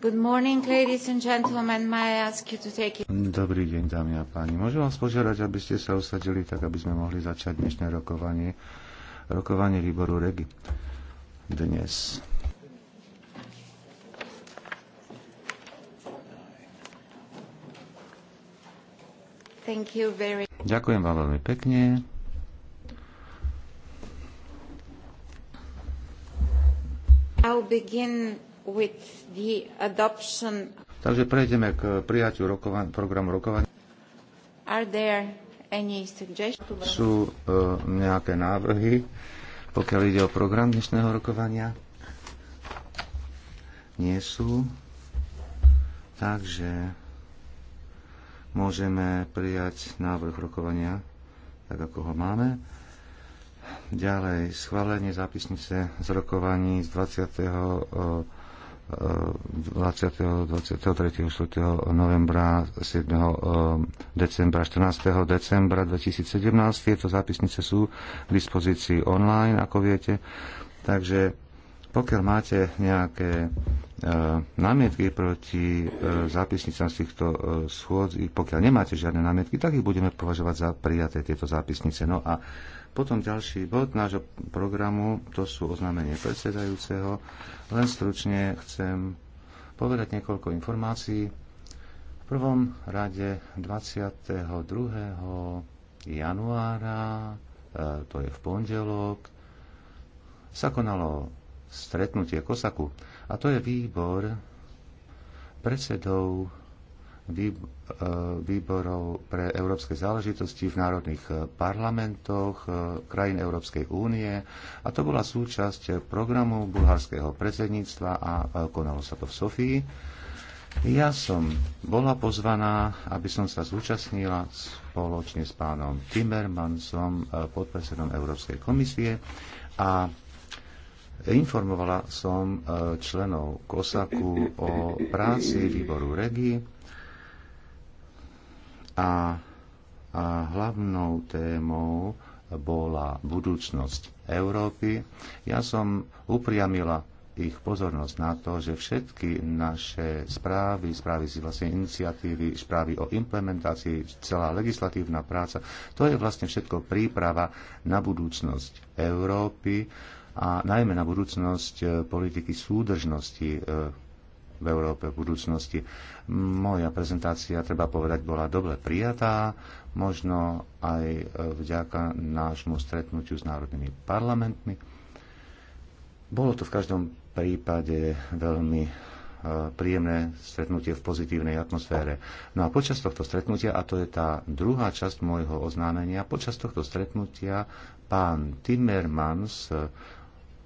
Morning, take... Dobrý deň, dámy a páni. Môžem vás požiadať, aby ste sa usadili tak, aby sme mohli začať dnešné rokovanie, rokovanie výboru REGI dnes. Very... Ďakujem vám veľmi pekne. I'll begin adoption... Takže prejdeme k prijaťu rokovan- programu rokovania. Sú uh, nejaké návrhy, pokiaľ ide o program dnešného rokovania? Nie sú. Takže môžeme prijať návrh rokovania tak, ako ho máme. Ďalej, schválenie zápisnice z rokovaní z 20. 20. 23. 4. novembra, 7. Eh, decembra, 14. decembra 2017. Tieto zápisnice sú k dispozícii online, ako viete. Takže pokiaľ máte nejaké eh, námietky proti eh, zápisnicám z týchto schôd, pokiaľ nemáte žiadne námietky, tak ich budeme považovať za prijaté tieto zápisnice. No a potom ďalší bod nášho programu, to sú oznámenie predsedajúceho. Len stručne chcem povedať niekoľko informácií. V prvom rade 22. januára, e, to je v pondelok, sa konalo stretnutie Kosaku. A to je výbor predsedov E, výborov pre európske záležitosti v národných e, parlamentoch e, krajín Európskej únie a to bola súčasť programu bulharského predsedníctva a konalo sa to v Sofii. Ja som bola pozvaná, aby som sa zúčastnila spoločne s pánom Timmermansom, podpredsedom Európskej komisie a Informovala som členov Kosaku o práci výboru REGI a, a hlavnou témou bola budúcnosť Európy. Ja som upriamila ich pozornosť na to, že všetky naše správy, správy si vlastne iniciatívy, správy o implementácii, celá legislatívna práca, to je vlastne všetko príprava na budúcnosť Európy a najmä na budúcnosť eh, politiky súdržnosti eh, v Európe v budúcnosti. Moja prezentácia, treba povedať, bola dobre prijatá, možno aj e, vďaka nášmu stretnutiu s národnými parlamentmi. Bolo to v každom prípade veľmi e, príjemné stretnutie v pozitívnej atmosfére. No a počas tohto stretnutia, a to je tá druhá časť môjho oznámenia, počas tohto stretnutia pán Timmermans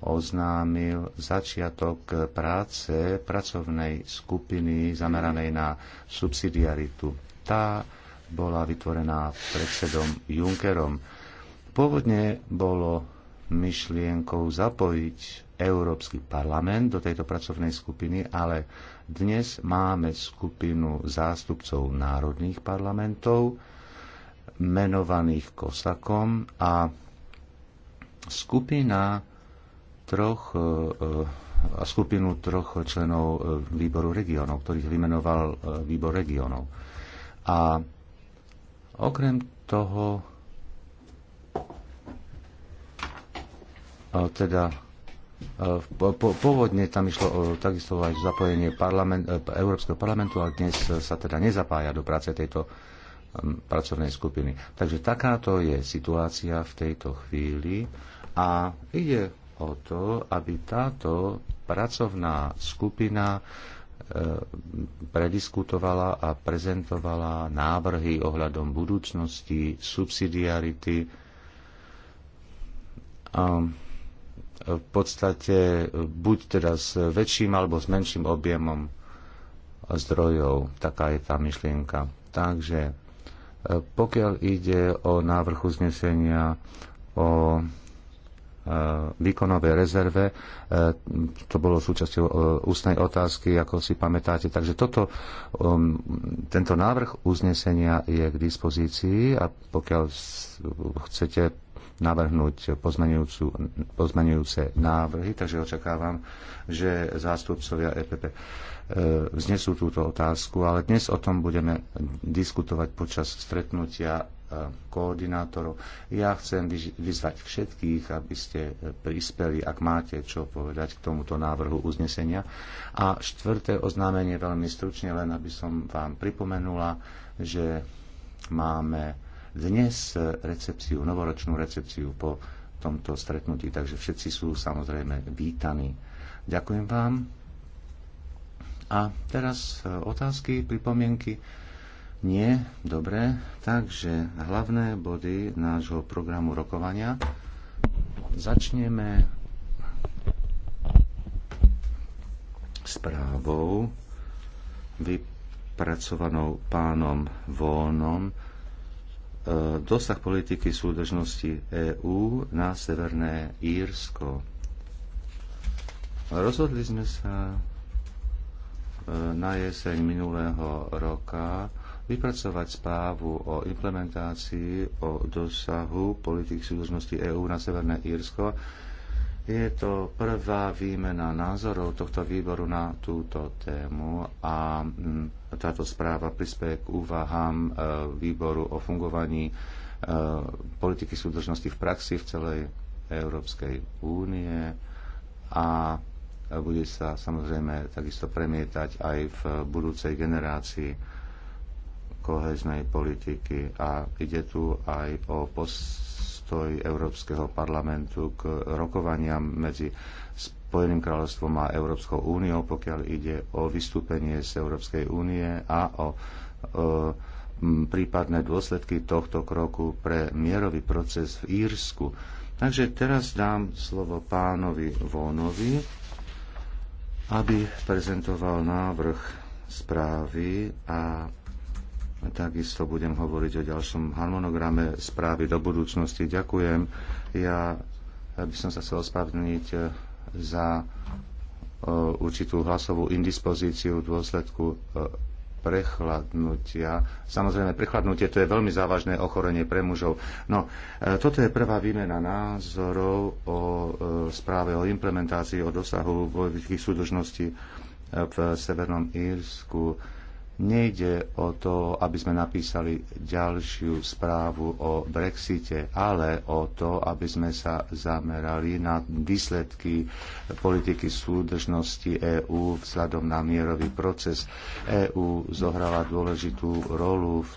oznámil začiatok práce pracovnej skupiny zameranej na subsidiaritu. Tá bola vytvorená predsedom Junckerom. Pôvodne bolo myšlienkou zapojiť Európsky parlament do tejto pracovnej skupiny, ale dnes máme skupinu zástupcov národných parlamentov, menovaných Kosakom a skupina troch e, e, a skupinu troch členov e, výboru regionov, ktorých vymenoval výbor regionov. A okrem toho teda pôvodne tam išlo takisto aj zapojenie parlament, Európskeho parlamentu, ale dnes sa teda nezapája do práce tejto pracovnej skupiny. Takže takáto je situácia v tejto chvíli a ide o to, aby táto pracovná skupina e, prediskutovala a prezentovala návrhy ohľadom budúcnosti, subsidiarity. A v podstate e, buď teda s väčším alebo s menším objemom zdrojov. Taká je tá myšlienka. Takže e, pokiaľ ide o návrh uznesenia o Eh, výkonovej rezerve. Eh, to bolo súčasťou eh, ústnej otázky, ako si pamätáte. Takže toto, um, tento návrh uznesenia je k dispozícii a pokiaľ chcete navrhnúť pozmenujúce návrhy, takže očakávam, že zástupcovia EPP e, vznesú túto otázku, ale dnes o tom budeme diskutovať počas stretnutia e, koordinátorov. Ja chcem vyzvať všetkých, aby ste prispeli, ak máte čo povedať k tomuto návrhu uznesenia. A štvrté oznámenie veľmi stručne, len aby som vám pripomenula, že máme dnes recepciu, novoročnú recepciu po tomto stretnutí, takže všetci sú samozrejme vítaní. Ďakujem vám. A teraz e, otázky, pripomienky. Nie, dobre. Takže hlavné body nášho programu rokovania. Začneme správou vypracovanou pánom Vónom E, dosah politiky súdržnosti EÚ na Severné Írsko. Rozhodli sme sa e, na jeseň minulého roka vypracovať správu o implementácii o dosahu politik súdržnosti EÚ na Severné Írsko je to prvá výmena názorov tohto výboru na túto tému a mm, táto správa prispieje k úvahám e, výboru o fungovaní e, politiky súdržnosti v praxi v celej Európskej únie a bude sa samozrejme takisto premietať aj v budúcej generácii koheznej politiky a ide tu aj o pos- postoj Európskeho parlamentu k rokovaniam medzi Spojeným kráľovstvom a Európskou úniou, pokiaľ ide o vystúpenie z Európskej únie a o, prípadné dôsledky tohto kroku pre mierový proces v Írsku. Takže teraz dám slovo pánovi Vónovi, aby prezentoval návrh správy a Takisto budem hovoriť o ďalšom harmonograme správy do budúcnosti. Ďakujem. Ja by som sa chcel ospravedlniť eh, za eh, určitú hlasovú indispozíciu v dôsledku eh, prechladnutia. Samozrejme, prechladnutie to je veľmi závažné ochorenie pre mužov. No, toto je prvá výmena názorov o správe o implementácii, o dosahu vojvických súdržností v Severnom Írsku Nejde o to, aby sme napísali ďalšiu správu o Brexite, ale o to, aby sme sa zamerali na výsledky politiky súdržnosti EÚ vzhľadom na mierový proces. EÚ zohrala dôležitú rolu v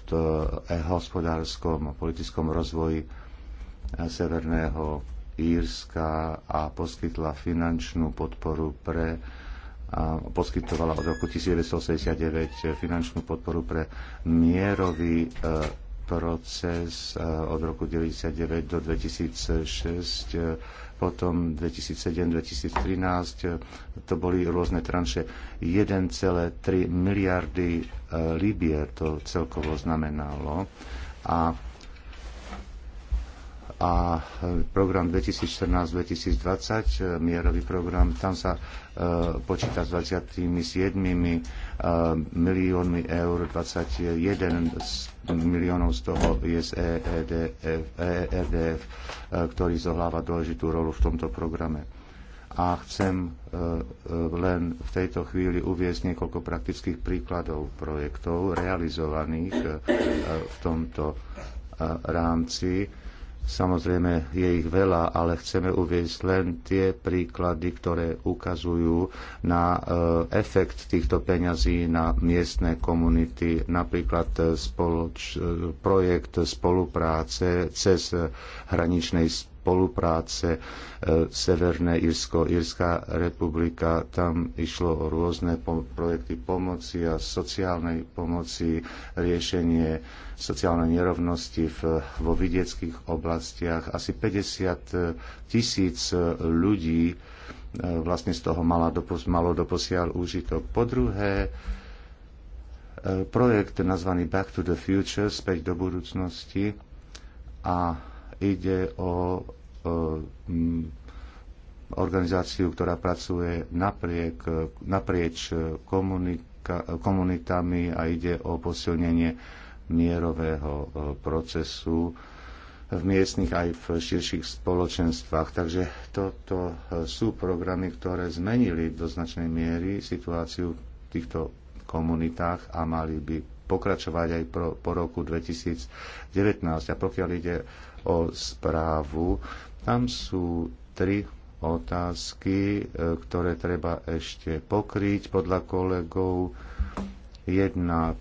e, hospodárskom a politickom rozvoji Severného Írska a poskytla finančnú podporu pre a poskytovala od roku 1989 finančnú podporu pre mierový e, proces e, od roku 1999 do 2006, e, potom 2007-2013, to boli rôzne tranše. 1,3 miliardy libier to celkovo znamenalo a a e, program 2014-2020, e, mierový program, tam sa e, počíta s 27 miliónmi eur, 21 miliónov z toho je z EEDF, EEDF, ktorý zohláva dôležitú rolu v tomto programe. A chcem len v tejto chvíli uviezť niekoľko praktických príkladov projektov realizovaných v tomto rámci Samozrejme, je ich veľa, ale chceme uvieť len tie príklady, ktoré ukazujú na eh, efekt týchto peňazí na miestne komunity. Napríklad eh, spoloč, eh, projekt spolupráce cez hraničnej spolupráce e, Severné Irsko, Irská republika. Tam išlo o rôzne projekty pomoci a sociálnej pomoci, riešenie sociálnej nerovnosti v, vo vidieckých oblastiach. Asi 50 e, tisíc e, ľudí vlastne z toho mala dopos, malo doposiaľ úžitok. Po druhé, projekt nazvaný Back to the Future, späť do budúcnosti, a ide o Eh, organizáciu, ktorá pracuje napriek, eh, naprieč eh, komunika, komunitami a ide o posilnenie mierového procesu v miestnych aj v širších spoločenstvách. Takže toto sú programy, ktoré zmenili do značnej miery situáciu v týchto komunitách a mali by pokračovať aj pro, po roku 2019. A pokiaľ ide o správu, tam sú tri otázky, e, ktoré treba ešte pokryť podľa kolegov. Jednak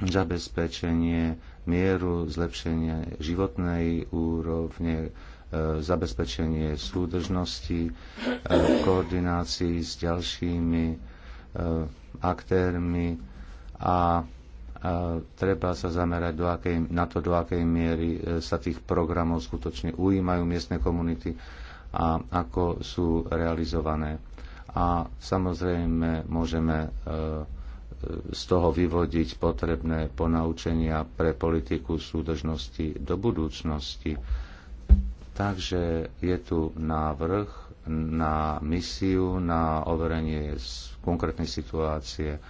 zabezpečenie mieru, zlepšenie životnej úrovne, e, zabezpečenie súdržnosti, e, koordinácii s ďalšími aktérmi a treba sa zamerať do akej, na to, do akej miery e, sa tých programov skutočne ujímajú miestne komunity a ako sú realizované. A samozrejme môžeme e, e, z toho vyvodiť potrebné ponaučenia pre politiku súdržnosti do budúcnosti. Takže je tu návrh na misiu, na overenie konkrétnej situácie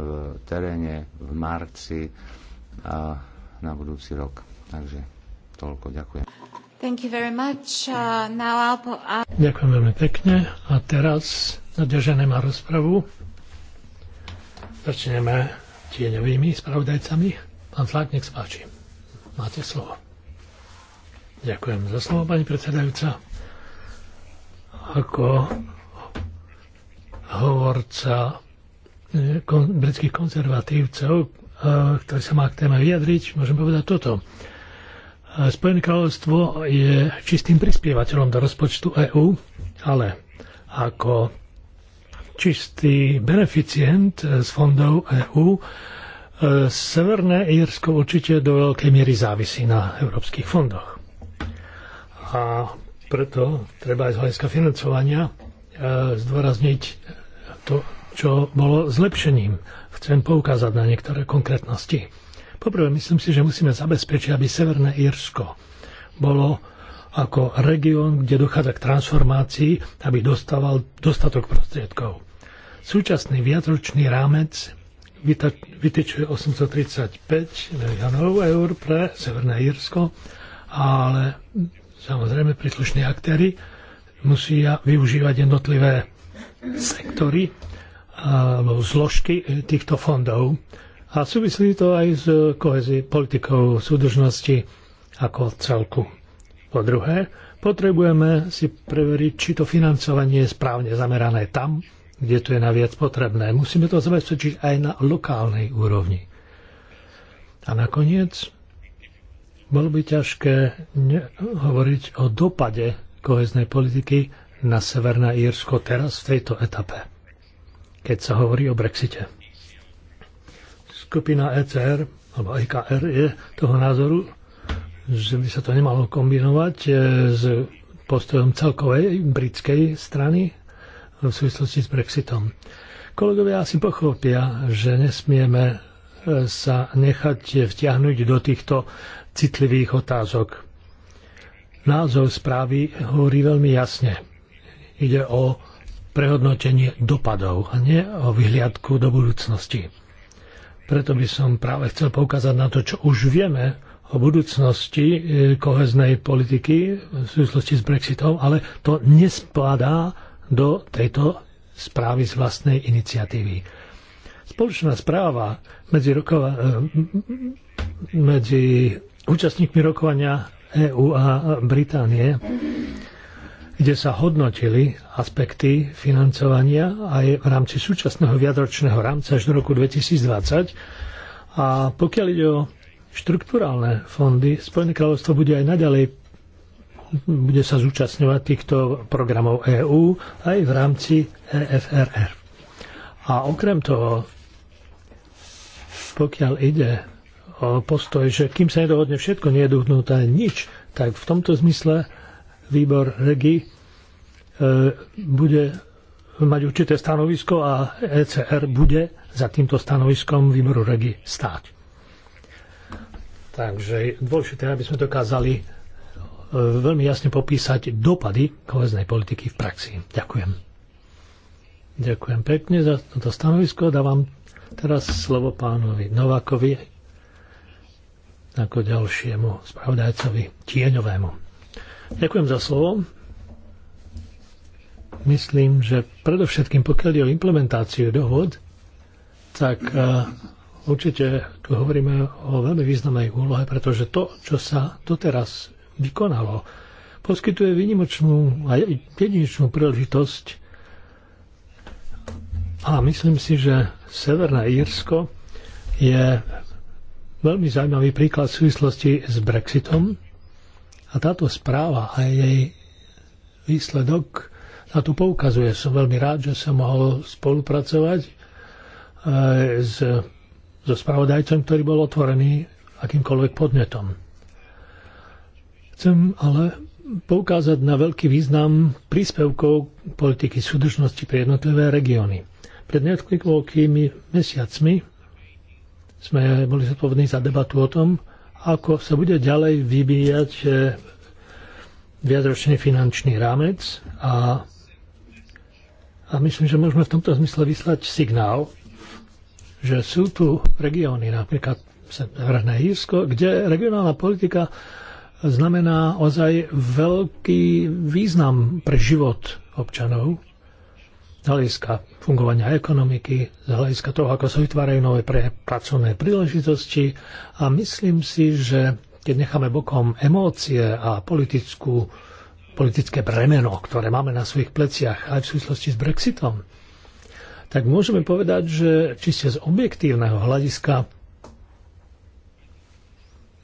v teréne v marci a na budúci rok. Takže toľko, ďakujem. Thank you very much. Uh, now I'll... uh... Ďakujem veľmi pekne. A teraz Nadeža nemá rozpravu. Začneme tieňovými spravodajcami. Pán Flák, nech spáči. Máte slovo. Ďakujem za slovo, pani predsedajúca. Ako hovorca E, kon, britských konzervatívcov, e, ktorý sa má k téme vyjadriť, môžem povedať toto. E, Spojené kráľovstvo je čistým prispievateľom do rozpočtu EÚ, ale ako čistý beneficient z fondov EÚ, Severné Írsko určite do veľkej miery závisí na európskych fondoch. A preto treba aj z hľadiska financovania zdôrazniť to čo bolo zlepšením. Chcem poukázať na niektoré konkrétnosti. Poprvé, myslím si, že musíme zabezpečiť, aby Severné Írsko bolo ako región, kde dochádza k transformácii, aby dostával dostatok prostriedkov. Súčasný viacročný rámec vytečuje 835 miliónov eur pre Severné Írsko, ale samozrejme príslušní aktéry musia využívať jednotlivé sektory alebo zložky e, týchto fondov. A súvislí to aj s kohezi politikou súdržnosti ako celku. Po druhé, potrebujeme si preveriť, či to financovanie je správne zamerané tam, kde to je naviac potrebné. Musíme to zabezpečiť aj na lokálnej úrovni. A nakoniec bolo by ťažké hovoriť o dopade koheznej politiky na Severné Írsko teraz v tejto etape keď sa hovorí o Brexite. Skupina ECR, alebo EKR je toho názoru, že by sa to nemalo kombinovať e, s postojom celkovej britskej strany v súvislosti s Brexitom. Kolegovia asi pochopia, že nesmieme e, sa nechať vtiahnuť do týchto citlivých otázok. Názov správy hovorí veľmi jasne. Ide o prehodnotenie dopadov a nie o vyhliadku do budúcnosti. Preto by som práve chcel poukázať na to, čo už vieme o budúcnosti e, koheznej politiky v súvislosti s Brexitom, ale to nespadá do tejto správy z vlastnej iniciatívy. Spoločná správa medzi, rokova, e, medzi účastníkmi rokovania EU a Británie kde sa hodnotili aspekty financovania aj v rámci súčasného viadročného rámca až do roku 2020. A pokiaľ ide o štruktúrálne fondy, Spojené kráľovstvo bude aj naďalej bude sa zúčastňovať týchto programov EÚ aj v rámci EFRR. A okrem toho, pokiaľ ide o postoj, že kým sa nedohodne všetko, nie je dohodnuté nič, tak v tomto zmysle výbor REGI e, bude mať určité stanovisko a ECR bude za týmto stanoviskom výboru REGI stáť. Takže je dôležité, aby sme dokázali e, veľmi jasne popísať dopady koheznej politiky v praxi. Ďakujem. Ďakujem pekne za toto stanovisko. Dávam teraz slovo pánovi Novakovi ako ďalšiemu spravodajcovi Tieňovému. Ďakujem za slovo. Myslím, že predovšetkým pokiaľ je o implementáciu dohod, tak eh, určite tu hovoríme o veľmi významnej úlohe, pretože to, čo sa doteraz vykonalo, poskytuje výnimočnú a jedinečnú príležitosť a myslím si, že Severné Írsko je veľmi zaujímavý príklad v súvislosti s Brexitom, a táto správa a jej výsledok na to poukazuje. Som veľmi rád, že som mohol spolupracovať e, s, so spravodajcom, ktorý bol otvorený akýmkoľvek podnetom. Chcem ale poukázať na veľký význam príspevkov politiky súdržnosti pre jednotlivé regióny. Pred niekoľkými mesiacmi sme boli zodpovední za debatu o tom, ako sa bude ďalej vyvíjať e, viacročný finančný rámec a, a myslím, že môžeme v tomto zmysle vyslať signál, že sú tu regióny, napríklad Severné Jírsko, kde regionálna politika znamená ozaj veľký význam pre život občanov hľadiska fungovania ekonomiky, z hľadiska toho, ako sa vytvárajú nové pre pracovné príležitosti a myslím si, že keď necháme bokom emócie a politickú, politické bremeno, ktoré máme na svojich pleciach aj v súvislosti s Brexitom, tak môžeme povedať, že čiste z objektívneho hľadiska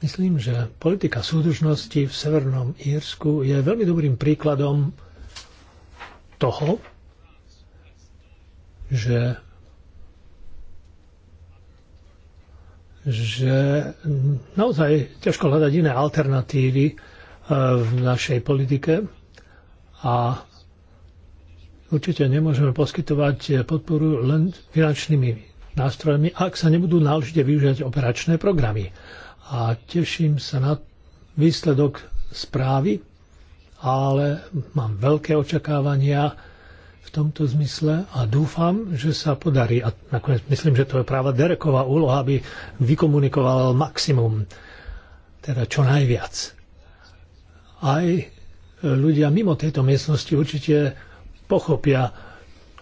myslím, že politika súdržnosti v Severnom Írsku je veľmi dobrým príkladom toho, že že naozaj ťažko hľadať iné alternatívy eh, v našej politike a určite nemôžeme poskytovať podporu len finančnými nástrojmi, ak sa nebudú náležite využívať operačné programy. A teším sa na výsledok správy, ale mám veľké očakávania v tomto zmysle a dúfam, že sa podarí. A nakoniec myslím, že to je práve Dereková úloha, aby vykomunikoval maximum, teda čo najviac. Aj e, ľudia mimo tejto miestnosti určite pochopia,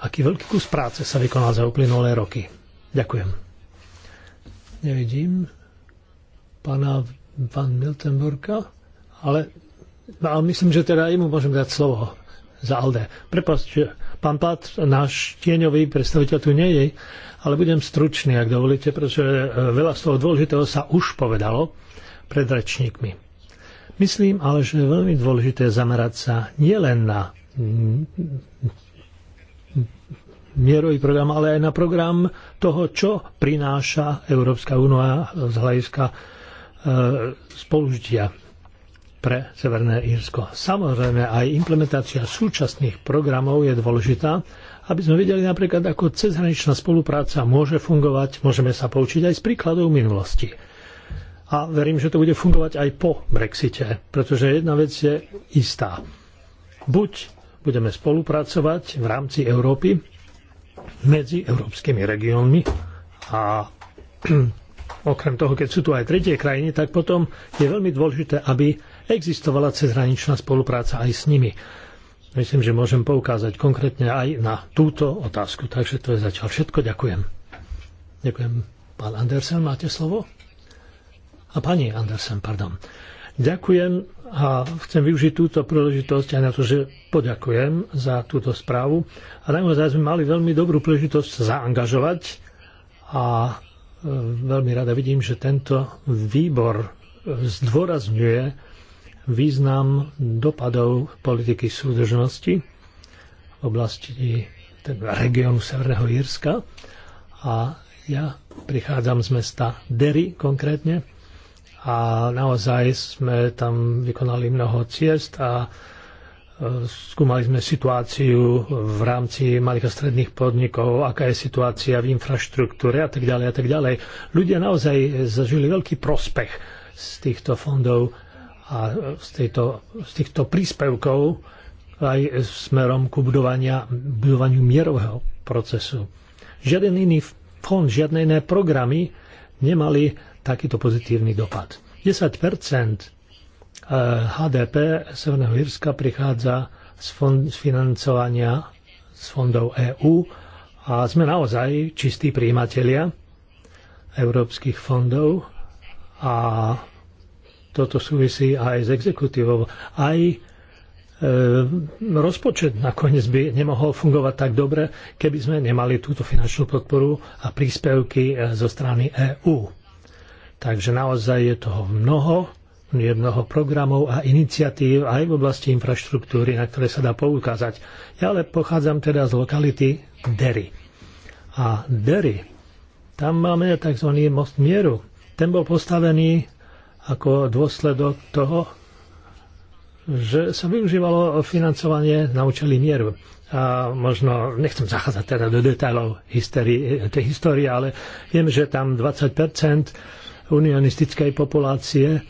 aký veľký kus práce sa vykonal za uplynulé roky. Ďakujem. Nevidím pána Van Miltenburga, ale, no, ale myslím, že teda jemu môžem dať slovo za Alde. Prepačte, pán Pat, náš tieňový predstaviteľ tu nie je, ale budem stručný, ak dovolíte, pretože e, veľa z toho dôležitého sa už povedalo pred rečníkmi. Myslím ale, že je veľmi dôležité zamerať sa nielen na mm, mierový program, ale aj na program toho, čo prináša Európska únia z hľadiska e, spolužitia pre Severné Írsko. Samozrejme, aj implementácia súčasných programov je dôležitá, aby sme videli napríklad, ako cezhraničná spolupráca môže fungovať, môžeme sa poučiť aj z príkladov minulosti. A verím, že to bude fungovať aj po Brexite, pretože jedna vec je istá. Buď budeme spolupracovať v rámci Európy medzi európskymi regiónmi a okrem toho, keď sú tu aj tretie krajiny, tak potom je veľmi dôležité, aby existovala cezhraničná spolupráca aj s nimi. Myslím, že môžem poukázať konkrétne aj na túto otázku. Takže to je zatiaľ všetko. Ďakujem. Ďakujem. Pán Andersen, máte slovo? A pani Andersen, pardon. Ďakujem a chcem využiť túto príležitosť aj na to, že poďakujem za túto správu. A naozaj sme mali veľmi dobrú príležitosť zaangažovať a e, veľmi rada vidím, že tento výbor zdôrazňuje význam dopadov politiky súdržnosti v oblasti teda regionu Severného Jirska. a ja prichádzam z mesta Derry konkrétne a naozaj sme tam vykonali mnoho ciest a e, skúmali sme situáciu v rámci malých a stredných podnikov, aká je situácia v infraštruktúre a tak ďalej a tak ďalej. Ľudia naozaj zažili veľký prospech z týchto fondov a z, tejto, z týchto príspevkov aj smerom ku budovania, budovaniu mierového procesu. Žiaden iný fond, žiadne iné programy nemali takýto pozitívny dopad. 10 eh, HDP Severného Jirska prichádza z, fond, z financovania z fondov EÚ a sme naozaj čistí príjimatelia európskych fondov a toto súvisí aj s exekutívou. Aj e, rozpočet nakoniec by nemohol fungovať tak dobre, keby sme nemali túto finančnú podporu a príspevky e, zo strany EÚ. Takže naozaj je toho mnoho, je mnoho programov a iniciatív aj v oblasti infraštruktúry, na ktoré sa dá poukázať. Ja ale pochádzam teda z lokality Derry. A Derry, tam máme tzv. most mieru. Ten bol postavený ako dôsledok toho, že sa využívalo financovanie na účely mieru. A možno, nechcem zachádzať teda do detajlov tej histórie, ale viem, že tam 20% unionistickej populácie,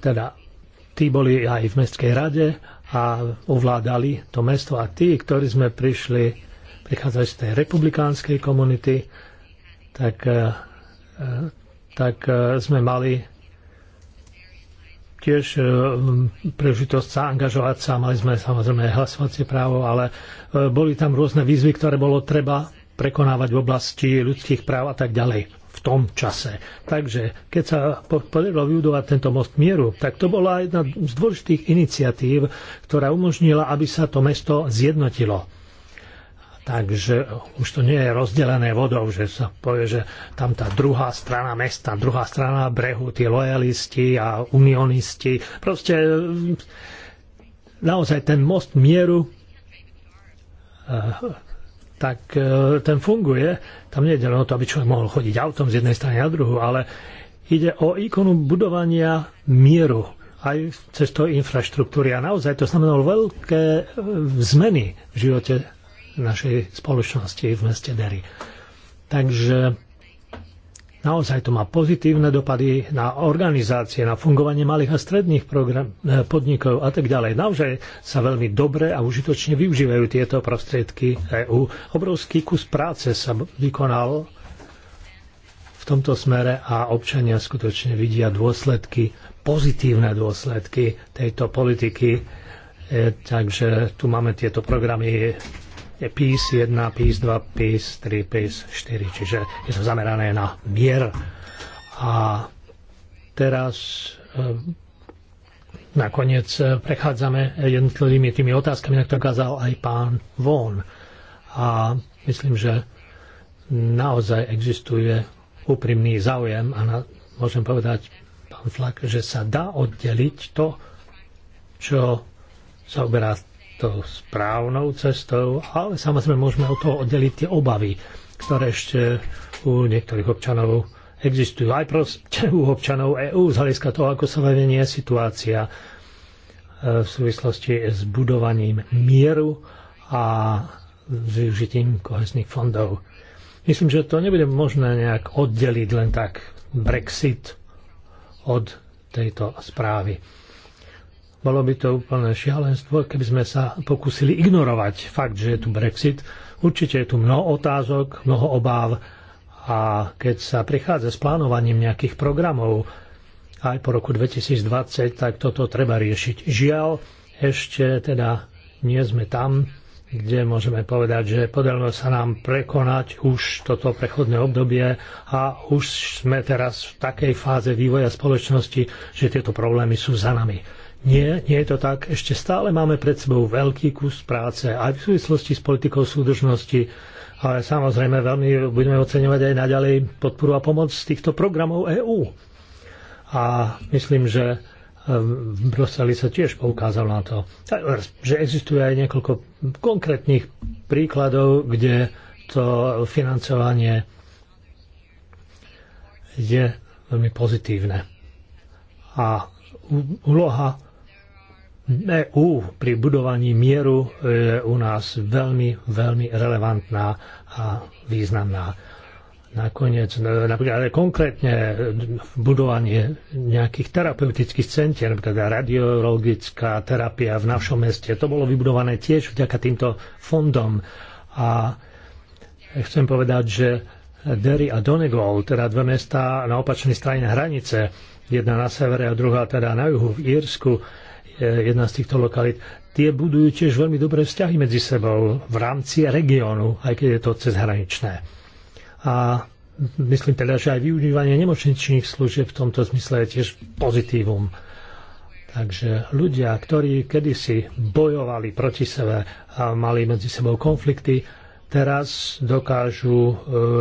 teda tí boli aj v Mestskej rade a ovládali to mesto a tí, ktorí sme prišli, prichádzali z tej republikánskej komunity, tak, eh, tak eh, sme mali tiež e, príležitosť sa angažovať sa. Mali sme samozrejme hlasovacie právo, ale e, boli tam rôzne výzvy, ktoré bolo treba prekonávať v oblasti ľudských práv a tak ďalej v tom čase. Takže keď sa podarilo vybudovať tento most mieru, tak to bola jedna z dôležitých iniciatív, ktorá umožnila, aby sa to mesto zjednotilo takže už to nie je rozdelené vodou, že sa povie, že tam tá druhá strana mesta, druhá strana brehu, tí lojalisti a unionisti, proste mm, naozaj ten most mieru eh, tak eh, ten funguje. Tam nie je len o to, aby človek mohol chodiť autom z jednej strany na druhú, ale ide o ikonu budovania mieru aj cez to infraštruktúry. A naozaj to znamenalo veľké eh, zmeny v živote našej spoločnosti v meste Derry. Takže naozaj to má pozitívne dopady na organizácie, na fungovanie malých a stredných program, eh, podnikov a tak ďalej. Naozaj sa veľmi dobre a užitočne využívajú tieto prostriedky EÚ. Obrovský kus práce sa vykonal v tomto smere a občania skutočne vidia dôsledky, pozitívne dôsledky tejto politiky. Eh, takže tu máme tieto programy je PIS 1, PIS 2, PIS 3, PIS 4, čiže je to zamerané na mier. A teraz eh, nakoniec eh, prechádzame jednotlivými tými otázkami, na ktoré kázal aj pán Von. A myslím, že naozaj existuje úprimný záujem a na, môžem povedať, pán Flak, že sa dá oddeliť to, čo sa oberá tou správnou cestou, ale samozrejme môžeme od toho oddeliť tie obavy, ktoré ešte u niektorých občanov existujú. Aj proste u občanov EÚ z hľadiska toho, ako sa vedenie situácia e, v súvislosti s budovaním mieru a s využitím kohesných fondov. Myslím, že to nebude možné nejak oddeliť len tak Brexit od tejto správy. Bolo by to úplné šialenstvo, keby sme sa pokúsili ignorovať fakt, že je tu Brexit. Určite je tu mnoho otázok, mnoho obáv a keď sa prichádza s plánovaním nejakých programov aj po roku 2020, tak toto treba riešiť. Žiaľ, ešte teda nie sme tam, kde môžeme povedať, že podarilo sa nám prekonať už toto prechodné obdobie a už sme teraz v takej fáze vývoja spoločnosti, že tieto problémy sú za nami. Nie, nie je to tak. Ešte stále máme pred sebou veľký kus práce aj v súvislosti s politikou súdržnosti, ale samozrejme veľmi budeme oceňovať aj naďalej podporu a pomoc z týchto programov EÚ. A myslím, že ehm, v Bruseli sa tiež poukázalo na to, že existuje aj niekoľko konkrétnych príkladov, kde to financovanie je veľmi pozitívne. A úloha EU pri budovaní mieru je u nás veľmi, veľmi relevantná a významná. Nakoniec, e, napríklad konkrétne e, budovanie nejakých terapeutických centier, napríklad radiologická terapia v našom meste, to bolo vybudované tiež vďaka týmto fondom. A chcem povedať, že Derry a Donegal, teda dve mesta na opačnej strane hranice, jedna na severe a druhá teda na juhu v Írsku, Eh, jedna z týchto lokalít, tie budujú tiež veľmi dobré vzťahy medzi sebou v rámci regiónu, aj keď je to cezhraničné. A myslím teda, že aj využívanie nemocničných služieb v tomto zmysle je tiež pozitívum. Takže ľudia, ktorí kedysi bojovali proti sebe a mali medzi sebou konflikty, teraz dokážu eh,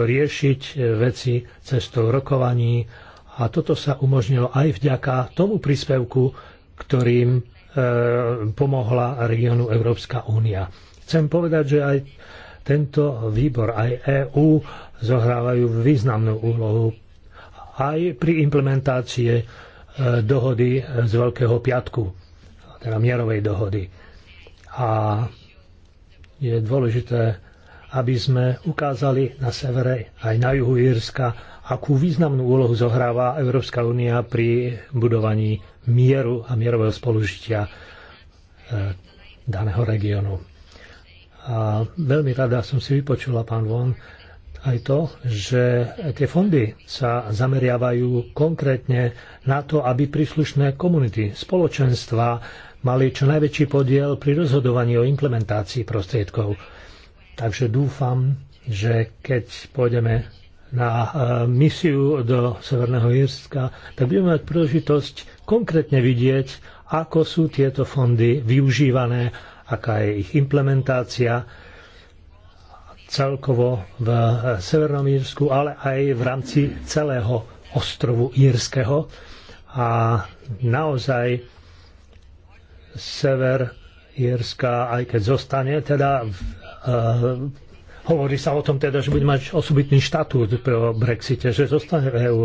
riešiť eh, veci cestou rokovaní a toto sa umožnilo aj vďaka tomu príspevku, ktorým E, pomohla regiónu Európska únia. Chcem povedať, že aj tento výbor, aj EÚ zohrávajú významnú úlohu aj pri implementácie dohody z Veľkého piatku, teda mierovej dohody. A je dôležité, aby sme ukázali na severe aj na juhu Írska, akú významnú úlohu zohráva Európska únia pri budovaní mieru a mierového spolužitia e, daného regiónu. A veľmi rada som si vypočula, pán Von, aj to, že tie fondy sa zameriavajú konkrétne na to, aby príslušné komunity, spoločenstva mali čo najväčší podiel pri rozhodovaní o implementácii prostriedkov. Takže dúfam, že keď pôjdeme na e, misiu do Severného Jirska, tak budeme mať príležitosť konkrétne vidieť, ako sú tieto fondy využívané, aká je ich implementácia celkovo v Severnom Írsku, ale aj v rámci celého ostrovu Írskeho. A naozaj Sever Írska, aj keď zostane teda v, eh, Hovorí sa o tom teda, že bude mať osobitný štatút po Brexite, že zostane v EÚ,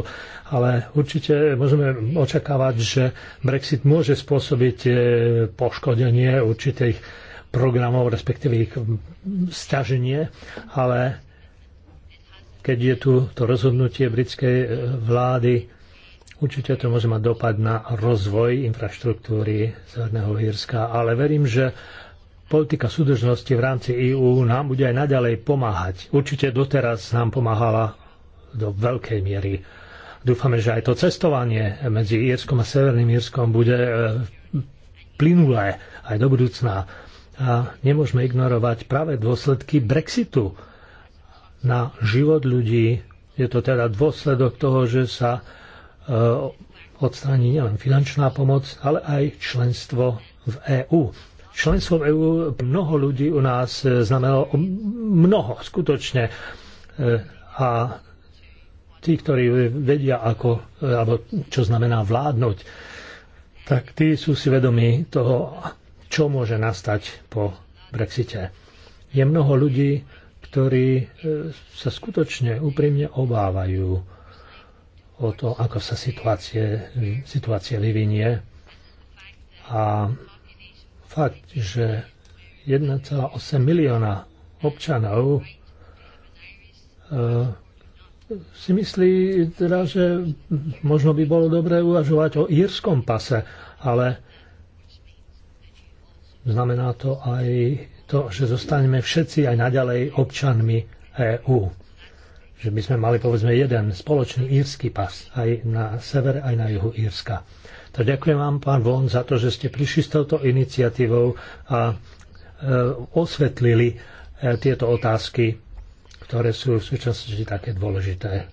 ale určite môžeme očakávať, že Brexit môže spôsobiť e, poškodenie určitých programov, respektíve ich stiaženie, ale keď je tu to rozhodnutie britskej e, vlády, určite to môže mať dopad na rozvoj infraštruktúry Severného Hírska, ale verím, že politika súdržnosti v rámci EÚ nám bude aj naďalej pomáhať. Určite doteraz nám pomáhala do veľkej miery. Dúfame, že aj to cestovanie medzi Írskom a Severným Írskom bude e, plynulé aj do budúcna. A nemôžeme ignorovať práve dôsledky Brexitu na život ľudí. Je to teda dôsledok toho, že sa e, odstráni nielen finančná pomoc, ale aj členstvo v EÚ členstvom EÚ mnoho ľudí u nás e, znamenalo mnoho, skutočne. E, a tí, ktorí vedia, ako, e, alebo čo znamená vládnuť, tak tí sú si vedomí toho, čo môže nastať po Brexite. Je mnoho ľudí, ktorí sa skutočne úprimne obávajú o to, ako sa situácie, situácia vyvinie. A fakt, že 1,8 milióna občanov eh, si myslí, teda, že možno by bolo dobré uvažovať o írskom pase, ale znamená to aj to, že zostaneme všetci aj naďalej občanmi EÚ. Že by sme mali povedzme jeden spoločný írsky pas aj na sever, aj na juhu Írska. Tak ďakujem vám, pán Von, za to, že ste prišli s touto iniciatívou a e, osvetlili e, tieto otázky, ktoré sú v súčasnosti také dôležité.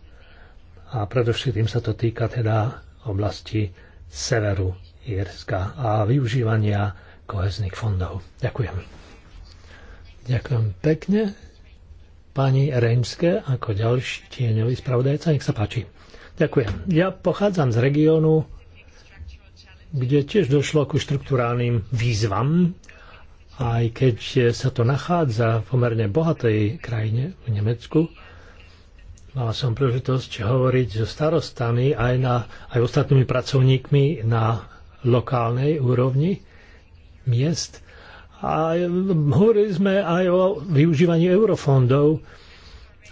A predovšetkým sa to týka teda oblasti severu Jerska a využívania kohezných fondov. Ďakujem. Ďakujem pekne. Pani Reňské ako ďalší tieňový spravodajca, nech sa páči. Ďakujem. Ja pochádzam z regiónu, kde tiež došlo ku štruktúrálnym výzvam, aj keď sa to nachádza v pomerne bohatej krajine, v Nemecku. Mala som príležitosť hovoriť so starostami aj, na, aj ostatnými pracovníkmi na lokálnej úrovni miest. A hovorili sme aj o využívaní eurofondov.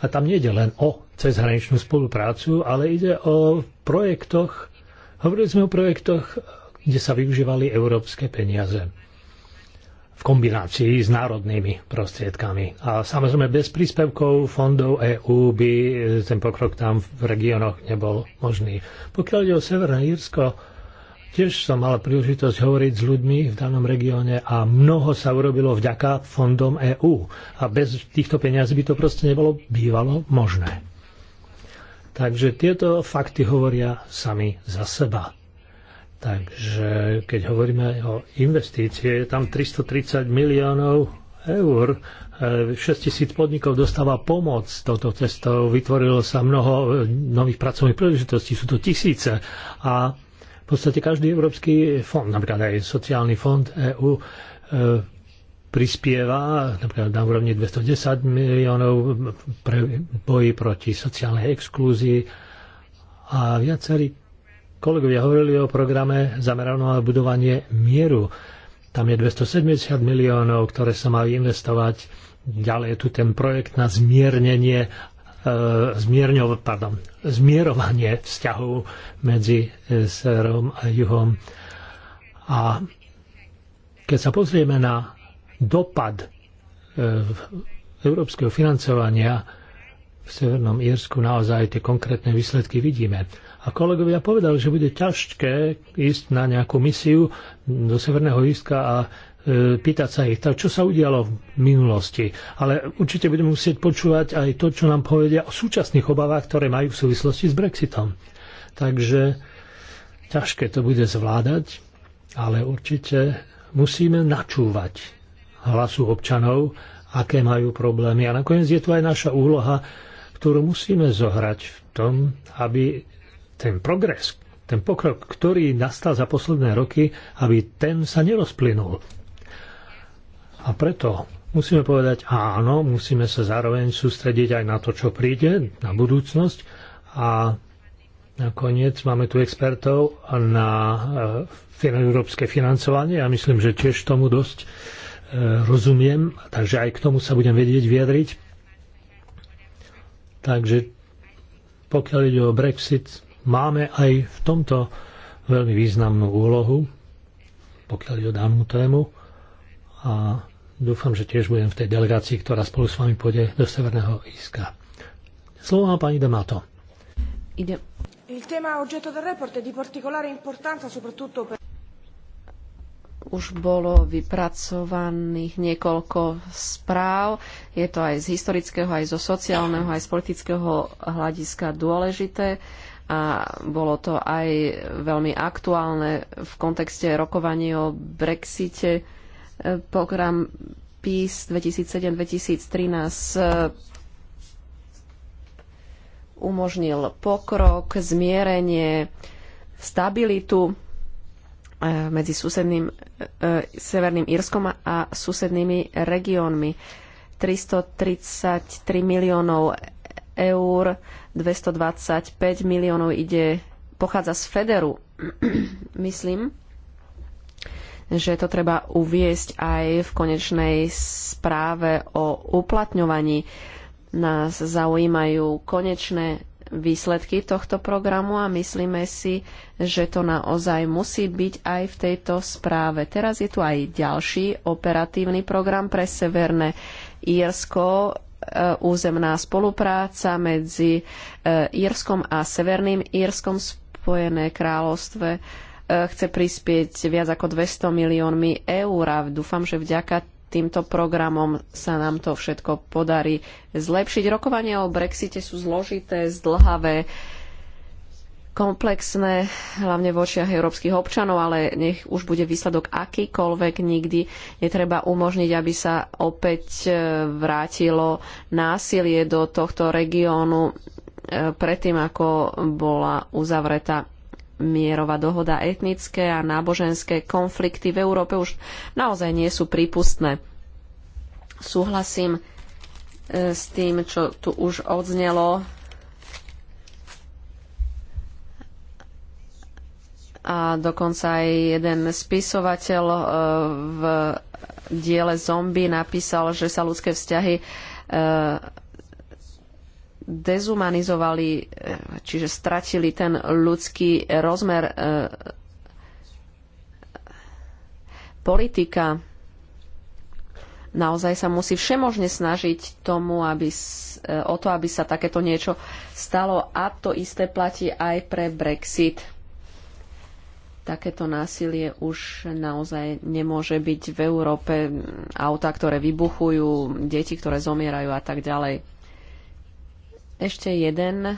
A tam nie ide len o cezhraničnú spoluprácu, ale ide o projektoch, hovorili sme o projektoch kde sa využívali európske peniaze v kombinácii s národnými prostriedkami. A samozrejme bez príspevkov fondov EÚ by ten pokrok tam v regiónoch nebol možný. Pokiaľ ide o Severné Írsko, tiež som mal príležitosť hovoriť s ľuďmi v danom regióne a mnoho sa urobilo vďaka fondom EÚ. A bez týchto peniazí by to proste nebolo bývalo možné. Takže tieto fakty hovoria sami za seba. Takže keď hovoríme o investície, je tam 330 miliónov eur, 6 e, tisíc podnikov dostáva pomoc touto cestou, vytvorilo sa mnoho e, nových pracovných príležitostí, sú to tisíce a v podstate každý európsky fond, napríklad aj sociálny fond EU, e, prispieva napríklad na úrovni 210 miliónov pre boji proti sociálnej exklúzii a viacerí Kolegovia hovorili o programe zameranom na budovanie mieru. Tam je 270 miliónov, ktoré sa majú investovať. Ďalej je tu ten projekt na zmiernenie e, zmierňov, pardon, zmierovanie vzťahov medzi e, Sérom a juhom. A keď sa pozrieme na dopad e, európskeho financovania v Severnom Írsku, naozaj tie konkrétne výsledky vidíme. A kolegovia povedali, že bude ťažké ísť na nejakú misiu do Severného Írska a e, pýtať sa ich, čo sa udialo v minulosti. Ale určite budeme musieť počúvať aj to, čo nám povedia o súčasných obavách, ktoré majú v súvislosti s Brexitom. Takže ťažké to bude zvládať, ale určite musíme načúvať hlasu občanov, aké majú problémy. A nakoniec je tu aj naša úloha, ktorú musíme zohrať v tom, aby ten progres, ten pokrok, ktorý nastal za posledné roky, aby ten sa nerozplynul. A preto musíme povedať áno, musíme sa zároveň sústrediť aj na to, čo príde, na budúcnosť a Nakoniec máme tu expertov na e, európske financovanie a ja myslím, že tiež tomu dosť e, rozumiem, takže aj k tomu sa budem vedieť vyjadriť. Takže pokiaľ ide o Brexit, máme aj v tomto veľmi významnú úlohu, pokiaľ je o danú tému. A dúfam, že tiež budem v tej delegácii, ktorá spolu s vami pôjde do Severného Iska. Slovo má pani Damato. Ide. Il tema oggetto del report è di particolare importanza soprattutto per už bolo vypracovaných niekoľko správ. Je to aj z historického, aj zo sociálneho, aj z politického hľadiska dôležité. Uh, a bolo to aj veľmi aktuálne v kontexte rokovaní o Brexite. E, Program PEACE 2007-2013 umožnil pokrok, zmierenie, stabilitu e, medzi susedným e, Severným Írskom a susednými regiónmi. 333 miliónov eur, 225 miliónov ide, pochádza z Federu. Myslím, že to treba uviesť aj v konečnej správe o uplatňovaní. Nás zaujímajú konečné výsledky tohto programu a myslíme si, že to naozaj musí byť aj v tejto správe. Teraz je tu aj ďalší operatívny program pre Severné Írsko E, územná spolupráca medzi e, Írskom a Severným Írskom Spojené kráľovstve e, chce prispieť viac ako 200 miliónmi eur a dúfam, že vďaka týmto programom sa nám to všetko podarí zlepšiť. Rokovania o Brexite sú zložité, zdlhavé komplexné, hlavne v očiach európskych občanov, ale nech už bude výsledok akýkoľvek, nikdy netreba umožniť, aby sa opäť e, vrátilo násilie do tohto regiónu e, predtým, ako bola uzavretá mierová dohoda. Etnické a náboženské konflikty v Európe už naozaj nie sú prípustné. Súhlasím e, s tým, čo tu už odznelo a dokonca aj jeden spisovateľ e, v diele Zombie napísal, že sa ľudské vzťahy e, dezumanizovali, e, čiže stratili ten ľudský rozmer politika naozaj sa musí všemožne snažiť tomu, aby, o to, aby sa takéto niečo stalo. A to isté platí aj pre Brexit takéto násilie už naozaj nemôže byť v Európe. Auta, ktoré vybuchujú, deti, ktoré zomierajú a tak ďalej. Ešte jeden eh,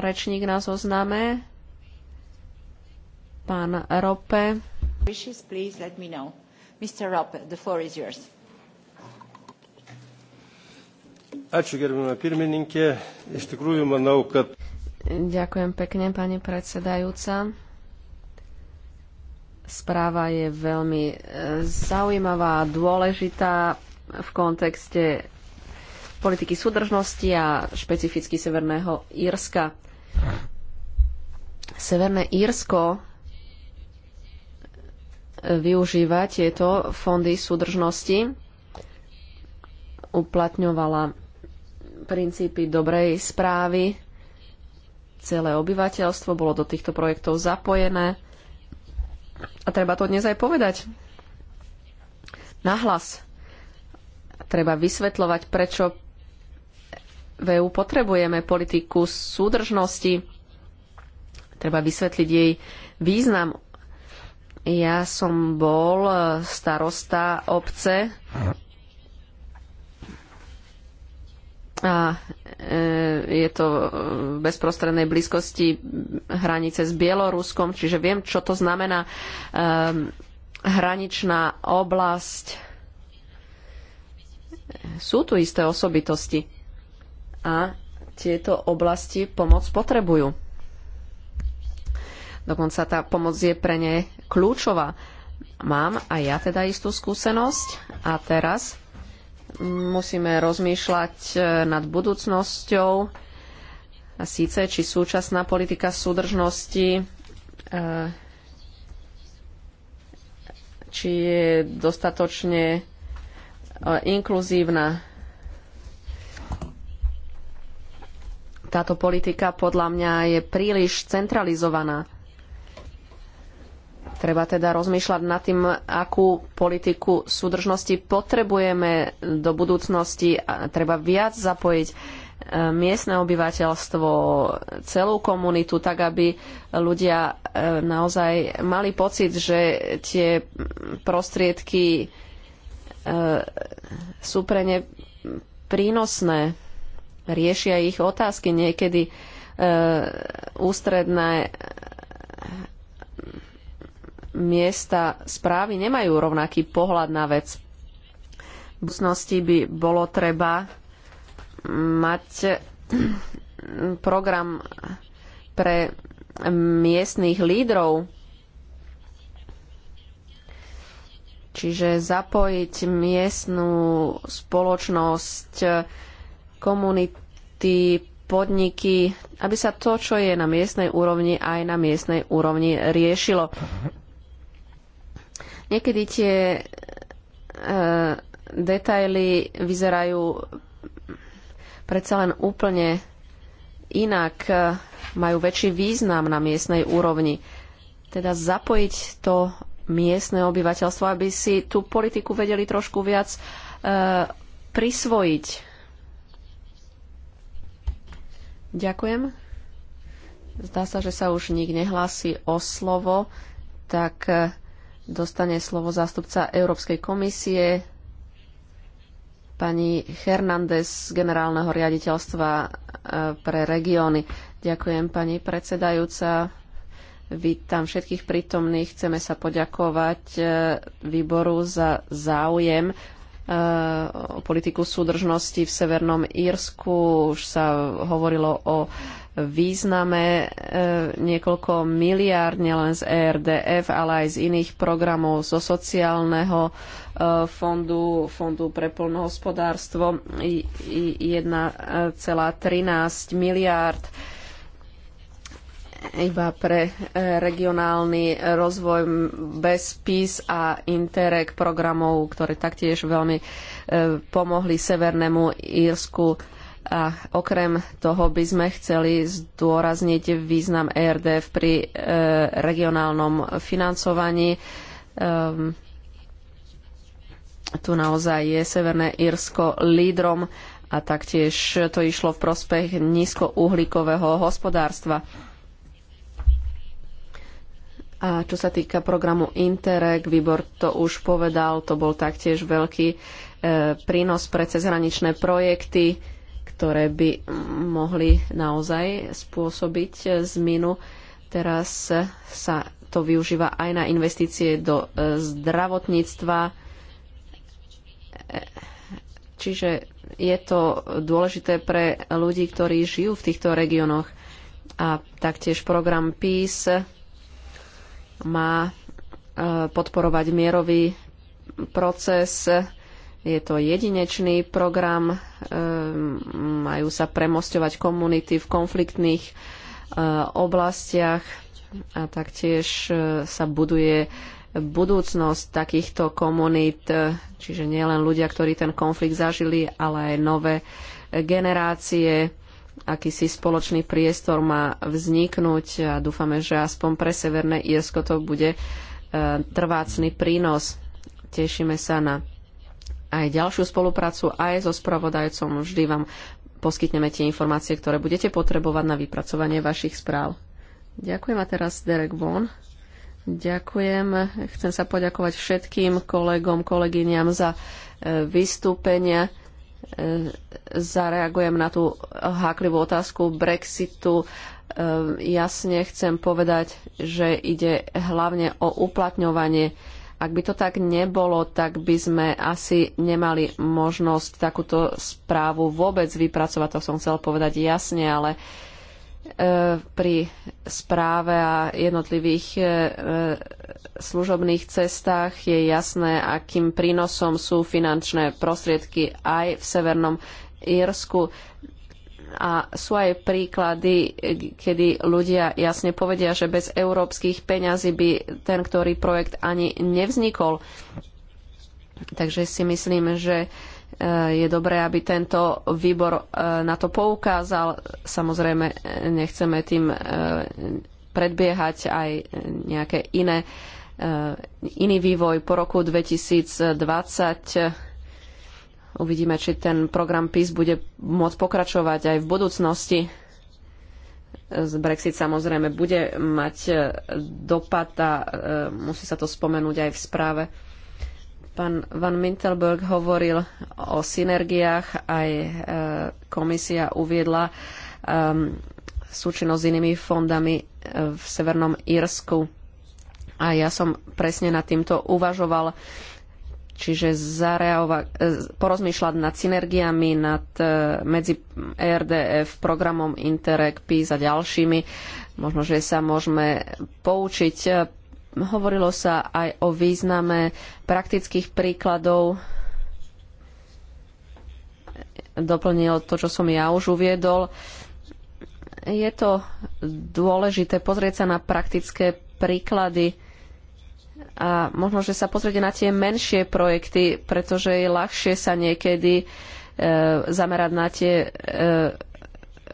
rečník nás oznáme. Pán Rope. Wishes, please let me know. Mr. Rope, the floor is yours. Ačiū, pirmininkė. Iš tikrųjų, manau, kad... Ďakujem pekne, pani predsedajúca. Správa je veľmi e, zaujímavá a dôležitá v kontexte politiky súdržnosti a špecificky Severného Írska. Severné Írsko využíva tieto fondy súdržnosti, uplatňovala princípy dobrej správy, celé obyvateľstvo bolo do týchto projektov zapojené a treba to dnes aj povedať. Nahlas. Treba vysvetľovať, prečo v EU potrebujeme politiku súdržnosti. Treba vysvetliť jej význam. Ja som bol starosta obce, a e, je to v bezprostrednej blízkosti hranice s Bieloruskom, čiže viem, čo to znamená ehm, hraničná oblasť. Sú tu isté osobitosti a tieto oblasti pomoc potrebujú. Dokonca tá pomoc je pre ne kľúčová. Mám aj ja teda istú skúsenosť a teraz Musíme rozmýšľať e, nad budúcnosťou a síce, či súčasná politika súdržnosti e, či je dostatočne e, inkluzívna. Táto politika podľa mňa je príliš centralizovaná. Treba teda rozmýšľať nad tým, akú politiku súdržnosti potrebujeme do budúcnosti a treba viac zapojiť e, miestne obyvateľstvo, celú komunitu, tak aby ľudia e, naozaj mali pocit, že tie prostriedky e, sú pre ne prínosné, riešia ich otázky. Niekedy ústredné miesta správy nemajú rovnaký pohľad na vec. V budúcnosti by bolo treba mať program pre miestných lídrov, čiže zapojiť miestnú spoločnosť, komunity, podniky, aby sa to, čo je na miestnej úrovni, aj na miestnej úrovni riešilo. Niekedy tie e, detaily vyzerajú predsa len úplne inak, e, majú väčší význam na miestnej úrovni. Teda zapojiť to miestne obyvateľstvo, aby si tú politiku vedeli trošku viac e, prisvojiť. Ďakujem. Zdá sa, že sa už nik nehlási o slovo, tak e, dostane slovo zástupca Európskej komisie, pani Hernández z generálneho riaditeľstva e, pre regióny. Ďakujem, pani predsedajúca. Vítam všetkých prítomných. Chceme sa poďakovať e, výboru za záujem politiku súdržnosti v Severnom Írsku. Už sa hovorilo o význame e, niekoľko miliárd nielen z ERDF, ale aj z iných programov, zo sociálneho e, fondu, fondu pre plnohospodárstvo 1,13 e, miliárd iba pre e, regionálny rozvoj bez PIS a Interreg programov, ktoré taktiež veľmi e, pomohli Severnému Írsku. A okrem toho by sme chceli zdôrazniť význam ERDF pri e, regionálnom financovaní. Ehm, tu naozaj je Severné Írsko lídrom a taktiež to išlo v prospech nízkouhlíkového hospodárstva a čo sa týka programu Interreg, výbor to už povedal, to bol taktiež veľký e, prínos pre cezhraničné projekty, ktoré by mohli naozaj spôsobiť e, zmenu. Teraz sa to využíva aj na investície do e, zdravotníctva. E, čiže je to dôležité pre ľudí, ktorí žijú v týchto regiónoch. A taktiež program PEACE má e, podporovať mierový proces. Je to jedinečný program, e, majú sa premostovať komunity v konfliktných e, oblastiach a taktiež sa buduje budúcnosť takýchto komunít, čiže nielen ľudia, ktorí ten konflikt zažili, ale aj nové generácie akýsi spoločný priestor má vzniknúť a dúfame, že aspoň pre Severné Irsko to bude e, trvácný prínos. Tešíme sa na aj ďalšiu spoluprácu aj so spravodajcom. Vždy vám poskytneme tie informácie, ktoré budete potrebovať na vypracovanie vašich správ. Ďakujem a teraz Derek Von. Ďakujem. Chcem sa poďakovať všetkým kolegom, kolegyňam za e, vystúpenia. E, zareagujem na tú háklivú otázku Brexitu. E, jasne chcem povedať, že ide hlavne o uplatňovanie. Ak by to tak nebolo, tak by sme asi nemali možnosť takúto správu vôbec vypracovať. To som chcel povedať jasne, ale uh, Eh, pri správe a jednotlivých eh, služobných cestách je jasné, akým prínosom sú finančné prostriedky aj v Severnom Írsku. A sú aj príklady, kedy ľudia jasne povedia, že bez európskych peňazí by ten, ktorý projekt ani nevznikol. Takže si myslím, že je dobré, aby tento výbor e, na to poukázal. Samozrejme, nechceme tým e, predbiehať aj nejaké iné, e, iný vývoj po roku 2020. Uvidíme, či ten program PIS bude môcť pokračovať aj v budúcnosti. Brexit samozrejme bude mať dopad a musí sa to spomenúť aj v správe. Pán Van Mintelberg hovoril o synergiách, aj e, komisia uviedla e, súčinnosť s inými fondami e, v Severnom Írsku. A ja som presne nad týmto uvažoval, čiže zareaova- porozmýšľať nad synergiami nad, medzi ERDF, programom Interreg, PIS a ďalšími. Možno, že sa môžeme poučiť Hovorilo sa aj o význame praktických príkladov. Doplnil to, čo som ja už uviedol. Je to dôležité pozrieť sa na praktické príklady a možno, že sa pozrieť na tie menšie projekty, pretože je ľahšie sa niekedy e, zamerať na tie e,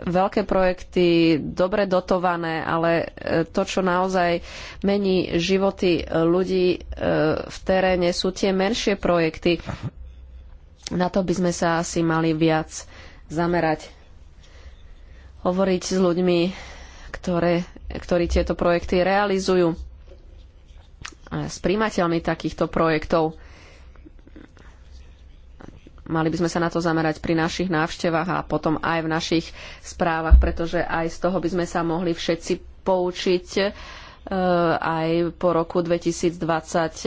veľké projekty, dobre dotované, ale e, to, čo naozaj mení životy e, ľudí e, v teréne, sú tie menšie projekty. Na to by sme sa asi mali viac zamerať. Hovoriť s ľuďmi, ktoré, ktorí tieto projekty realizujú, s príjmateľmi takýchto projektov mali by sme sa na to zamerať pri našich návštevách a potom aj v našich správach, pretože aj z toho by sme sa mohli všetci poučiť e, aj po roku 2020.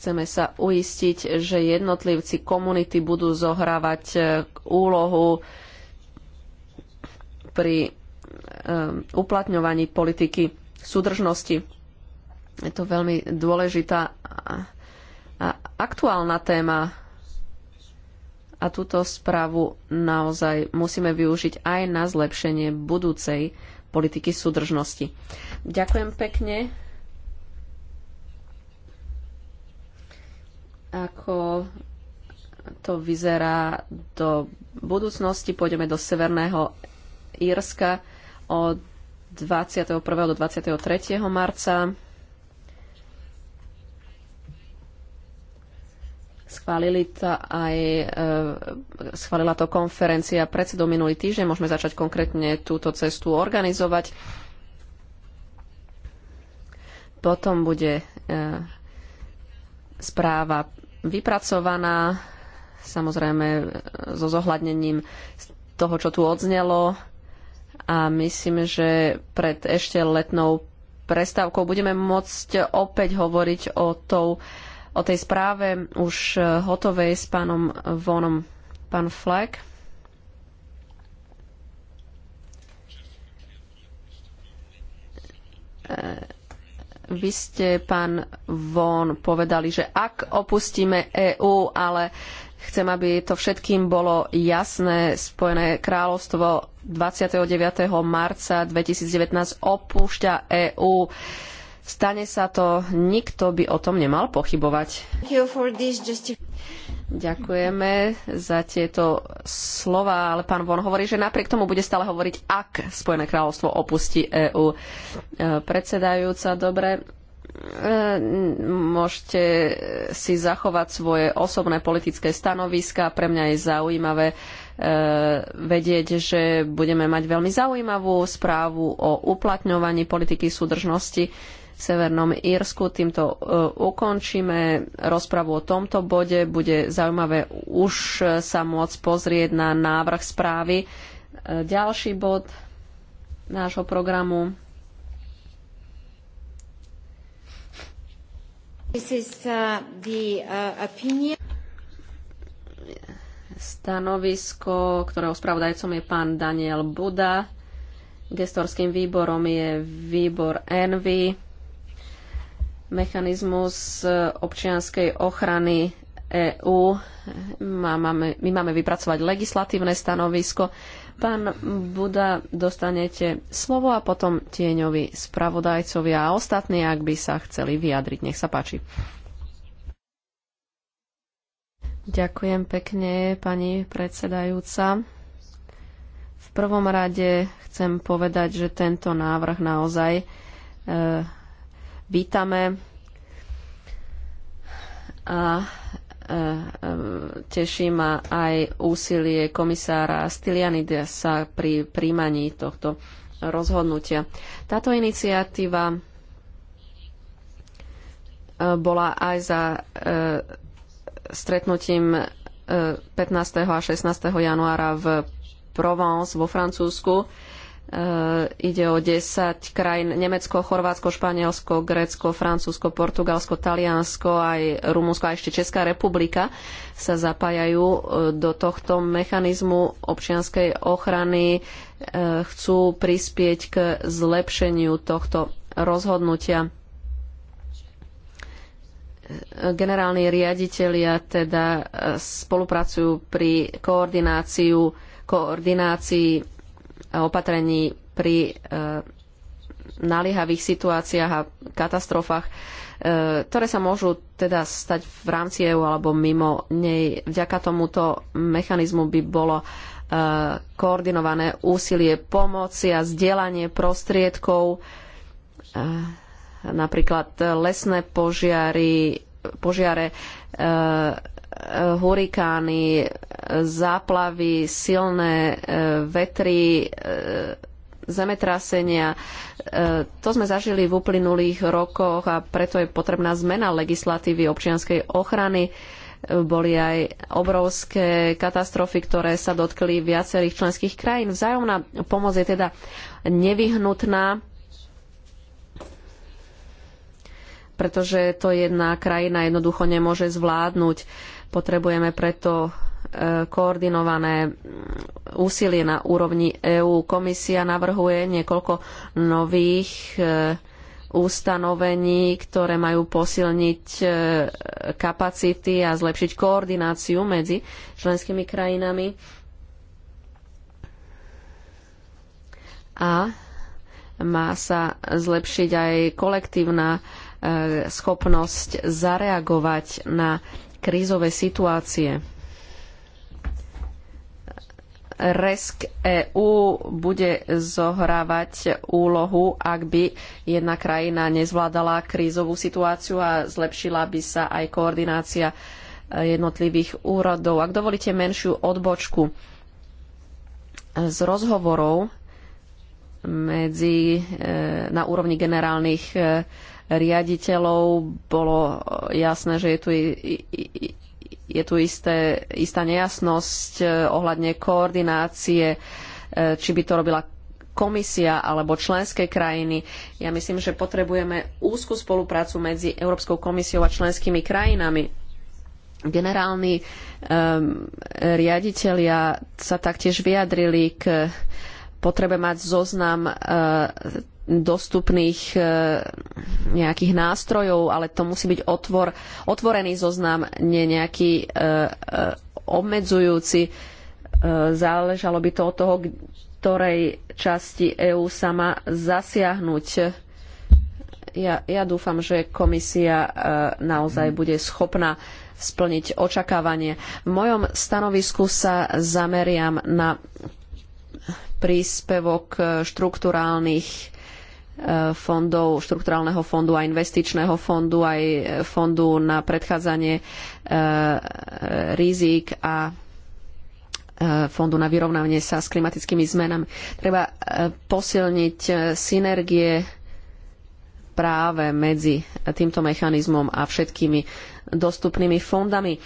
Chceme sa uistiť, že jednotlivci komunity budú zohrávať e, úlohu pri e, uplatňovaní politiky súdržnosti. Je to veľmi dôležitá a aktuálna téma a túto správu naozaj musíme využiť aj na zlepšenie budúcej politiky súdržnosti. Ďakujem pekne. Ako to vyzerá do budúcnosti, pôjdeme do Severného Írska od 21. do 23. marca. Schválili to aj, e, schválila to konferencia predsedov minulý týždeň. Môžeme začať konkrétne túto cestu organizovať. Potom bude e, správa vypracovaná, samozrejme e, so zohľadnením toho, čo tu odznelo. A myslím, že pred ešte letnou prestávkou budeme môcť opäť hovoriť o tou o tej správe už e, hotovej s pánom Vonom. Pán Fleck. E, vy ste, pán Von, povedali, že ak opustíme EÚ, ale chcem, aby to všetkým bolo jasné, Spojené kráľovstvo 29. marca 2019 opúšťa EÚ. Stane sa to, nikto by o tom nemal pochybovať. Ďakujeme za tieto slova, ale pán Von hovorí, že napriek tomu bude stále hovoriť, ak Spojené kráľovstvo opustí EÚ. E, predsedajúca, dobre, e, môžete si zachovať svoje osobné politické stanoviska. Pre mňa je zaujímavé e, vedieť, že budeme mať veľmi zaujímavú správu o uplatňovaní politiky súdržnosti Severnom Írsku. Týmto e, ukončíme rozpravu o tomto bode. Bude zaujímavé už e, sa môcť pozrieť na návrh správy. E, ďalší bod nášho programu. Is, uh, the, uh, Stanovisko, ktorého spravodajcom je pán Daniel Buda. Gestorským výborom je výbor Envy mechanizmus e, občianskej ochrany EÚ. My máme vypracovať legislatívne stanovisko. Pán Buda, dostanete slovo a potom tieňovi spravodajcovia a ostatní, ak by sa chceli vyjadriť. Nech sa páči. Ďakujem pekne, pani predsedajúca. V prvom rade chcem povedať, že tento návrh naozaj e, vítame a e, e, teší ma aj úsilie komisára Stylianidesa pri príjmaní tohto rozhodnutia. Táto iniciatíva e, bola aj za stretnutím 15. a 16. januára v Provence vo Francúzsku. E, ide o 10 krajín Nemecko, Chorvátsko, Španielsko, Grécko, Francúzsko, Portugalsko, Taliansko, aj Rumunsko a ešte Česká republika sa zapájajú e, do tohto mechanizmu občianskej ochrany. E, chcú prispieť k zlepšeniu tohto rozhodnutia. Generálni riaditelia teda spolupracujú pri koordináciu, koordinácii opatrení pri e, naliehavých situáciách a katastrofách, e, ktoré sa môžu teda stať v rámci EÚ alebo mimo nej. Vďaka tomuto mechanizmu by bolo e, koordinované úsilie pomoci a zdieľanie prostriedkov, napríklad lesné požiary, požiare, hurikány, záplavy, silné e, vetry, e, zemetrasenia. E, to sme zažili v uplynulých rokoch a preto je potrebná zmena legislatívy občianskej ochrany. Boli aj obrovské katastrofy, ktoré sa dotkli viacerých členských krajín. Vzájomná pomoc je teda nevyhnutná, pretože to jedna krajina jednoducho nemôže zvládnuť. Uh, Potrebujeme preto e, koordinované úsilie na úrovni EÚ. Komisia navrhuje niekoľko nových e, ustanovení, ktoré majú posilniť e, kapacity a zlepšiť koordináciu medzi členskými krajinami. A má sa zlepšiť aj kolektívna schopnosť zareagovať na krízové situácie. Resk EU bude zohrávať úlohu, ak by jedna krajina nezvládala krízovú situáciu a zlepšila by sa aj koordinácia e, jednotlivých úradov. Ak dovolíte menšiu odbočku z rozhovorov medzi, e, na úrovni generálnych e, riaditeľov bolo jasné, že je tu, je tu isté, istá nejasnosť e, ohľadne koordinácie, e, či by to robila komisia alebo členské krajiny. Ja myslím, že potrebujeme úzku spoluprácu medzi Európskou komisiou a členskými krajinami. Generálni um, riaditeľia sa taktiež vyjadrili k potrebe mať zoznam uh, dostupných e, nejakých nástrojov, ale to musí byť otvor, otvorený zoznam, nie nejaký e, e, obmedzujúci. Záležalo by to od toho, ktorej časti EÚ sa má zasiahnuť. Ja, ja dúfam, že komisia naozaj mhm. bude schopná splniť očakávanie. V mojom stanovisku sa zameriam na príspevok štruktúrálnych fondov, štrukturálneho fondu a investičného fondu, aj fondu na predchádzanie e, rizik a e, fondu na vyrovnanie sa s klimatickými zmenami. Treba e, posilniť synergie práve medzi týmto mechanizmom a všetkými dostupnými fondami.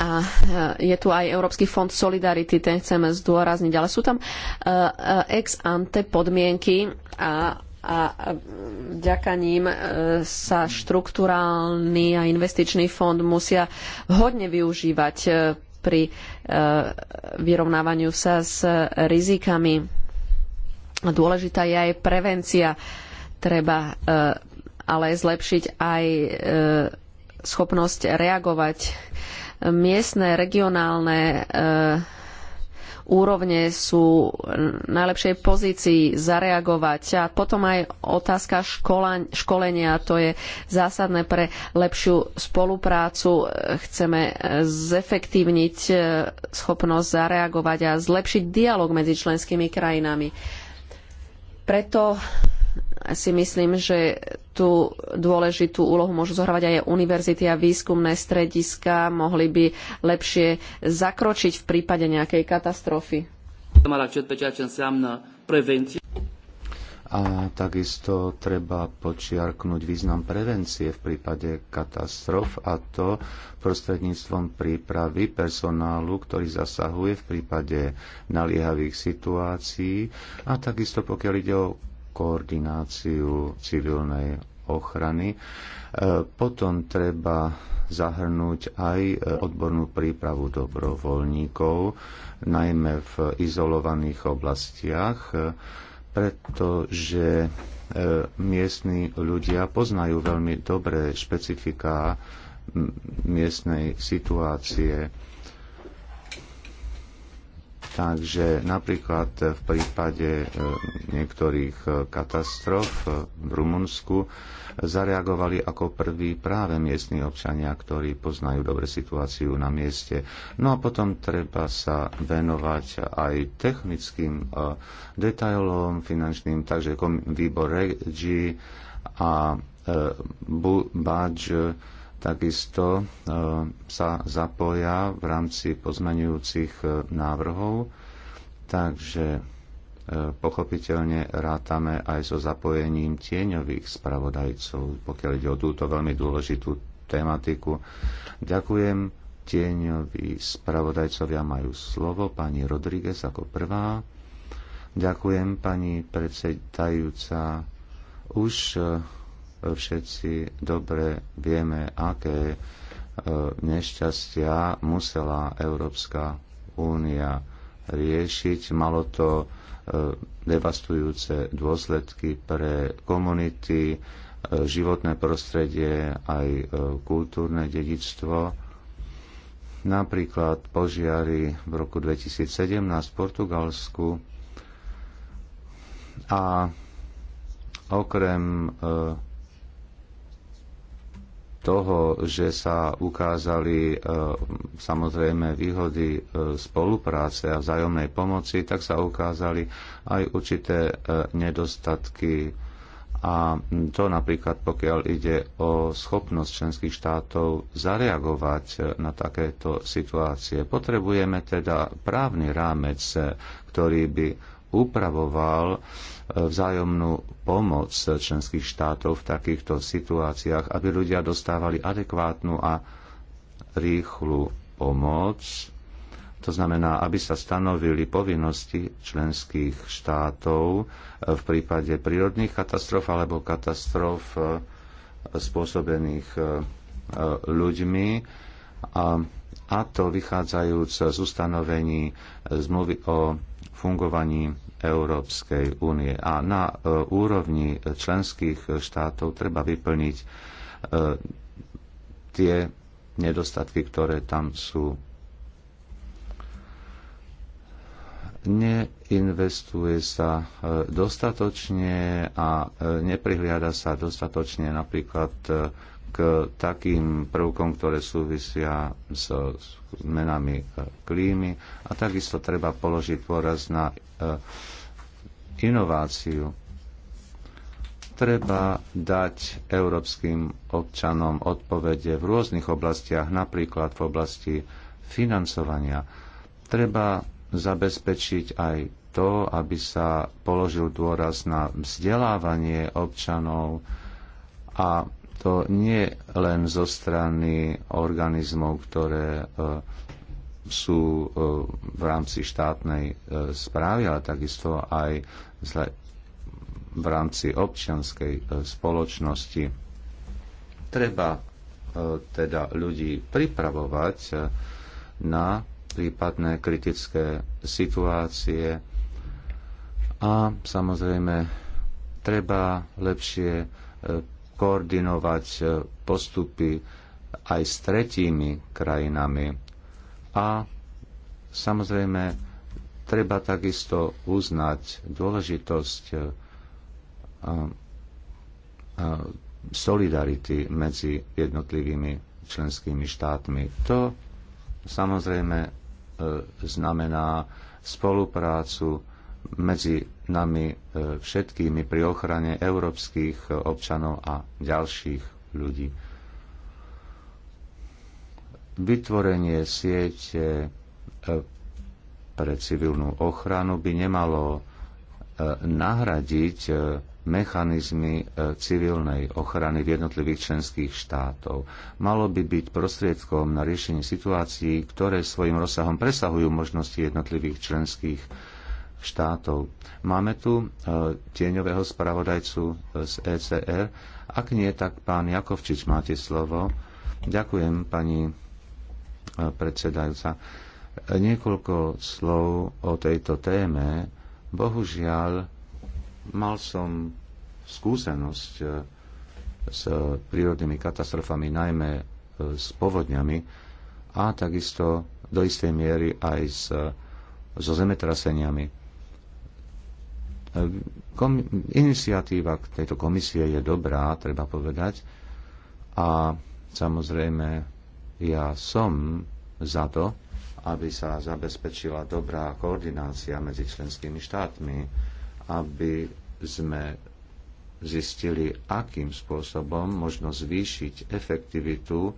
A e, je tu aj Európsky fond Solidarity, ten chceme zdôrazniť, ale sú tam e, e, ex ante podmienky a a vďaka ním sa štrukturálny a investičný fond musia hodne využívať pri vyrovnávaniu sa s rizikami. Dôležitá je aj prevencia. Treba ale zlepšiť aj schopnosť reagovať Miestne, regionálne eh, úrovne sú v najlepšej pozícii zareagovať. A potom aj otázka školenia, to je zásadné pre lepšiu spoluprácu. Chceme eh, zefektívniť eh, schopnosť zareagovať a zlepšiť dialog medzi členskými krajinami. Preto si myslím, že tú dôležitú úlohu môžu zohrávať aj univerzity a výskumné strediska. Mohli by lepšie zakročiť v prípade nejakej katastrofy. A takisto treba počiarknúť význam prevencie v prípade katastrof a to prostredníctvom prípravy personálu, ktorý zasahuje v prípade naliehavých situácií a takisto pokiaľ ide o koordináciu civilnej ochrany. E, potom treba zahrnúť aj e, odbornú prípravu dobrovoľníkov, najmä v izolovaných oblastiach, e, pretože miestni ľudia poznajú veľmi dobré špecifiká miestnej situácie Takže napríklad v prípade e, niektorých e, katastrof e, v Rumunsku zareagovali ako prví práve miestni občania, ktorí poznajú dobre situáciu na mieste. No a potom treba sa venovať aj technickým detailom finančným, takže výbor REGI a Budge takisto e, sa zapoja v rámci pozmenujúcich e, návrhov, takže e, pochopiteľne rátame aj so zapojením tieňových spravodajcov, pokiaľ ide o túto veľmi dôležitú tematiku. Ďakujem. Tieňoví spravodajcovia majú slovo. Pani Rodríguez ako prvá. Ďakujem, pani predsedajúca. Už všetci dobre vieme, aké e, nešťastia musela Európska únia riešiť. Malo to e, devastujúce dôsledky pre komunity, e, životné prostredie, aj kultúrne dedičstvo. Napríklad požiary v roku 2017 v Portugalsku a okrem toho, že sa ukázali e, samozrejme výhody e, spolupráce a vzájomnej pomoci, tak sa ukázali aj určité e, nedostatky. A to napríklad, pokiaľ ide o schopnosť členských štátov zareagovať na takéto situácie. Potrebujeme teda právny rámec, ktorý by upravoval e, vzájomnú pomoc členských štátov v takýchto situáciách, aby ľudia dostávali adekvátnu a rýchlu pomoc. To znamená, aby sa stanovili povinnosti členských štátov e, v prípade prírodných katastrof alebo katastrof e, spôsobených ľuďmi. A a to vychádzajúc z ustanovení zmluvy o fungovaní Európskej únie. A na e, úrovni členských štátov treba vyplniť e, tie nedostatky, ktoré tam sú. Neinvestuje sa e, dostatočne a neprihliada sa dostatočne napríklad k takým prvkom, ktoré súvisia s zmenami e, klímy a takisto treba položiť dôraz na e, inováciu. Treba dať európskym občanom odpovede v rôznych oblastiach, napríklad v oblasti financovania. Treba zabezpečiť aj to, aby sa položil dôraz na vzdelávanie občanov a to nie len zo strany organizmov, ktoré e, sú e, v rámci štátnej e, správy, ale takisto aj v rámci občianskej spoločnosti. Treba teda ľudí pripravovať na prípadné kritické situácie a samozrejme treba lepšie koordinovať e, postupy aj s tretími krajinami. A samozrejme, treba takisto uznať dôležitosť e, solidarity medzi jednotlivými členskými štátmi. To samozrejme e, znamená spoluprácu medzi nami všetkými pri ochrane európskych občanov a ďalších ľudí. Vytvorenie siete eh, pre civilnú ochranu by nemalo eh, nahradiť eh, mechanizmy civilnej ochrany v jednotlivých členských štátov. Malo by byť prostriedkom na riešenie situácií, ktoré svojim rozsahom presahujú možnosti jednotlivých členských štátov štátov. Máme tu e, tieňového spravodajcu e, z ECR. Ak nie, tak pán Jakovčič, máte slovo. Ďakujem, pani e, predsedajúca. Niekoľko slov o tejto téme. Bohužiaľ, mal som skúsenosť s prírodnými katastrofami, najmä s povodňami a takisto do istej miery aj s, so zemetraseniami Kom- iniciatíva k tejto komisie je dobrá, treba povedať. A samozrejme, ja som za to, aby sa zabezpečila dobrá koordinácia medzi členskými štátmi, aby sme zistili, akým spôsobom možno zvýšiť efektivitu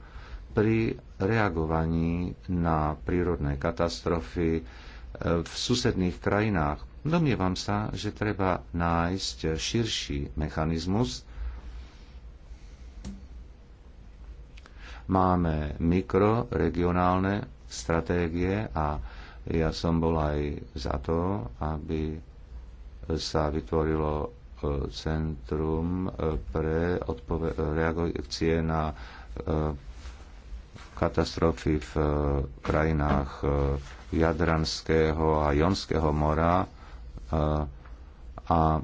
pri reagovaní na prírodné katastrofy eh, v susedných krajinách Domnievam sa, že treba nájsť širší mechanizmus. Máme mikroregionálne stratégie a ja som bol aj za to, aby sa vytvorilo e, centrum e, pre reakcie na e, katastrofy v krajinách Jadranského a Jonského mora Eh, a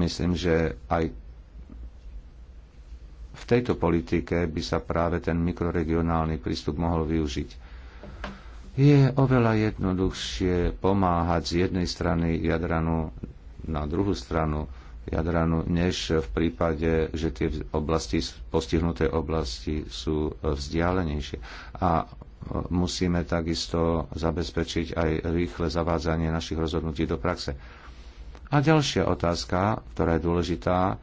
myslím, že aj v tejto politike by sa práve ten mikroregionálny prístup mohol využiť. Je oveľa jednoduchšie pomáhať z jednej strany Jadranu na druhú stranu Jadranu, než v prípade, že tie oblasti, postihnuté oblasti sú eh, vzdialenejšie. A eh, musíme takisto zabezpečiť aj rýchle zavádzanie našich rozhodnutí do praxe. A ďalšia otázka, ktorá je dôležitá, e,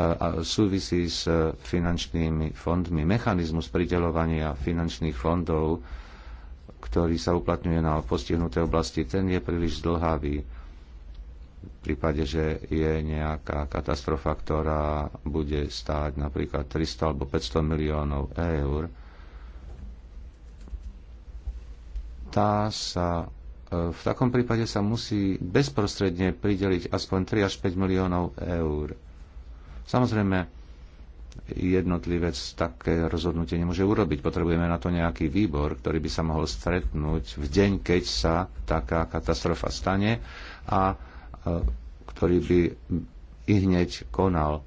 a súvisí s e, finančnými fondmi. Mechanizmus prideľovania finančných fondov, ktorý sa uplatňuje na postihnuté oblasti, ten je príliš zdlhavý. V prípade, že je nejaká katastrofa, ktorá bude stáť napríklad 300 alebo 500 miliónov eur, tá sa E, v takom prípade sa musí bezprostredne prideliť aspoň 3 až 5 miliónov eur. Samozrejme, jednotlivec také rozhodnutie nemôže urobiť. Potrebujeme na to nejaký výbor, ktorý by sa mohol stretnúť v deň, keď sa taká katastrofa stane a e, ktorý by i hneď konal.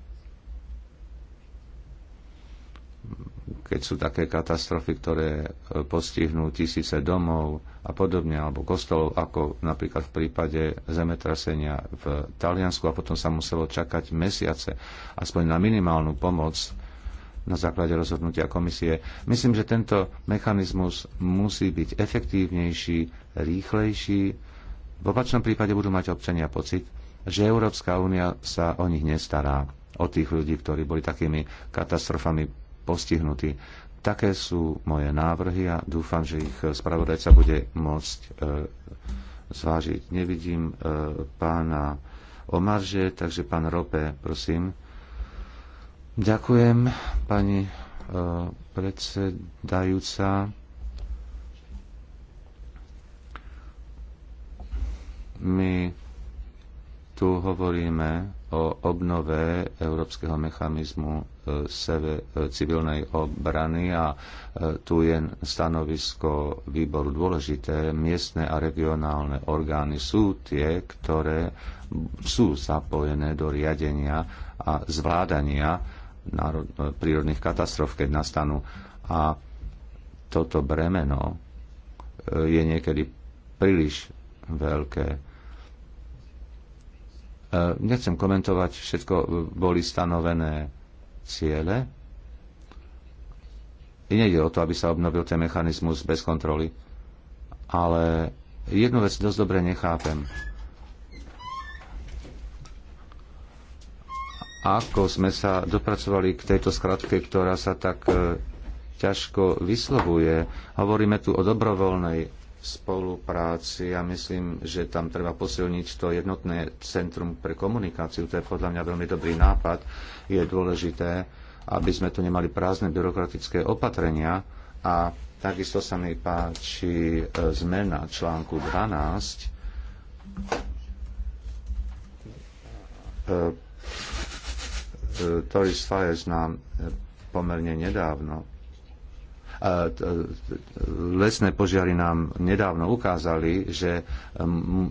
keď sú také katastrofy, ktoré e, postihnú tisíce domov a podobne, alebo kostolov, ako napríklad v prípade zemetrasenia v Taliansku a potom sa muselo čakať mesiace, aspoň na minimálnu pomoc na základe rozhodnutia komisie. Myslím, že tento mechanizmus musí byť efektívnejší, rýchlejší. V opačnom prípade budú mať občania pocit, že Európska únia sa o nich nestará o tých ľudí, ktorí boli takými katastrofami postihnutí. Také sú moje návrhy a dúfam, že ich spravodajca bude môcť e, zvážiť. Nevidím e, pána Omarže, takže pán Rope, prosím. Ďakujem, pani e, predsedajúca. My tu hovoríme o obnove Európskeho mechanizmu e, e, civilnej obrany a e, tu je stanovisko výboru dôležité. Miestne a regionálne orgány sú tie, ktoré sú zapojené do riadenia a zvládania prírodných katastrof, keď nastanú. A toto bremeno je niekedy príliš veľké E, nechcem komentovať, všetko e, boli stanovené ciele. I nejde o to, aby sa obnovil ten mechanizmus bez kontroly. Ale jednu vec dosť dobre nechápem. Ako sme sa dopracovali k tejto skratke, ktorá sa tak e, ťažko vyslovuje. Hovoríme tu o dobrovoľnej spolupráci. Ja myslím, že tam treba posilniť to jednotné centrum pre komunikáciu. To je podľa mňa veľmi dobrý nápad. Je dôležité, aby sme tu nemali prázdne byrokratické opatrenia a takisto sa mi páči e, zmena článku 12. Toris Fajes nám pomerne nedávno E, lesné požiary nám nedávno ukázali, že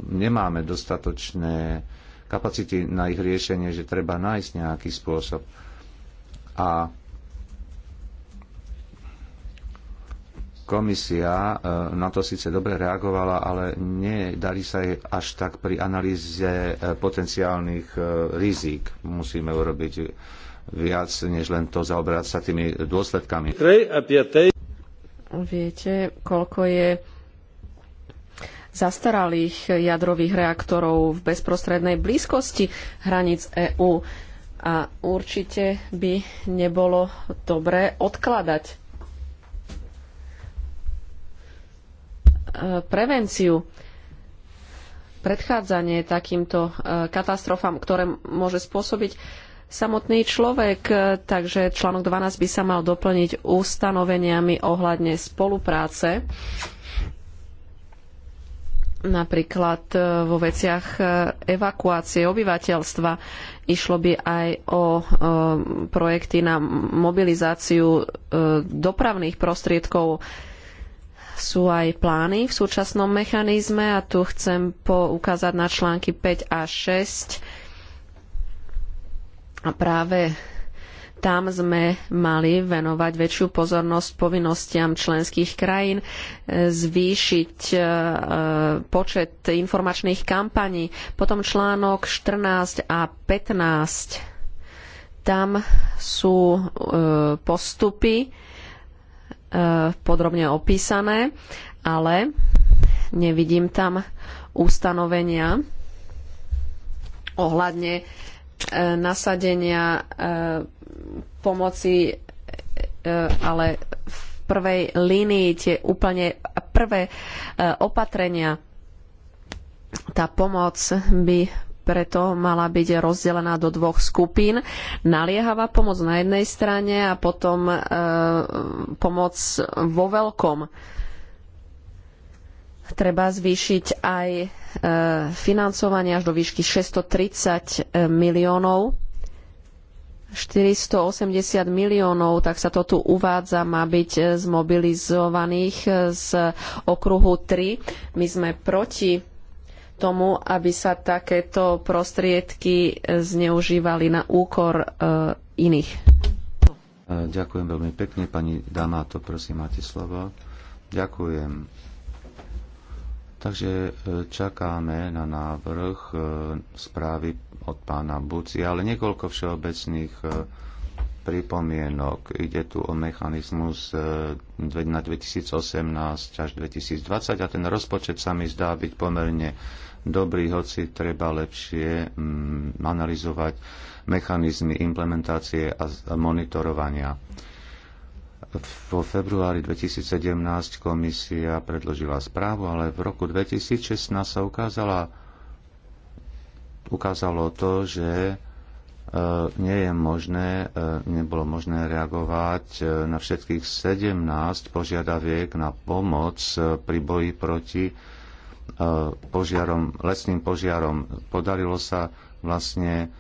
nemáme dostatočné kapacity na ich riešenie, že treba nájsť nejaký spôsob. A komisia e, na to síce dobre reagovala, ale nedarí sa jej až tak pri analýze e, potenciálnych rizik. Musíme urobiť viac, než len to zaoberať sa tými dôsledkami. Viete, koľko je zastaralých jadrových reaktorov v bezprostrednej blízkosti hraníc EÚ a určite by nebolo dobré odkladať e, prevenciu, predchádzanie takýmto e, katastrofám, ktoré môže spôsobiť samotný človek, e, takže článok 12 by sa mal doplniť ustanoveniami ohľadne spolupráce napríklad e, vo veciach e, evakuácie obyvateľstva. Išlo by aj o projekty na mobilizáciu dopravných prostriedkov. Sú aj plány v súčasnom mechanizme a tu chcem poukázať na články 5 a 6 a práve tam sme mali venovať väčšiu pozornosť povinnostiam členských krajín, e, zvýšiť e, e, počet informačných kampaní. Potom článok 14 a 15. Tam sú postupy podrobne opísané, ale nevidím tam ustanovenia ohľadne E, nasadenia e, pomoci, e, ale v prvej línii tie úplne prvé opatrenia. Tá pomoc by preto mala byť rozdelená do dvoch skupín. Naliehavá pomoc na jednej strane a potom pomoc vo veľkom treba zvýšiť aj e, financovanie až do výšky 630 e, miliónov. 480 miliónov, tak sa to tu uvádza, má byť e, zmobilizovaných z okruhu 3. My sme proti tomu, aby sa takéto prostriedky zneužívali na úkor iných. Ďakujem veľmi pekne, pani Damáto, prosím, máte slovo. Ďakujem Takže e, čakáme na návrh e, správy od pána Buci, ale niekoľko všeobecných e, pripomienok. Ide tu o mechanizmus na 2018 až 2020 a ten rozpočet sa mi zdá byť pomerne dobrý, hoci treba lepšie mm, analyzovať mechanizmy implementácie a monitorovania vo februári 2017 komisia predložila správu, ale v roku 2016 sa ukázala, ukázalo to, že e, nie je možné, e, nebolo možné reagovať e, na všetkých 17 požiadaviek na pomoc pri boji proti požiarom, lesným požiarom. Podarilo sa vlastne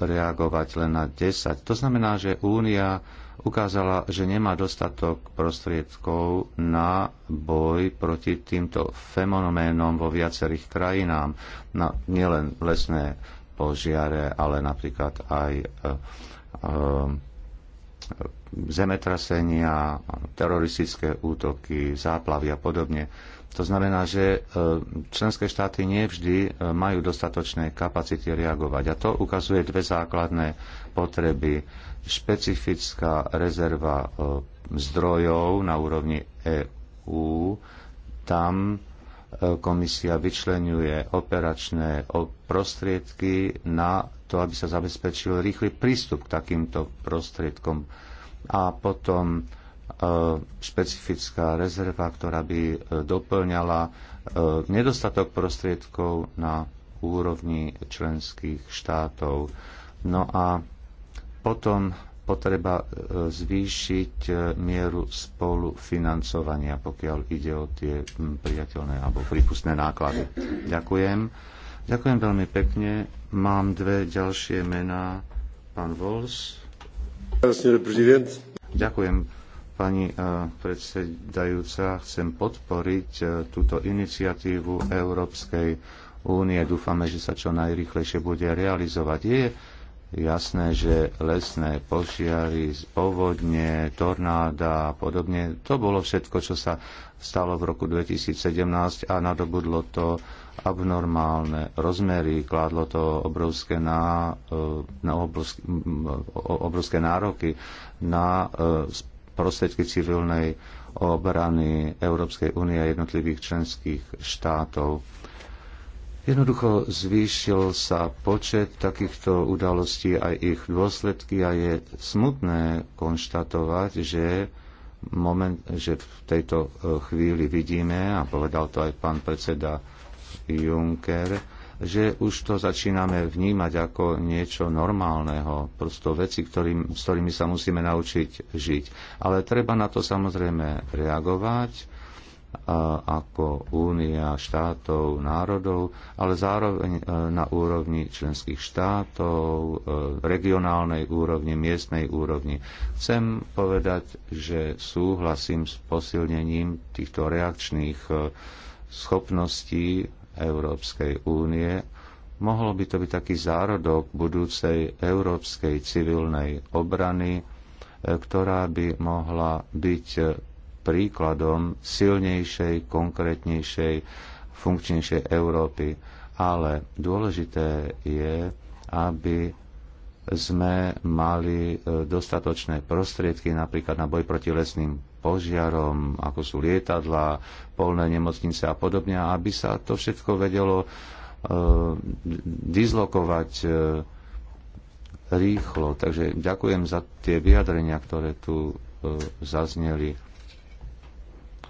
reagovať len na 10. To znamená, že Únia ukázala, že nemá dostatok prostriedkov na boj proti týmto fenoménom vo viacerých krajinám. Na, nielen lesné požiare, ale napríklad aj e, e, zemetrasenia, teroristické útoky, záplavy a podobne. To znamená, že e, členské štáty nevždy e, majú dostatočné kapacity reagovať. A to ukazuje dve základné potreby. Špecifická rezerva e, zdrojov na úrovni EÚ. Tam komisia vyčlenuje operačné prostriedky na to, aby sa zabezpečil rýchly prístup k takýmto prostriedkom. A potom E, špecifická rezerva, ktorá by e, doplňala e, nedostatok prostriedkov na úrovni členských štátov. No a potom potreba zvýšiť mieru spolufinancovania, pokiaľ ide o tie priateľné alebo prípustné náklady. Ďakujem. Ďakujem veľmi pekne. Mám dve ďalšie mená. Pán Vols. Ďakujem. Pani e, predsedajúca, chcem podporiť e, túto iniciatívu Európskej únie. Dúfame, že sa čo najrychlejšie bude realizovať. Je jasné, že lesné požiary, povodne, tornáda a podobne, to bolo všetko, čo sa stalo v roku 2017 a nadobudlo to abnormálne rozmery, kládlo to obrovské, ná, e, na obrovské, obrovské nároky na prostriedky civilnej obrany Európskej únie a jednotlivých členských štátov. Jednoducho zvýšil sa počet takýchto udalostí a ich dôsledky a je smutné konštatovať, že, moment, že v tejto e, chvíli vidíme, a povedal to aj pán predseda Juncker, že už to začíname vnímať ako niečo normálneho, prosto veci, ktorým, s ktorými sa musíme naučiť žiť. Ale treba na to samozrejme reagovať ako únia štátov, národov, ale zároveň e, na úrovni členských štátov, e, regionálnej úrovni, miestnej úrovni. Chcem povedať, že súhlasím s posilnením týchto reakčných e, schopností Európskej únie. Mohol by to byť taký zárodok budúcej európskej civilnej obrany, e, ktorá by mohla byť e, príkladom silnejšej, konkrétnejšej, funkčnejšej Európy. Ale dôležité je, aby sme mali e, dostatočné prostriedky napríklad na boj proti lesným požiarom, ako sú lietadla, polné nemocnice a podobne, aby sa to všetko vedelo e, dizlokovať e, rýchlo. Takže ďakujem za tie vyjadrenia, ktoré tu e, zazneli.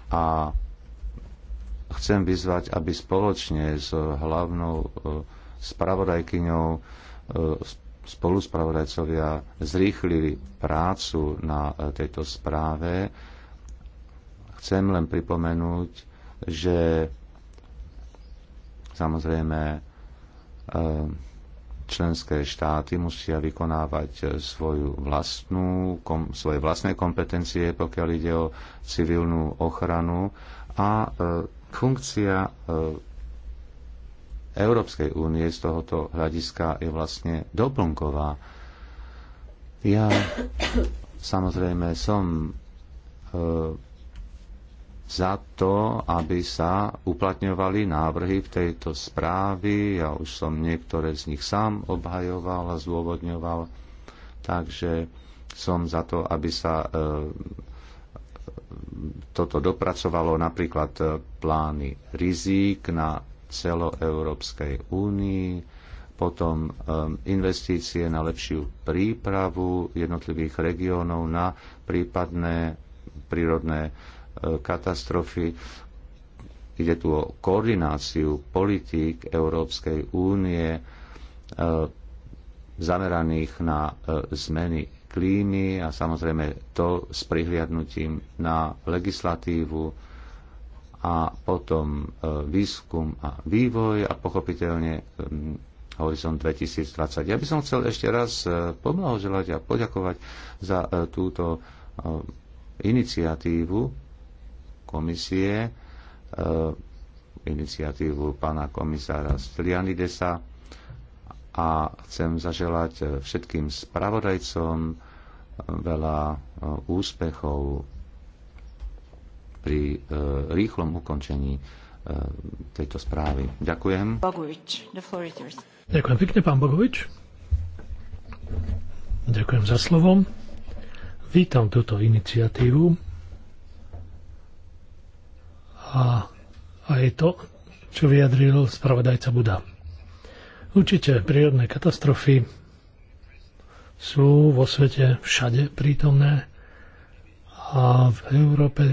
A chcem vyzvať, aby spoločne s hlavnou e, spravodajkyňou e, spoluspravodajcovia zrýchlili prácu na e, tejto správe Chcem len pripomenúť, že samozrejme e, členské štáty musia vykonávať svoju vlastnú, kom, svoje vlastné kompetencie, pokiaľ ide o civilnú ochranu a e, funkcia e, Európskej únie z tohoto hľadiska je vlastne doplnková. Ja samozrejme som e, za to, aby sa uplatňovali návrhy v tejto správy. Ja už som niektoré z nich sám obhajoval a zdôvodňoval, takže som za to, aby sa e, toto dopracovalo napríklad e, plány rizík na celoeurópskej únii, potom e, investície na lepšiu prípravu jednotlivých regiónov na prípadné prírodné katastrofy. Ide tu o koordináciu politík Európskej únie e, zameraných na e, zmeny klímy a samozrejme to s prihliadnutím na legislatívu a potom e, výskum a vývoj a pochopiteľne Horizont 2020. Ja by som chcel ešte raz pomlahoželať a poďakovať za túto iniciatívu komisie, e, iniciatívu pána komisára Strianidesa a chcem zaželať všetkým spravodajcom veľa e, úspechov pri e, rýchlom ukončení e, tejto správy. Ďakujem. Bogovič, the floor is yours. Ďakujem pekne, pán Bogovič. Ďakujem za slovo. Vítam túto iniciatívu a aj to, čo vyjadril spravodajca Buda. Určite prírodné katastrofy sú vo svete všade prítomné a v Európe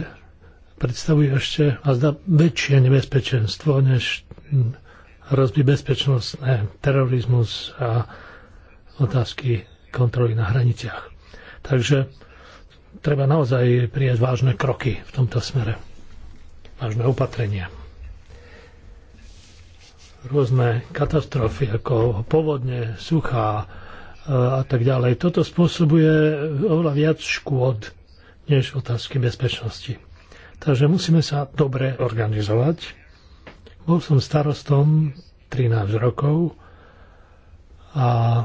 predstavujú ešte a zda väčšie nebezpečenstvo než hrozby bezpečnostné, terorizmus a otázky kontroly na hraniciach. Takže treba naozaj prijať vážne kroky v tomto smere vážne opatrenia. Rôzne katastrofy ako povodne, suchá e, a tak ďalej. Toto spôsobuje oveľa viac škôd než otázky bezpečnosti. Takže musíme sa dobre organizovať. Bol som starostom 13 rokov a e,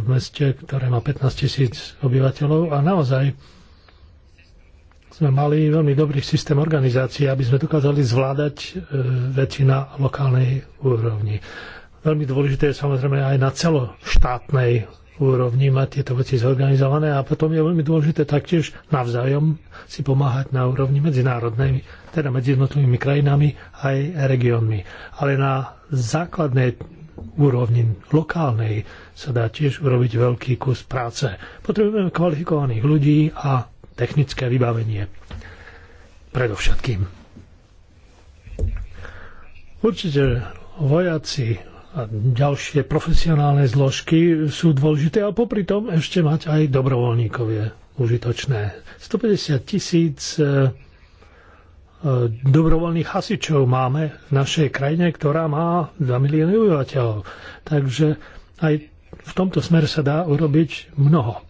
v meste, ktoré má 15 tisíc obyvateľov a naozaj sme mali veľmi dobrý systém organizácie, aby sme dokázali zvládať e, veci na lokálnej úrovni. Veľmi dôležité je samozrejme aj na celoštátnej úrovni mať tieto veci zorganizované a potom je veľmi dôležité taktiež navzájom si pomáhať na úrovni medzinárodnej, teda medzi jednotlivými krajinami aj regiónmi. Ale na základnej úrovni lokálnej sa dá tiež urobiť veľký kus práce. Potrebujeme kvalifikovaných ľudí a technické vybavenie. Predovšetkým. Určite vojaci a ďalšie profesionálne zložky sú dôležité a popri tom ešte mať aj dobrovoľníkovie užitočné. 150 tisíc e, e, dobrovoľných hasičov máme v našej krajine, ktorá má 2 milióny obyvateľov. Takže aj v tomto smere sa dá urobiť mnoho.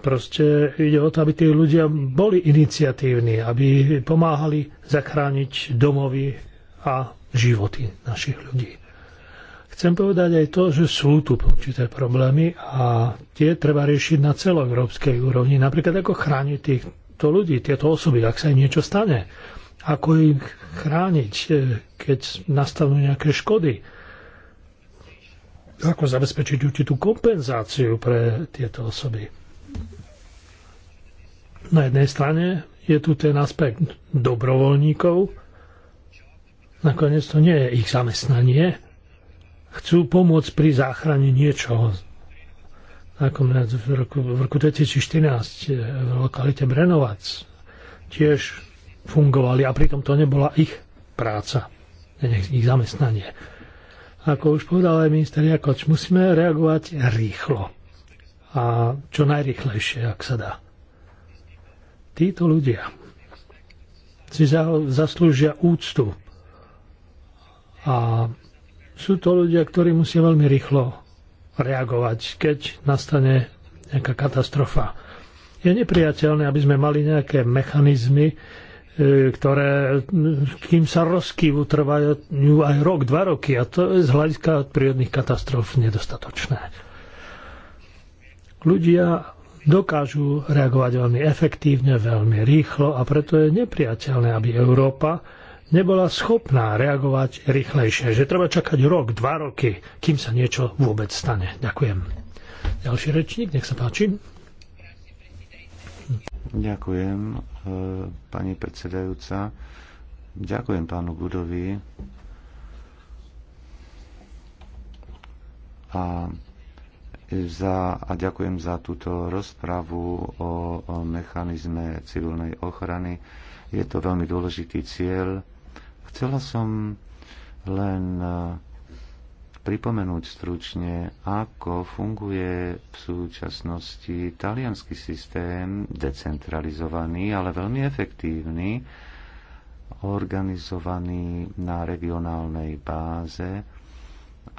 Proste ide o to, aby tí ľudia boli iniciatívni, aby pomáhali zachrániť domovy a životy našich ľudí. Chcem povedať aj to, že sú tu určité problémy a tie treba riešiť na celoeurópskej úrovni. Napríklad ako chrániť týchto ľudí, tieto osoby, ak sa im niečo stane. Ako ich chrániť, e, keď nastanú nejaké škody ako zabezpečiť určitú kompenzáciu pre tieto osoby. Na jednej strane je tu ten aspekt dobrovoľníkov. Nakoniec to nie je ich zamestnanie. Chcú pomôcť pri záchrane niečoho. Nakoniec v roku, v roku 2014 v lokalite Brenovac tiež fungovali a pritom to nebola ich práca, ich zamestnanie. Ako už povedal aj minister Jakoč, musíme reagovať rýchlo a čo najrychlejšie, ak sa dá. Títo ľudia si zaslúžia úctu a sú to ľudia, ktorí musia veľmi rýchlo reagovať, keď nastane nejaká katastrofa. Je nepriateľné, aby sme mali nejaké mechanizmy, e, ktoré, kým sa rozkývu, trvajú aj rok, dva roky. A to je z hľadiska prírodných katastrof nedostatočné. Ľudia dokážu reagovať veľmi efektívne, veľmi rýchlo a preto je nepriateľné, aby Európa nebola schopná reagovať rýchlejšie. Že treba čakať rok, dva roky, kým sa niečo vôbec stane. Ďakujem. Ďalší rečník, nech sa páči. Ďakujem, e, pani predsedajúca. Ďakujem pánu Gudovi. A za, a ďakujem za túto rozpravu o, o mechanizme civilnej ochrany. Je to veľmi dôležitý cieľ. Chcela som len e, pripomenúť stručne, ako funguje v súčasnosti talianský systém, decentralizovaný, ale veľmi efektívny, organizovaný na regionálnej báze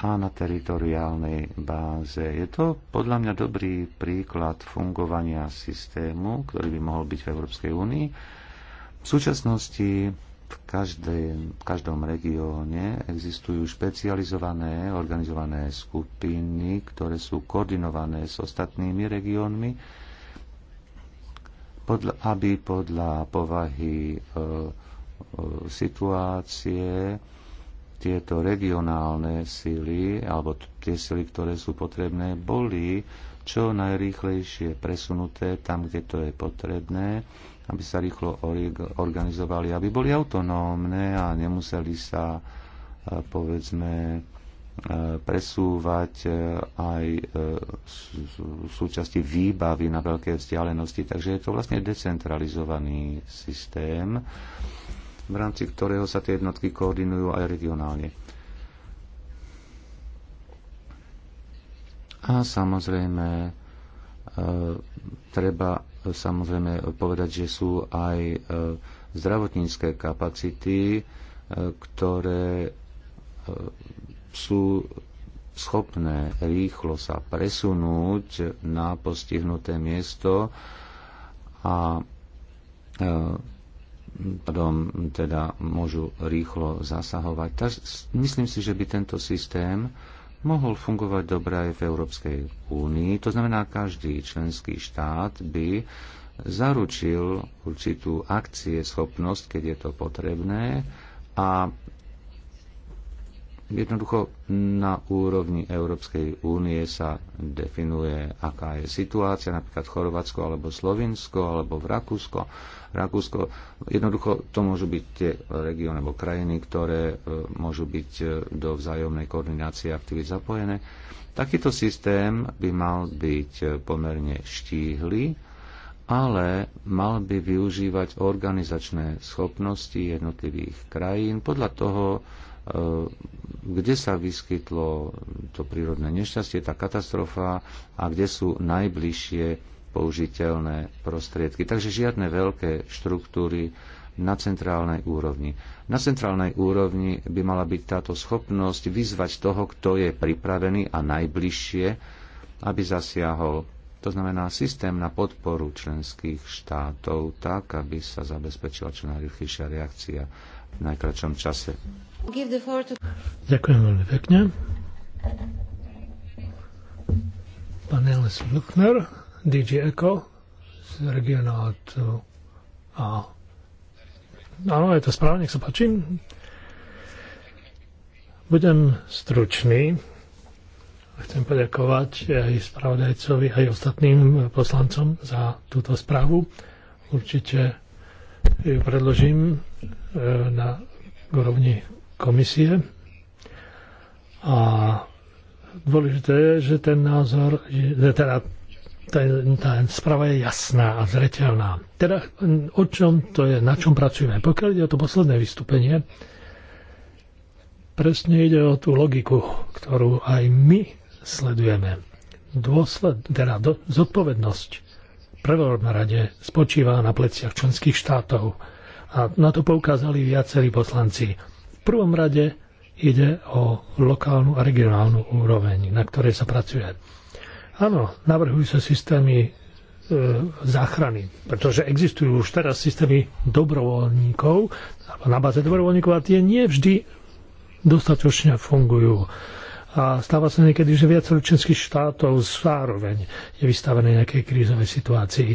a na teritoriálnej báze. Je to podľa mňa dobrý príklad fungovania systému, ktorý by mohol byť v Európskej únii. V súčasnosti v, každej, v každom regióne existujú špecializované organizované skupiny, ktoré sú koordinované s ostatnými regiónmi, podľa, aby podľa povahy e, e, situácie tieto regionálne síly, alebo tie síly, ktoré sú potrebné, boli čo najrýchlejšie presunuté tam, kde to je potrebné, aby sa rýchlo organizovali, aby boli autonómne a nemuseli sa, e, povedzme, e, presúvať e, aj súčasti výbavy na veľké vzdialenosti. Takže je to vlastne decentralizovaný systém v rámci ktorého sa tie jednotky koordinujú aj regionálne. A samozrejme, e, treba samozrejme povedať, že sú aj e, zdravotnícke kapacity, e, ktoré sú schopné rýchlo sa presunúť na postihnuté miesto a pardon, teda môžu rýchlo zasahovať. Tak myslím si, že by tento systém mohol fungovať dobre aj v Európskej únii. To znamená, každý členský štát by zaručil určitú akcie, schopnosť, keď je to potrebné a Jednoducho na úrovni Európskej únie sa definuje, aká je situácia, napríklad Chorvátsko alebo Slovinsko alebo v Rakúsko. Rakúsko, jednoducho to môžu byť tie regióny alebo krajiny, ktoré e, môžu byť e, do vzájomnej koordinácie aktivy zapojené. Takýto systém by mal byť e, pomerne štíhly, ale mal by využívať organizačné schopnosti jednotlivých krajín podľa toho, E, kde sa vyskytlo to prírodné nešťastie, tá katastrofa a kde sú najbližšie použiteľné prostriedky. Takže žiadne veľké štruktúry na centrálnej úrovni. Na centrálnej úrovni by mala byť táto schopnosť vyzvať toho, kto je pripravený a najbližšie, aby zasiahol. To znamená systém na podporu členských štátov tak, aby sa zabezpečila čo najrychlejšia reakcia v najkračom čase. Ďakujem veľmi pekne. Pán Jelis Luchner, DJ Eco z regionátu A. Áno, je to správne, nech sa páči. Budem stručný. Chcem poďakovať aj spravodajcovi, aj ostatným poslancom za túto správu. Určite ju predložím e, na úrovni komisie. A dôležité je, že ten názor, že teda tá správa je jasná a zreteľná. Teda o čom to je, na čom pracujeme. Pokiaľ ide o to posledné vystúpenie, presne ide o tú logiku, ktorú aj my sledujeme. Dôsled, teda do, zodpovednosť prvom rade spočíva na pleciach členských štátov. A na to poukázali viacerí poslanci prvom rade ide o lokálnu a regionálnu úroveň, na ktorej sa pracuje. Áno, navrhujú sa systémy e, záchrany, pretože existujú už teraz systémy dobrovoľníkov, alebo na báze dobrovoľníkov, a tie nie vždy dostatočne fungujú. A stáva sa niekedy, že viacero členských štátov zároveň je vystavené nejakej krízovej situácii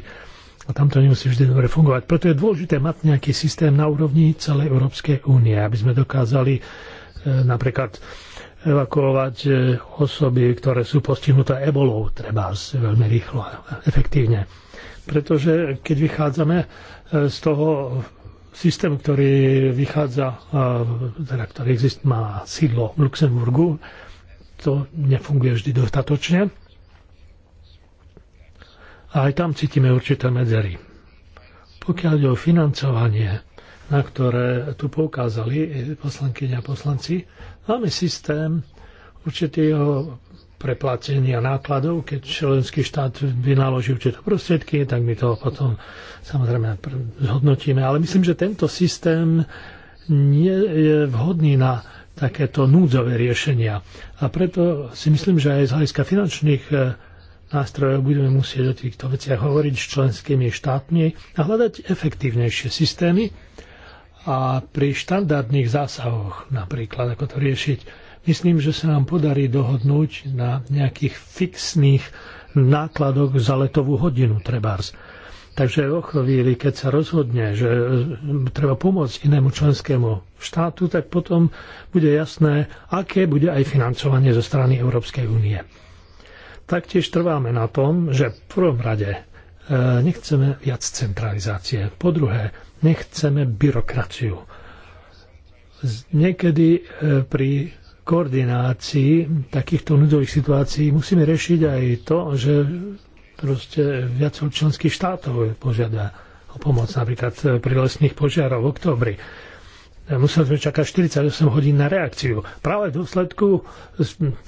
a tam to nemusí vždy dobre fungovať. Preto je dôležité mať nejaký systém na úrovni celej Európskej únie, aby sme dokázali e, napríklad evakuovať e, osoby, ktoré sú postihnuté ebolou, treba veľmi rýchlo a efektívne. Pretože keď vychádzame e, z toho systému, ktorý vychádza, teda ktorý exist, má sídlo v Luxemburgu, to nefunguje vždy dostatočne. A aj tam cítime určité medzery. Pokiaľ ide o financovanie, na ktoré tu poukázali poslankyňa a poslanci, máme systém určitého preplatenia nákladov, keď členský štát vynaloží určité prostriedky, tak my to potom samozrejme zhodnotíme. Ale myslím, že tento systém nie je vhodný na takéto núdzové riešenia. A preto si myslím, že aj z hľadiska finančných eh, nástrojov budeme musieť o týchto veciach hovoriť s členskými štátmi a hľadať efektívnejšie systémy a pri štandardných zásahoch napríklad, ako to riešiť. Myslím, že sa nám podarí dohodnúť na nejakých fixných nákladoch za letovú hodinu trebárs. Takže o chvíli, keď sa rozhodne, že treba pomôcť inému členskému štátu, tak potom bude jasné, aké bude aj financovanie zo strany Európskej únie. Taktiež trváme na tom, že v prvom rade e, nechceme viac centralizácie. Po druhé, nechceme byrokraciu. Niekedy e, pri koordinácii takýchto núdzových situácií musíme riešiť aj to, že proste viac členských štátov požiada o pomoc, napríklad e, pri lesných požiarov v oktobri museli sme čakať 48 hodín na reakciu. Práve v dôsledku,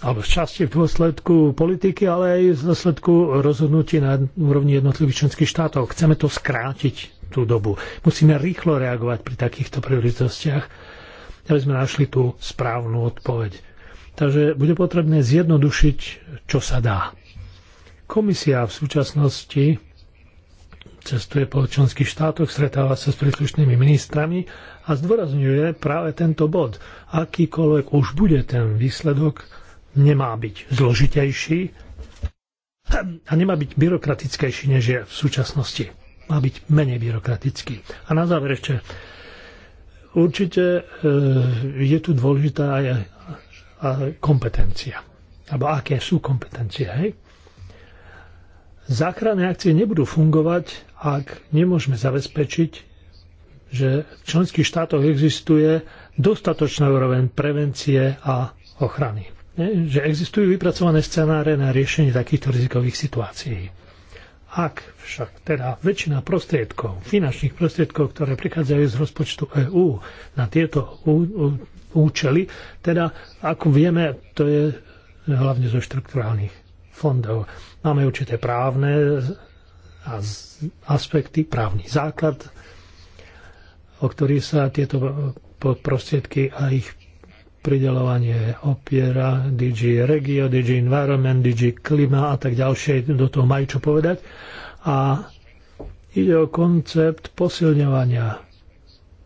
alebo v časti v dôsledku politiky, ale aj v dôsledku rozhodnutí na úrovni jednotlivých členských štátov. Chceme to skrátiť, tú dobu. Musíme rýchlo reagovať pri takýchto príležitostiach, aby sme našli tú správnu odpoveď. Takže bude potrebné zjednodušiť, čo sa dá. Komisia v súčasnosti cestuje po členských štátoch, stretáva sa s príslušnými ministrami a zdôrazňuje práve tento bod. Akýkoľvek už bude ten výsledok, nemá byť zložitejší a nemá byť byrokratickejší, než je v súčasnosti. Má byť menej byrokratický. A na záver ešte, určite e, je tu dôležitá aj kompetencia. Alebo aké sú kompetencie, hej? Záchranné akcie nebudú fungovať, ak nemôžeme zabezpečiť, že v členských štátoch existuje dostatočná úroveň prevencie a ochrany. Že existujú vypracované scenáre na riešenie takýchto rizikových situácií. Ak však teda väčšina prostriedkov, finančných prostriedkov, ktoré prichádzajú z rozpočtu EÚ na tieto účely, teda ako vieme, to je hlavne zo štrukturálnych fondov. Máme určité právne a aspekty, právny základ, o ktorý sa tieto prostriedky a ich pridelovanie opiera, DG Regio, DG Environment, DG Klima a tak ďalšie, do toho majú čo povedať. A ide o koncept posilňovania,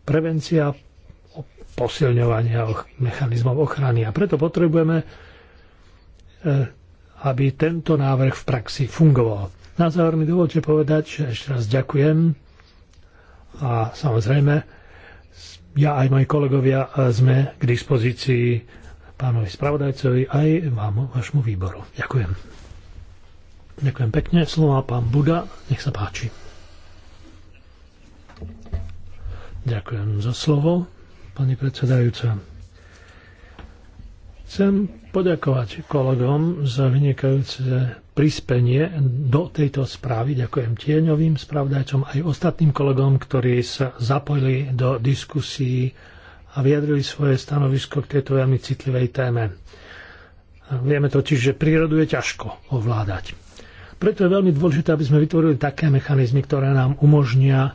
prevencia posilňovania mechanizmov ochrany. A preto potrebujeme e, aby tento návrh v praxi fungoval. Na záver mi dovolte povedať, že ešte raz ďakujem a samozrejme ja aj moji kolegovia e, sme k dispozícii pánovi spravodajcovi aj vám, vašmu výboru. Ďakujem. Ďakujem pekne. Slova pán Buda, nech sa páči. Ďakujem za slovo, pani predsedajúca. Chcem poďakovať kolegom za vynikajúce prispenie do tejto správy. Ďakujem tieňovým spravdajcom aj ostatným kolegom, ktorí sa zapojili do diskusí a vyjadrili svoje stanovisko k tejto veľmi citlivej téme. Vieme totiž, že prírodu je ťažko ovládať. Preto je veľmi dôležité, aby sme vytvorili také mechanizmy, ktoré nám umožnia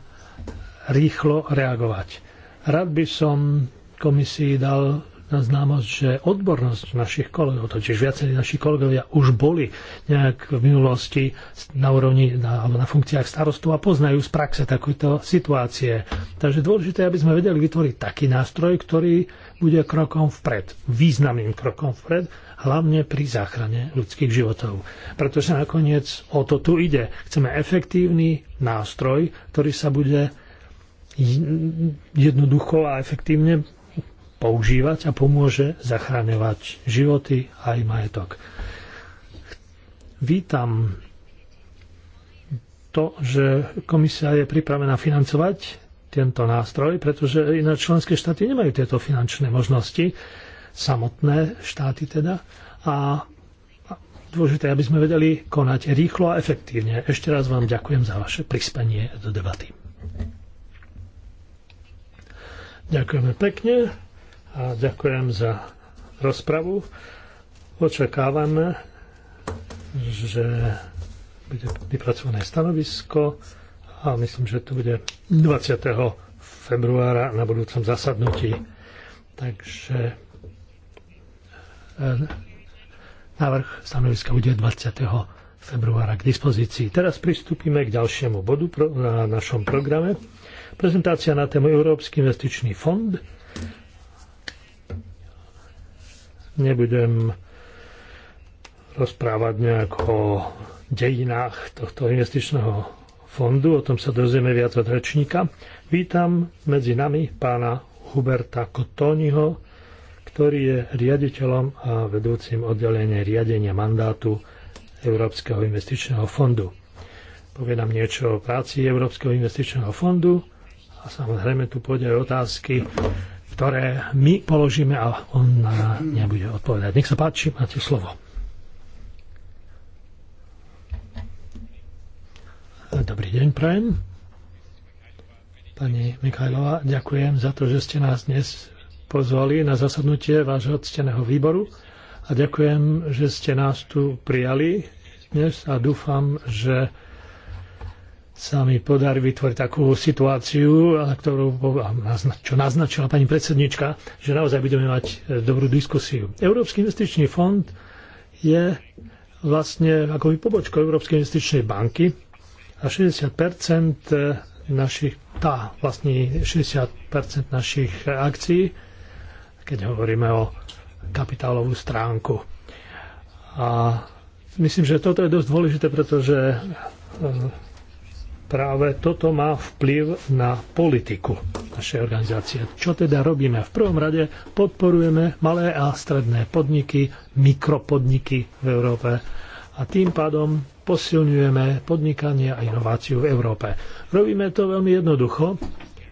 rýchlo reagovať. Rád by som komisii dal na známosť, že odbornosť našich kolegov, totiž viacerí naši kolegovia už boli nejak v minulosti na úrovni na, na funkciách starostu a poznajú z praxe takéto situácie. Takže dôležité, aby sme vedeli vytvoriť taký nástroj, ktorý bude krokom vpred, významným krokom vpred, hlavne pri záchrane ľudských životov. Pretože nakoniec o to tu ide. Chceme efektívny nástroj, ktorý sa bude jednoducho a efektívne používať a pomôže zachráňovať životy aj majetok. Vítam to, že komisia je pripravená financovať tento nástroj, pretože iné členské štáty nemajú tieto finančné možnosti, samotné štáty teda. A dôležité, aby sme vedeli konať rýchlo a efektívne. Ešte raz vám ďakujem za vaše prispenie do debaty. Ďakujeme pekne a ďakujem za rozpravu. Očakávame, že bude vypracované stanovisko a myslím, že to bude 20. februára na budúcom zasadnutí. Takže e, návrh stanoviska bude 20 februára k dispozícii. Teraz pristúpime k ďalšiemu bodu na našom programe. Prezentácia na tému Európsky investičný fond nebudem rozprávať nejak o dejinách tohto investičného fondu, o tom sa dozvieme viac od rečníka. Vítam medzi nami pána Huberta Kotoniho, ktorý je riaditeľom a vedúcim oddelenie riadenia mandátu Európskeho investičného fondu. Povie nám niečo o práci Európskeho investičného fondu a samozrejme tu pôjde aj otázky ktoré my položíme a on e, nebude odpovedať. Nech sa páči, máte slovo. Dobrý deň, prajem. Pani Mikajlova, ďakujem za to, že ste nás dnes pozvali na zasadnutie vášho cteného výboru a ďakujem, že ste nás tu prijali dnes a dúfam, že sa mi podarí vytvoriť takú situáciu, ktorú, čo naznačila pani predsednička, že naozaj budeme mať e, dobrú diskusiu. Európsky investičný fond je vlastne ako pobočko Európskej investičnej banky a 60 e, našich, tá vlastní 60 našich akcií, keď hovoríme o kapitálovú stránku. A myslím, že toto je dosť dôležité, pretože e, práve toto má vplyv na politiku našej organizácie. Čo teda robíme? V prvom rade podporujeme malé a stredné podniky, mikropodniky v Európe a tým pádom posilňujeme podnikanie a inováciu v Európe. Robíme to veľmi jednoducho,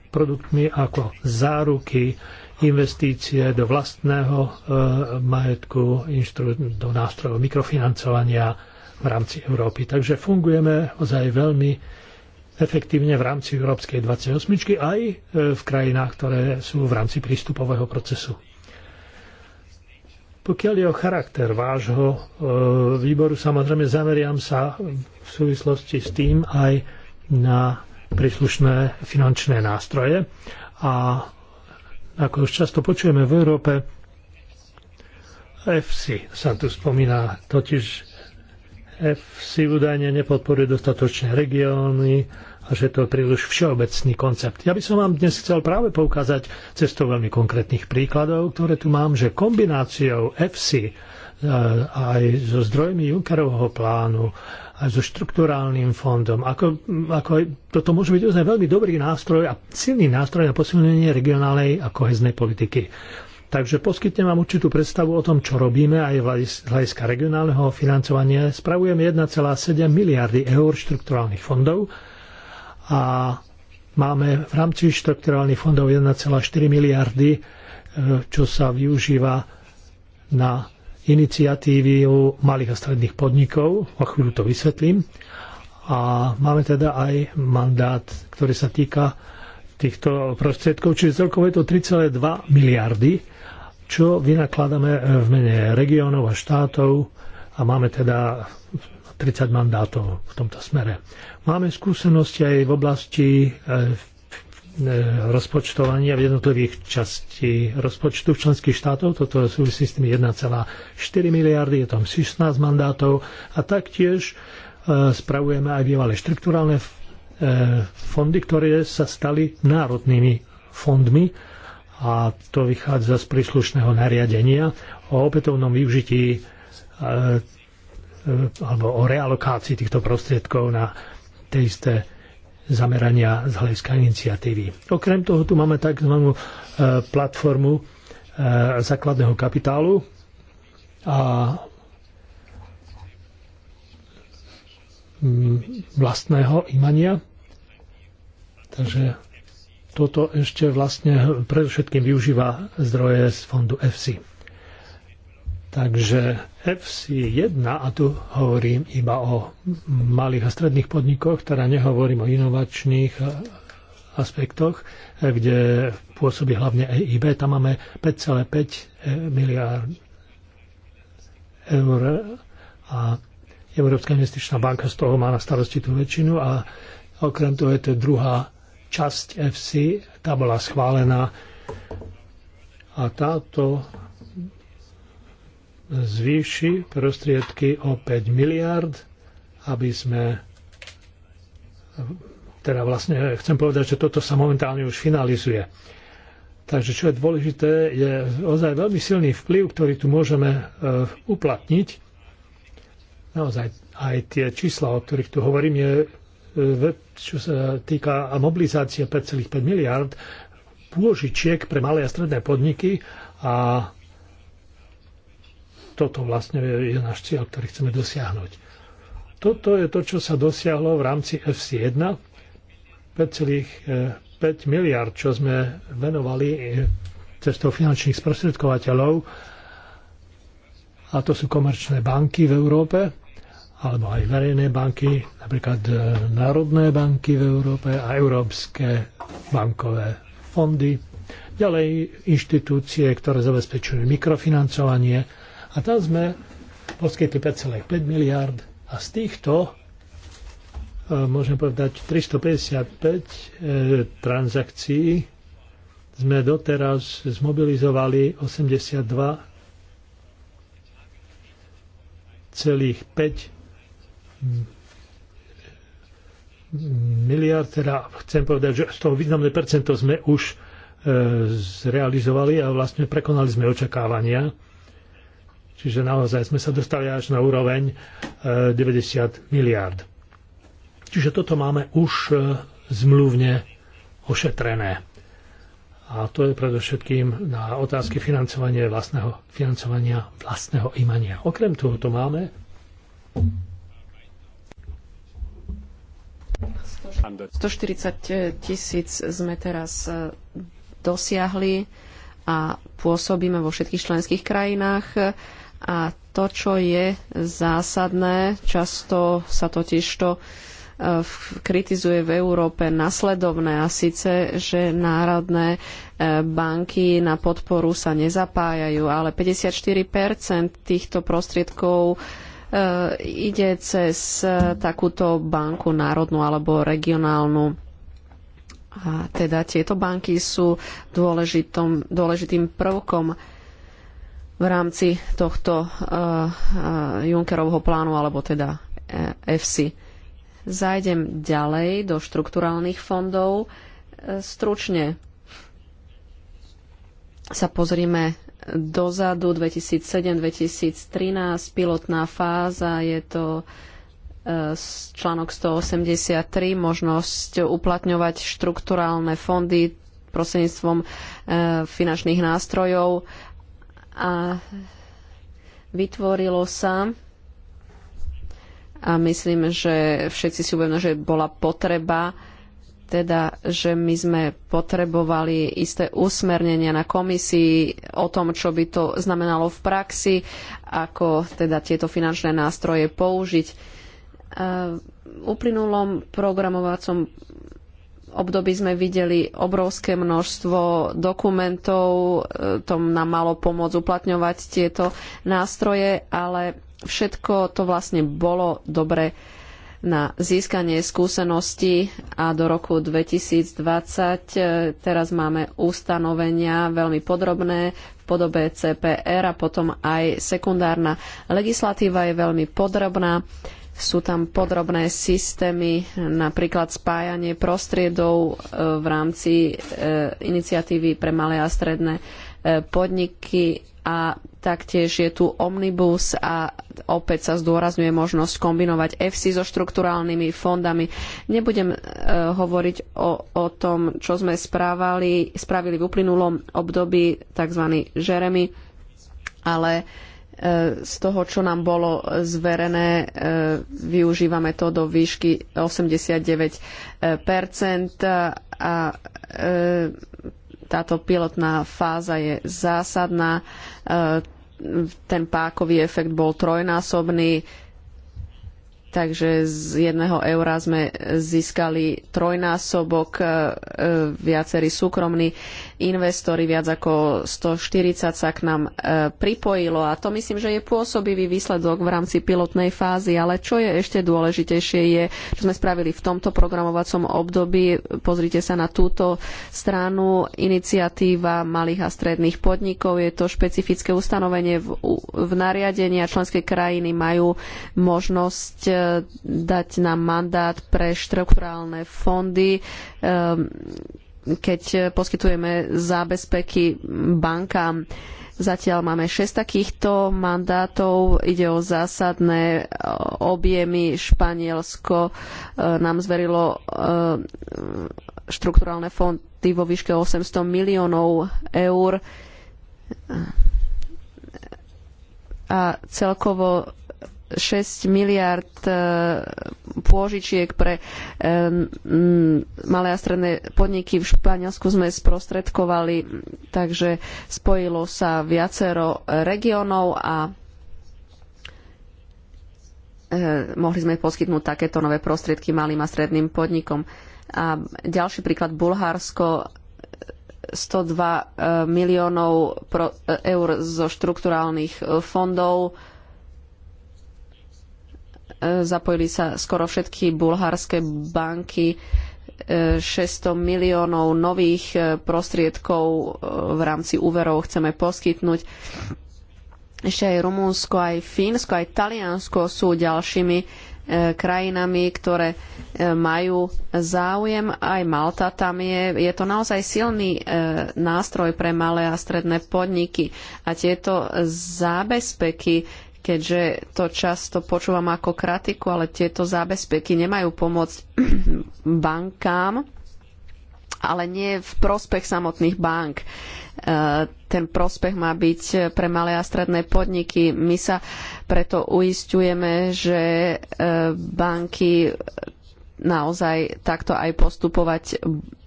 produktmi ako záruky, investície do vlastného e, majetku, do nástrojov mikrofinancovania v rámci Európy. Takže fungujeme ozaj veľmi efektívne v rámci Európskej 28 aj e, v krajinách, ktoré sú v rámci prístupového procesu. Pokiaľ je o charakter vášho e, výboru, samozrejme zameriam sa v súvislosti s tým aj na príslušné finančné nástroje. A ako už často počujeme v Európe, FC sa tu spomína, totiž FC údajne nepodporuje dostatočne regióny, a že to je príliš všeobecný koncept. Ja by som vám dnes chcel práve poukázať cestou veľmi konkrétnych príkladov, ktoré tu mám, že kombináciou EFSI aj so zdrojmi Junckerovho plánu, aj so štruktúrálnym fondom, ako, ako toto môže byť ozaj veľmi dobrý nástroj a silný nástroj na posilnenie regionálnej a koheznej politiky. Takže poskytnem vám určitú predstavu o tom, čo robíme aj z hľadiska regionálneho financovania. Spravujeme 1,7 miliardy eur štrukturálnych fondov a máme v rámci štrukturálnych fondov 1,4 miliardy, e, čo sa využíva na iniciatívy malých a stredných podnikov. O chvíľu to vysvetlím. A máme teda aj mandát, ktorý sa týka týchto prostriedkov, čiže celkovo je to 3,2 miliardy, čo vynakladáme v mene regiónov a štátov a máme teda 30 mandátov v tomto smere. Máme skúsenosti aj v oblasti e, e, rozpočtovania v jednotlivých časti rozpočtu členských štátov. Toto súvisí s tými 1,4 miliardy, je tam 16 mandátov a taktiež e, spravujeme aj bývalé štrukturálne fondy, ktoré sa stali národnými fondmi a to vychádza z príslušného nariadenia o opätovnom využití E, alebo o realokácii týchto prostriedkov na tie isté zamerania z hľadiska iniciatívy. Okrem toho tu máme tzv. E, platformu e, základného kapitálu a mm, vlastného imania. Takže toto ešte vlastne predovšetkým využíva zdroje z fondu EFSI. Takže FC1, a tu hovorím iba o malých a stredných podnikoch, teda nehovorím o inovačných eh, aspektoch, eh, kde pôsobí hlavne EIB, tam máme 5,5 eh, miliárd eur a Európska investičná banka z toho má na starosti tú väčšinu a okrem toho je to druhá časť FC, tá bola schválená a táto zvýši prostriedky o 5 miliard, aby sme teda vlastne chcem povedať, že toto sa momentálne už finalizuje. Takže čo je dôležité, je ozaj veľmi silný vplyv, ktorý tu môžeme e, uplatniť. Naozaj aj tie čísla, o ktorých tu hovorím, je, e, čo sa týka mobilizácie 5,5 miliard pôžičiek pre malé a stredné podniky a toto vlastne je náš cieľ, ktorý chceme dosiahnuť. Toto je to, čo sa dosiahlo v rámci FC1. 5,5 eh, miliard, čo sme venovali eh, cestou finančných sprostredkovateľov, a to sú komerčné banky v Európe, alebo aj verejné banky, napríklad eh, národné banky v Európe a európske bankové fondy. Ďalej inštitúcie, ktoré zabezpečujú mikrofinancovanie, a tam sme poskytli 5,5 miliard a z týchto e, môžem povedať 355 e, transakcií sme doteraz zmobilizovali 82 celých 5 miliard, teda chcem povedať, že z toho významné percento sme už e, zrealizovali a vlastne prekonali sme očakávania. Čiže naozaj sme sa dostali až na úroveň 90 e, miliárd. Čiže toto máme už e, zmluvne ošetrené. A to je predovšetkým na otázky financovania vlastného, financovania vlastného imania. Okrem toho to máme 140 tisíc sme teraz e, dosiahli a pôsobíme vo všetkých členských krajinách a to, čo je zásadné, často sa totiž to e, kritizuje v Európe nasledovné a síce, že národné e, banky na podporu sa nezapájajú, ale 54% týchto prostriedkov e, ide cez takúto banku národnú alebo regionálnu. A teda tieto banky sú dôležitým prvkom v rámci tohto eh, eh, Junckerovho plánu, alebo teda EFSI. Eh, Zajdem ďalej do štrukturálnych fondov. Stručne sa pozrime dozadu 2007-2013, pilotná fáza, je to článok 183, možnosť uplatňovať štrukturálne fondy prostredníctvom finančných nástrojov a vytvorilo sa a myslím, že všetci si uvedomujú, že bola potreba teda, že my sme potrebovali isté usmernenia na komisii o tom, čo by to znamenalo v praxi, ako teda tieto finančné nástroje použiť. V uplynulom programovacom období sme videli obrovské množstvo dokumentov, e, to nám malo pomôcť uplatňovať tieto nástroje, ale všetko to vlastne bolo dobre na získanie skúsenosti a do roku 2020 e, teraz máme ustanovenia veľmi podrobné v podobe CPR a potom aj sekundárna legislatíva je veľmi podrobná. Sú tam podrobné systémy, napríklad spájanie prostriedov e, v rámci e, iniciatívy pre malé a stredné e, podniky a taktiež je tu omnibus a opäť sa zdôrazňuje možnosť kombinovať FC so štrukturálnymi fondami. Nebudem hovoriť o, o tom, čo sme správali, spravili v uplynulom období, tzv. Jeremy, ale E, z toho, čo nám bolo zverené, e, využívame to do výšky 89 e, a táto pilotná fáza je zásadná. Ten pákový efekt bol trojnásobný Takže z jedného eura sme získali trojnásobok, e, viacerí súkromní investori, viac ako 140 sa k nám e, pripojilo a to myslím, že je pôsobivý výsledok v rámci pilotnej fázy, ale čo je ešte dôležitejšie je, čo sme spravili v tomto programovacom období, pozrite sa na túto stranu, iniciatíva malých a stredných podnikov, je to špecifické ustanovenie v, v nariadení a členské krajiny majú možnosť e, E, dať nám mandát pre štrukturálne fondy, e, keď poskytujeme zábezpeky bankám. Zatiaľ máme 6 takýchto mandátov. Ide o zásadné e, objemy. Španielsko nám zverilo štrukturálne fondy vo výške 800 miliónov eur. A celkovo 6 miliard e, pôžičiek pre malé a stredné podniky v Španielsku sme sprostredkovali, takže spojilo sa viacero regiónov a e, mohli sme poskytnúť takéto nové prostriedky malým a stredným podnikom. A ďalší príklad Bulharsko 102 e, miliónov eur zo štrukturálnych fondov Zapojili sa skoro všetky bulharské banky. 600 miliónov nových e, prostriedkov e, v rámci úverov chceme poskytnúť. Ešte aj Rumúnsko, aj Fínsko, aj Taliansko sú ďalšími e, krajinami, ktoré majú záujem. Aj Malta tam je. Je to naozaj silný nástroj pre malé a stredné podniky. A tieto zábezpeky keďže to často počúvam ako kratiku, ale tieto zábezpeky nemajú pomôcť bankám, ale nie v prospech samotných bank. E, ten prospech má byť pre malé a stredné podniky. My sa preto uistujeme, že e, banky naozaj takto aj postupovať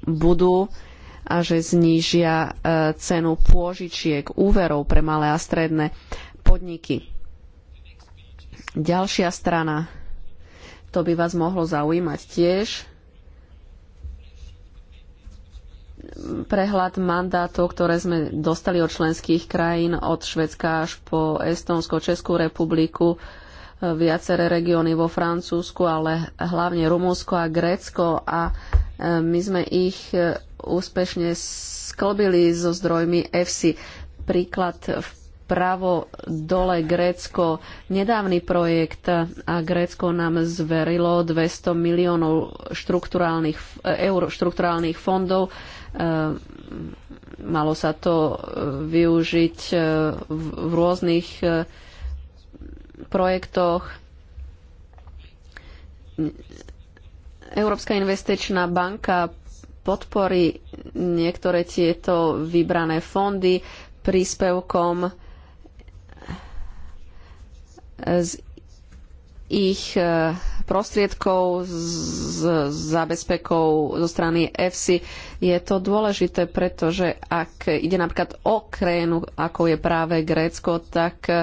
budú a že znížia e, cenu pôžičiek, úverov pre malé a stredné podniky. Ďalšia strana, to by vás mohlo zaujímať tiež, prehľad mandátov, ktoré sme dostali od členských krajín, od Švedska až po Estonsko, Českú republiku, viaceré regióny vo Francúzsku, ale hlavne Rumunsko a Grécko a e, my sme ich e, úspešne sklbili so zdrojmi EFSI. Príklad v pravo dole Grécko. Nedávny projekt a Grécko nám zverilo 200 miliónov štrukturálnych, eh, eur štrukturálnych fondov. Eh, malo sa to eh, využiť v rôznych projektoch. Európska investičná banka podporí niektoré tieto vybrané fondy príspevkom z ich e, prostriedkov z zabezpekou zo strany EFSI je to dôležité, pretože ak ide napríklad o krajinu, ako je práve Grécko, tak e,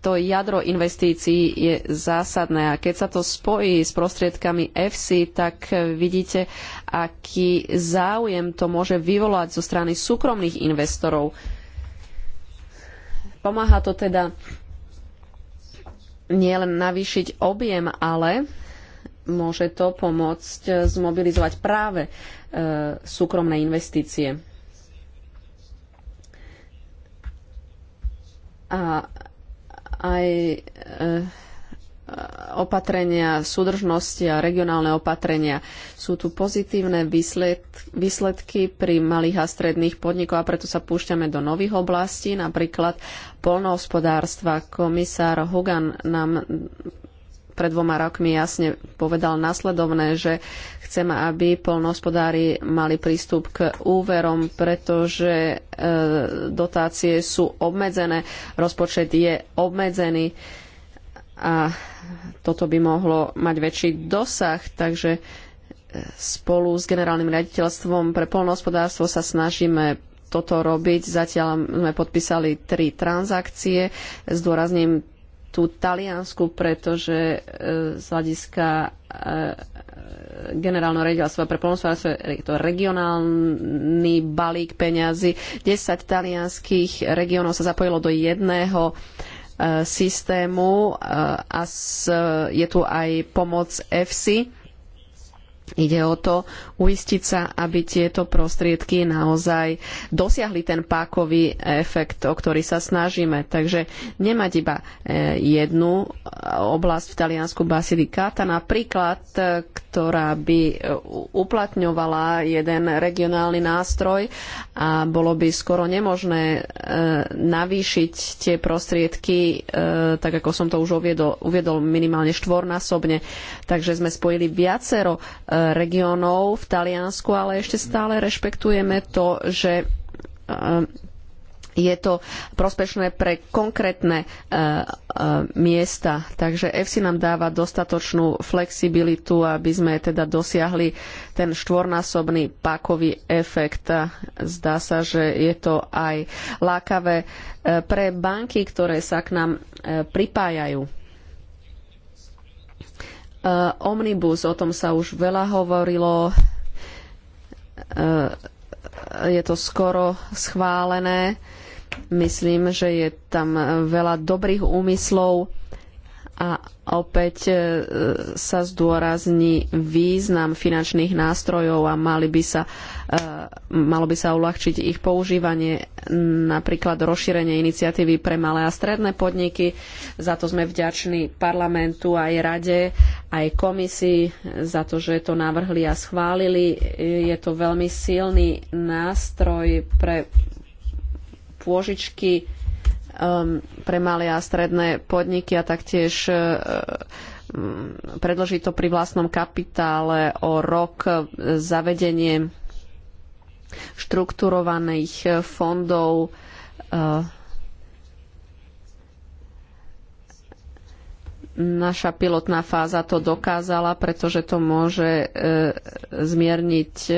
to jadro investícií je zásadné a keď sa to spojí s prostriedkami EFSI, tak vidíte, aký záujem to môže vyvolať zo strany súkromných investorov. Pomáha to teda nielen navýšiť objem, ale môže to pomôcť zmobilizovať práve e, súkromné investície. A aj e, opatrenia súdržnosti a regionálne opatrenia. Sú tu pozitívne výsledky pri malých a stredných podnikov a preto sa púšťame do nových oblastí, napríklad polnohospodárstva. Komisár Hogan nám pred dvoma rokmi jasne povedal nasledovné, že chceme, aby polnohospodári mali prístup k úverom, pretože e, dotácie sú obmedzené, rozpočet je obmedzený a toto by mohlo mať väčší dosah, takže e, spolu s generálnym riaditeľstvom pre polnohospodárstvo sa snažíme toto robiť. Zatiaľ sme podpísali tri transakcie. Zdôrazním tú taliansku, pretože e, z hľadiska e, generálneho riaditeľstva pre polnohospodárstvo je to regionálny balík peňazí. 10 talianských regiónov sa zapojilo do jedného systému eh, a je tu aj pomoc EFSI Ide o to uistiť sa, aby tieto prostriedky naozaj dosiahli ten pákový efekt, o ktorý sa snažíme. Takže nemať iba e, jednu e, oblasť v Taliansku basilikáta, napríklad, e, ktorá by uplatňovala jeden regionálny nástroj a bolo by skoro nemožné navýšiť tie prostriedky, tak ako som to už uviedol, uviedol minimálne štvornásobne. Takže sme spojili viacero regiónov v Taliansku, ale ešte stále rešpektujeme to, že eh, je to prospešné pre konkrétne eh, eh, miesta. Takže EFSI nám dáva dostatočnú flexibilitu, aby sme teda dosiahli ten štvornásobný pákový efekt. Zdá sa, že je to aj lákavé pre banky, ktoré sa k nám pripájajú. Eh, omnibus, o tom sa už veľa hovorilo. Eh, je to skoro schválené. Myslím, že je tam veľa dobrých úmyslov a opäť e, sa zdôrazní význam finančných nástrojov a mali by sa, e, malo by sa uľahčiť ich používanie, napríklad rozšírenie iniciatívy pre malé a stredné podniky. Za to sme vďační parlamentu aj rade, aj komisii, za to, že to navrhli a schválili. Je to veľmi silný nástroj pre pôžičky Um, pre malé a stredné podniky a taktiež uh, um, predloží to pri vlastnom kapitále o rok zavedenie štrukturovaných uh, fondov uh, naša pilotná fáza to dokázala, pretože to môže e, zmierniť e,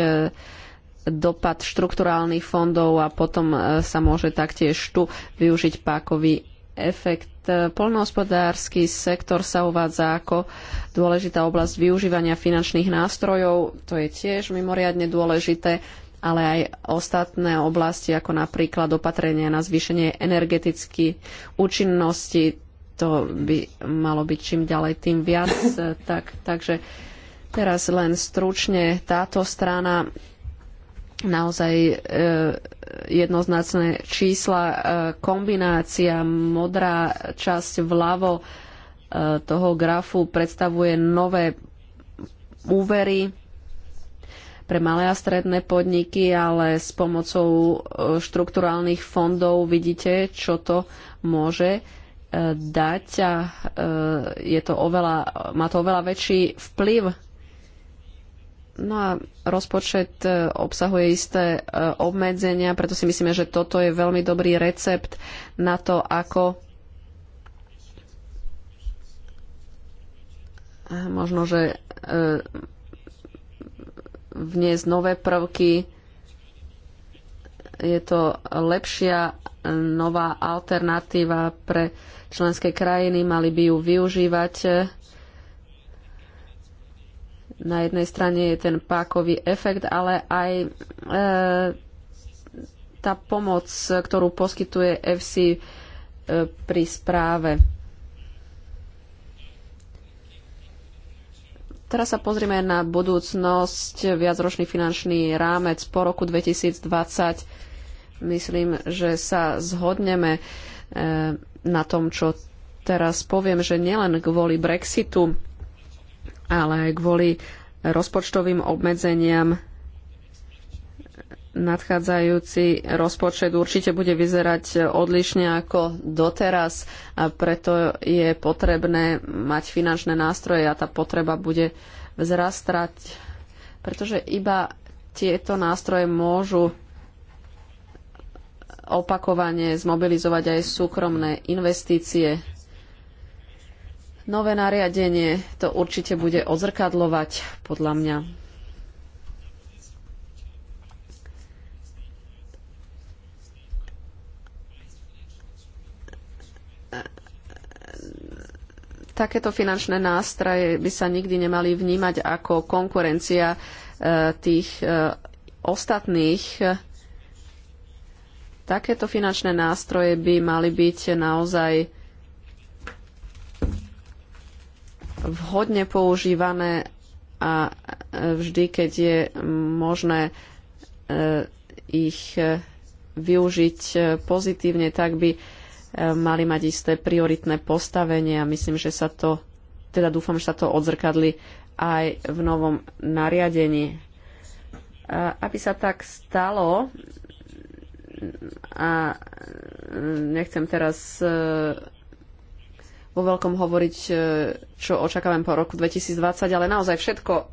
dopad štrukturálnych fondov a potom e, sa môže taktiež tu využiť pákový efekt. E, Polnohospodársky sektor sa uvádza ako dôležitá oblasť využívania finančných nástrojov. To je tiež mimoriadne dôležité ale aj ostatné oblasti, ako napríklad opatrenia na zvýšenie energetickej účinnosti. To by malo byť čím ďalej, tým viac. E, tak, takže teraz len stručne táto strana naozaj e, jednoznačné čísla, e, kombinácia, modrá časť vľavo e, toho grafu predstavuje nové úvery pre malé a stredné podniky, ale s pomocou štrukturálnych fondov vidíte, čo to môže dať a je to oveľa, má to oveľa väčší vplyv No a rozpočet e, obsahuje isté e, obmedzenia, preto si myslíme, že toto je veľmi dobrý recept na to, ako e, možno, že vniesť nové prvky. Je to lepšia nová alternatíva pre členské krajiny, mali by ju využívať na jednej strane je ten pákový efekt, ale aj e, tá pomoc, ktorú poskytuje FC e, pri správe. Teraz sa pozrieme na budúcnosť, viacročný finančný rámec po roku 2020. Myslím, že sa zhodneme e, na tom, čo teraz poviem, že nielen kvôli Brexitu ale kvôli rozpočtovým obmedzeniam nadchádzajúci rozpočet určite bude vyzerať odlišne ako doteraz a preto je potrebné mať finančné nástroje a tá potreba bude vzrastať, pretože iba tieto nástroje môžu opakovane zmobilizovať aj súkromné investície Nové nariadenie to určite bude odzrkadlovať, podľa mňa. Takéto finančné nástroje by sa nikdy nemali vnímať ako konkurencia e, tých e, ostatných takéto finančné nástroje by mali byť naozaj vhodne používané a e, vždy, keď je možné e, ich e, využiť pozitívne, tak by mali mať isté prioritné postavenie a myslím, že sa to, teda dúfam, že sa to odzrkadli aj v novom nariadení. Aby sa tak stalo, a nechcem teraz vo veľkom hovoriť, e, čo očakávam po roku 2020, ale naozaj všetko e,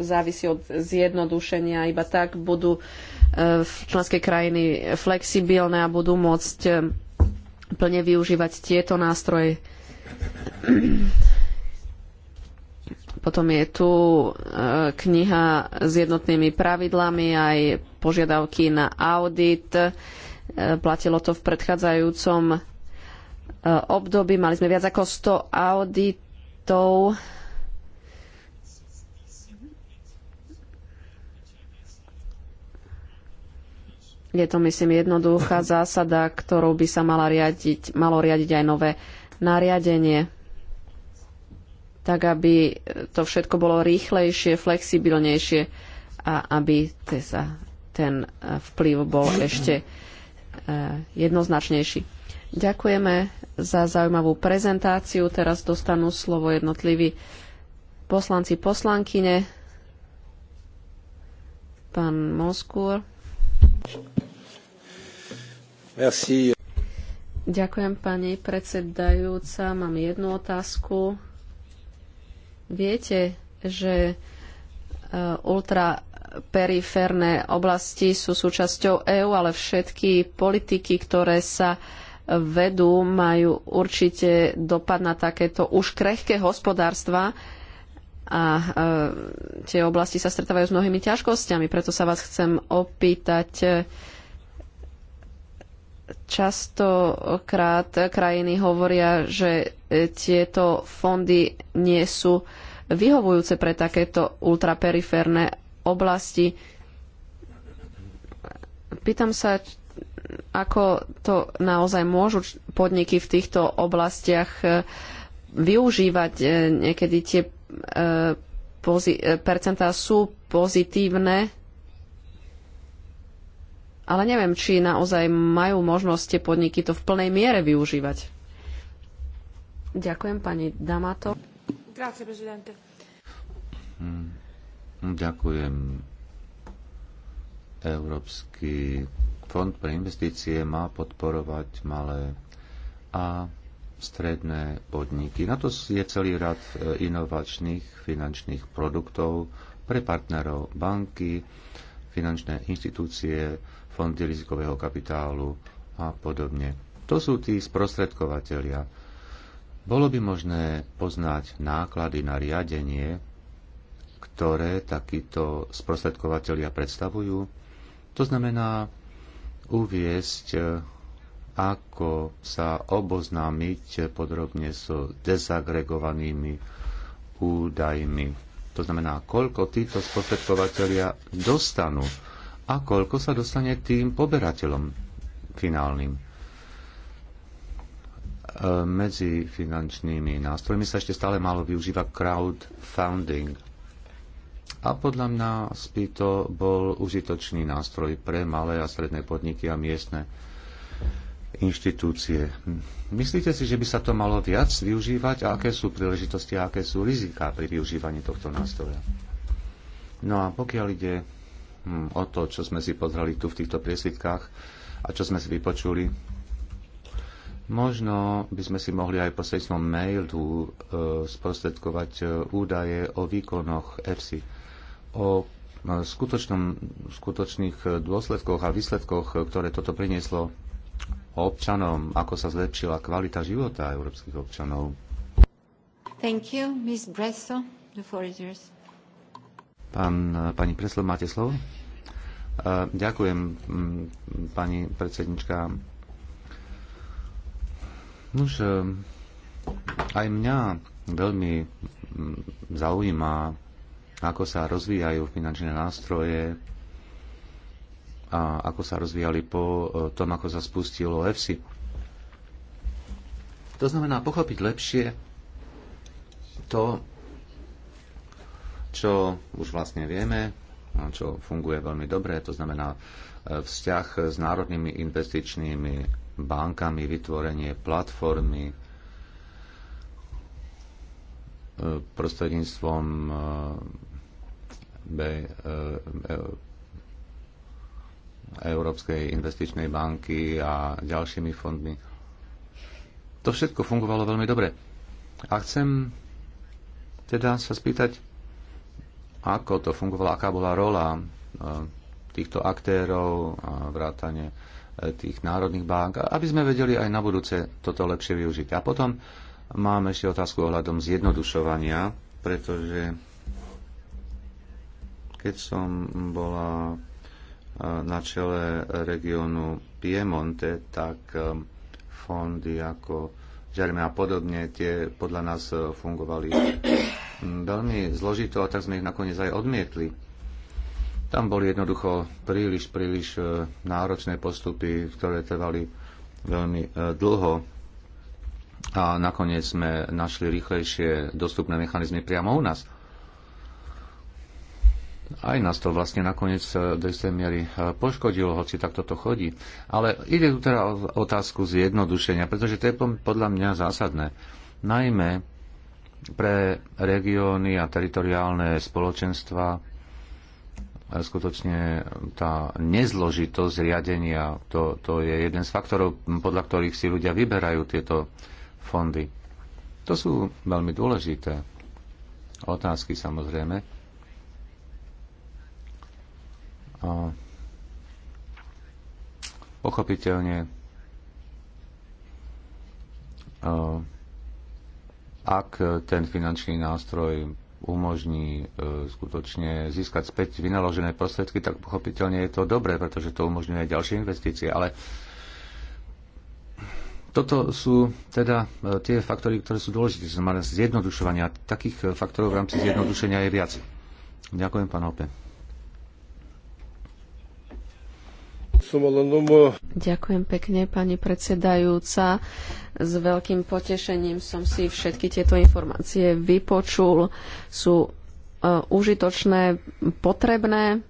závisí od zjednodušenia. Iba tak budú e, členské krajiny flexibilné a budú môcť plne využívať tieto nástroje. Potom je tu kniha s jednotnými pravidlami, aj požiadavky na audit. Platilo to v predchádzajúcom E, období. Mali sme viac ako 100 auditov. Je to, myslím, jednoduchá zásada, ktorou by sa mala riadiť, malo riadiť aj nové nariadenie, tak aby to všetko bolo rýchlejšie, flexibilnejšie a aby sa ten e, vplyv bol ešte e, jednoznačnejší. Ďakujeme za zaujímavú prezentáciu. Teraz dostanú slovo jednotliví poslanci, poslankyne. Pán Moskúr. Merci. Ďakujem, pani predsedajúca. Mám jednu otázku. Viete, že e, ultra periférne oblasti sú súčasťou EÚ, ale všetky politiky, ktoré sa uh, vedú, majú určite dopad na takéto už krehké hospodárstva a e, tie oblasti sa stretávajú s mnohými ťažkosťami. Preto sa vás chcem opýtať, e, častokrát krajiny hovoria, že e, tieto fondy nie sú vyhovujúce pre takéto ultraperiférne oblasti. Pýtam sa, ako to naozaj môžu podniky v týchto oblastiach e, využívať. E, niekedy tie e, percentá sú pozitívne, ale neviem, či naozaj majú možnosť tie podniky to v plnej miere využívať. Ďakujem pani Damato. Grazie, prezidente. Hm, hm, ďakujem. Európsky fond pre investície má podporovať malé a stredné podniky. Na to je celý rad e, inovačných finančných produktov pre partnerov banky, finančné inštitúcie, fondy rizikového kapitálu a podobne. To sú tí sprostredkovateľia. Bolo by možné poznať náklady na riadenie, ktoré takíto sprostredkovateľia predstavujú. To znamená, uviesť, e, ako sa oboznámiť podrobne s so dezagregovanými údajmi. To znamená, koľko títo spotrebkovateľia dostanú a koľko sa dostane tým poberateľom finálnym e, medzi finančnými nástrojmi sa ešte stále málo využíva crowdfunding a podľa nás by to bol užitočný nástroj pre malé a stredné podniky a miestne inštitúcie. Myslíte si, že by sa to malo viac využívať a aké sú príležitosti a aké sú riziká pri využívaní tohto nástroja? No a pokiaľ ide hm, o to, čo sme si pozreli tu v týchto priesvitkách a čo sme si vypočuli, možno by sme si mohli aj posredstvom mailu e, sprostredkovať e, údaje o výkonoch EFSI o skutočnom, skutočných dôsledkoch a výsledkoch, ktoré toto prinieslo občanom, ako sa zlepšila kvalita života európskych občanov. Thank you, Ms. Bresso, the foreigners. Pán, pani Preslo, máte slovo? E, ďakujem, pani predsednička. Nož, e, aj mňa veľmi zaujíma ako sa rozvíjajú finančné nástroje a ako sa rozvíjali po e, tom, ako sa spustilo EFSI. To znamená pochopiť lepšie to, čo už vlastne vieme, čo funguje veľmi dobre, to znamená e, vzťah s národnými investičnými bankami, vytvorenie platformy, prostredníctvom eh, eh, Európskej investičnej banky a ďalšími fondmi. To všetko fungovalo veľmi dobre. A chcem teda sa spýtať, ako to fungovalo, aká bola rola eh, týchto aktérov a vrátane tých národných bank, aby sme vedeli aj na budúce toto lepšie využiť. A potom Mám ešte otázku ohľadom zjednodušovania, pretože keď som bola e, na čele regiónu Piemonte, tak e, fondy ako Žerme a podobne, tie podľa nás e, fungovali veľmi zložito a tak sme ich nakoniec aj odmietli. Tam boli jednoducho príliš, príliš náročné postupy, ktoré trvali veľmi dlho a nakoniec sme našli rýchlejšie dostupné mechanizmy priamo u nás. Aj nás to vlastne nakoniec e, do istej miery e, poškodilo, hoci takto to chodí. Ale ide tu teda o otázku zjednodušenia, pretože to je podľa mňa zásadné. Najmä pre regióny a teritoriálne spoločenstva e, skutočne tá nezložitosť riadenia, to, to je jeden z faktorov, podľa ktorých si ľudia vyberajú tieto fondy. To sú veľmi dôležité otázky samozrejme. A pochopiteľne ak ten finančný nástroj umožní e, skutočne získať späť vynaložené prostriedky, tak pochopiteľne je to dobré, pretože to umožňuje ďalšie investície. Ale toto sú teda e, tie faktory, ktoré sú dôležité, to znamená zjednodušovania. Takých e, faktorov v rámci zjednodušenia je viac. Ďakujem, pán Hope. Ďakujem pekne, pani predsedajúca. S veľkým potešením som si všetky tieto informácie vypočul. Sú uh, užitočné, potrebné.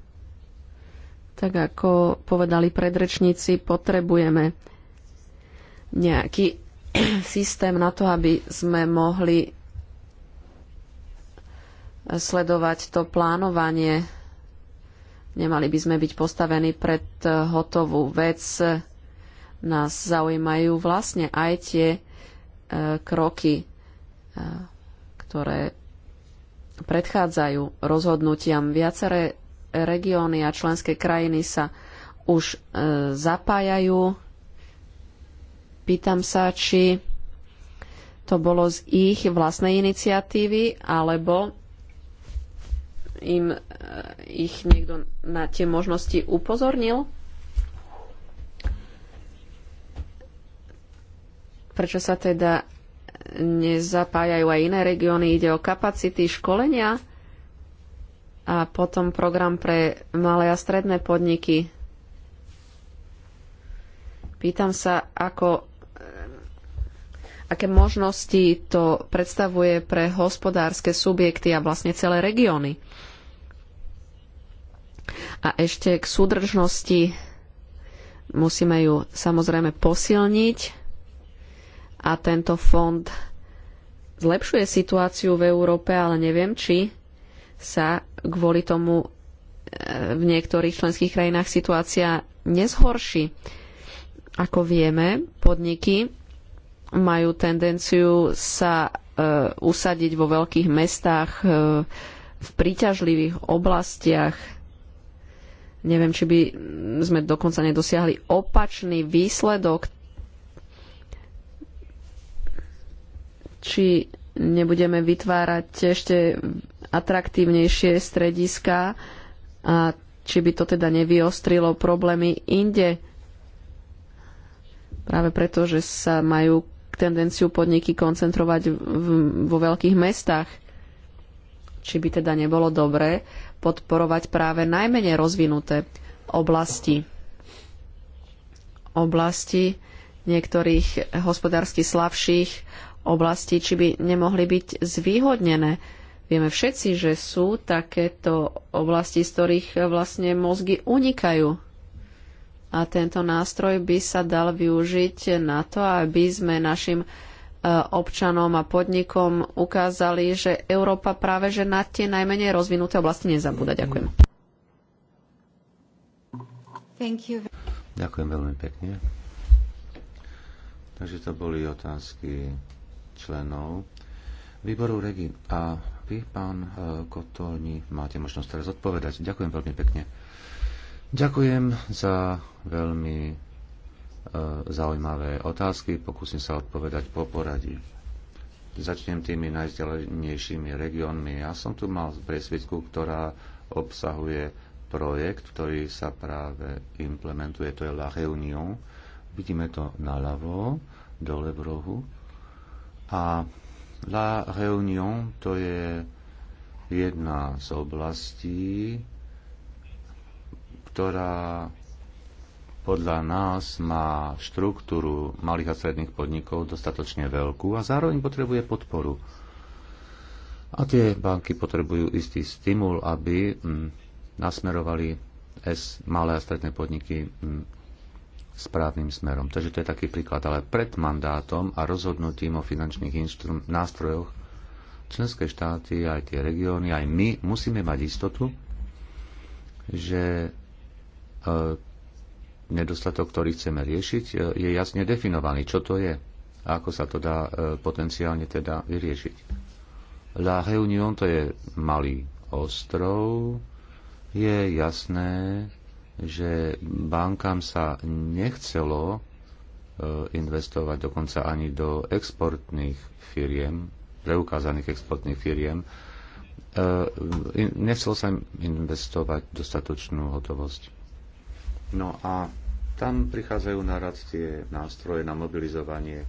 Tak ako povedali predrečníci, potrebujeme nejaký systém na to, aby sme mohli sledovať to plánovanie. Nemali by sme byť postavení pred hotovú vec. Nás zaujímajú vlastne aj tie e, kroky, e, ktoré predchádzajú rozhodnutiam. Viaceré regióny a členské krajiny sa už e, zapájajú Pýtam sa, či to bolo z ich vlastnej iniciatívy, alebo im e, ich niekto na tie možnosti upozornil? Prečo sa teda nezapájajú aj iné regióny? Ide o kapacity školenia a potom program pre malé a stredné podniky. Pýtam sa, ako aké možnosti to predstavuje pre hospodárske subjekty a vlastne celé regióny. A ešte k súdržnosti musíme ju samozrejme posilniť a tento fond zlepšuje situáciu v Európe, ale neviem, či sa kvôli tomu e, v niektorých členských krajinách situácia nezhorší. Ako vieme, podniky majú tendenciu sa e, usadiť vo veľkých mestách, e, v príťažlivých oblastiach. Neviem, či by sme dokonca nedosiahli opačný výsledok. Či nebudeme vytvárať ešte atraktívnejšie strediská a či by to teda nevyostrilo problémy inde. Práve preto, že sa majú tendenciu podniky koncentrovať v, v, vo veľkých mestách. Či by teda nebolo dobré podporovať práve najmenej rozvinuté oblasti. Oblasti niektorých hospodársky slabších oblastí, či by nemohli byť zvýhodnené. Vieme všetci, že sú takéto oblasti, z ktorých vlastne mozgy unikajú a tento nástroj by sa dal využiť na to, aby sme našim e, občanom a podnikom ukázali, že Európa práve že na tie najmenej rozvinuté oblasti nezabúda. Ďakujem. Ďakujem veľmi pekne. Takže to boli otázky členov výboru Regín. A vy, pán e, Kotolni, máte možnosť teraz odpovedať. Ďakujem veľmi pekne. Ďakujem za veľmi e, zaujímavé otázky. Pokúsim sa odpovedať po poradí. Začnem tými najzdelenejšími regiónmi. Ja som tu mal presvedku, ktorá obsahuje projekt, ktorý sa práve implementuje, to je La Réunion. Vidíme to naľavo, dole v rohu. A La Réunion to je jedna z oblastí, ktorá podľa nás má štruktúru malých a stredných podnikov dostatočne veľkú a zároveň potrebuje podporu. A tie banky potrebujú istý stimul, aby mm, nasmerovali S malé a stredné podniky mm, správnym smerom. Takže to je taký príklad. Ale pred mandátom a rozhodnutím o finančných nástrojoch členské štáty, aj tie regióny, aj my musíme mať istotu, že E, nedostatok, ktorý chceme riešiť, e, je jasne definovaný. Čo to je? A ako sa to dá e, potenciálne teda vyriešiť? La Réunion to je malý ostrov. Je jasné, že bankám sa nechcelo investovať dokonca ani do exportných firiem, preukázaných exportných firiem. Nechcelo sa im investovať dostatočnú hotovosť. No a tam prichádzajú na rad tie nástroje na mobilizovanie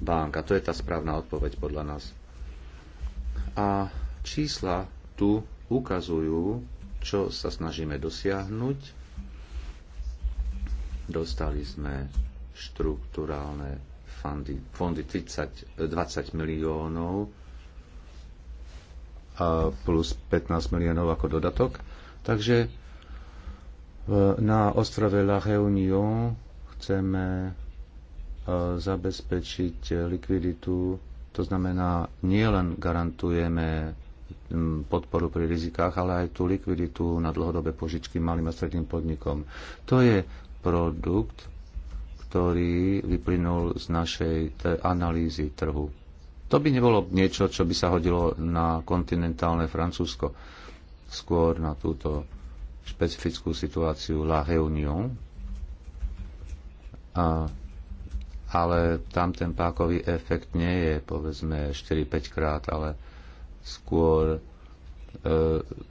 bank. A to je tá správna odpoveď podľa nás. A čísla tu ukazujú, čo sa snažíme dosiahnuť. Dostali sme štruktúrálne fondy, fondy 30, 20 miliónov a plus 15 miliónov ako dodatok. Takže na ostrove La Réunion chceme e, zabezpečiť likviditu, to znamená nielen garantujeme podporu pri rizikách, ale aj tú likviditu na dlhodobé požičky malým a stredným podnikom. To je produkt, ktorý vyplynul z našej analýzy trhu. To by nebolo niečo, čo by sa hodilo na kontinentálne Francúzsko, skôr na túto špecifickú situáciu La Réunion, a, ale tam ten pákový efekt nie je povedzme 4-5 krát, ale skôr e,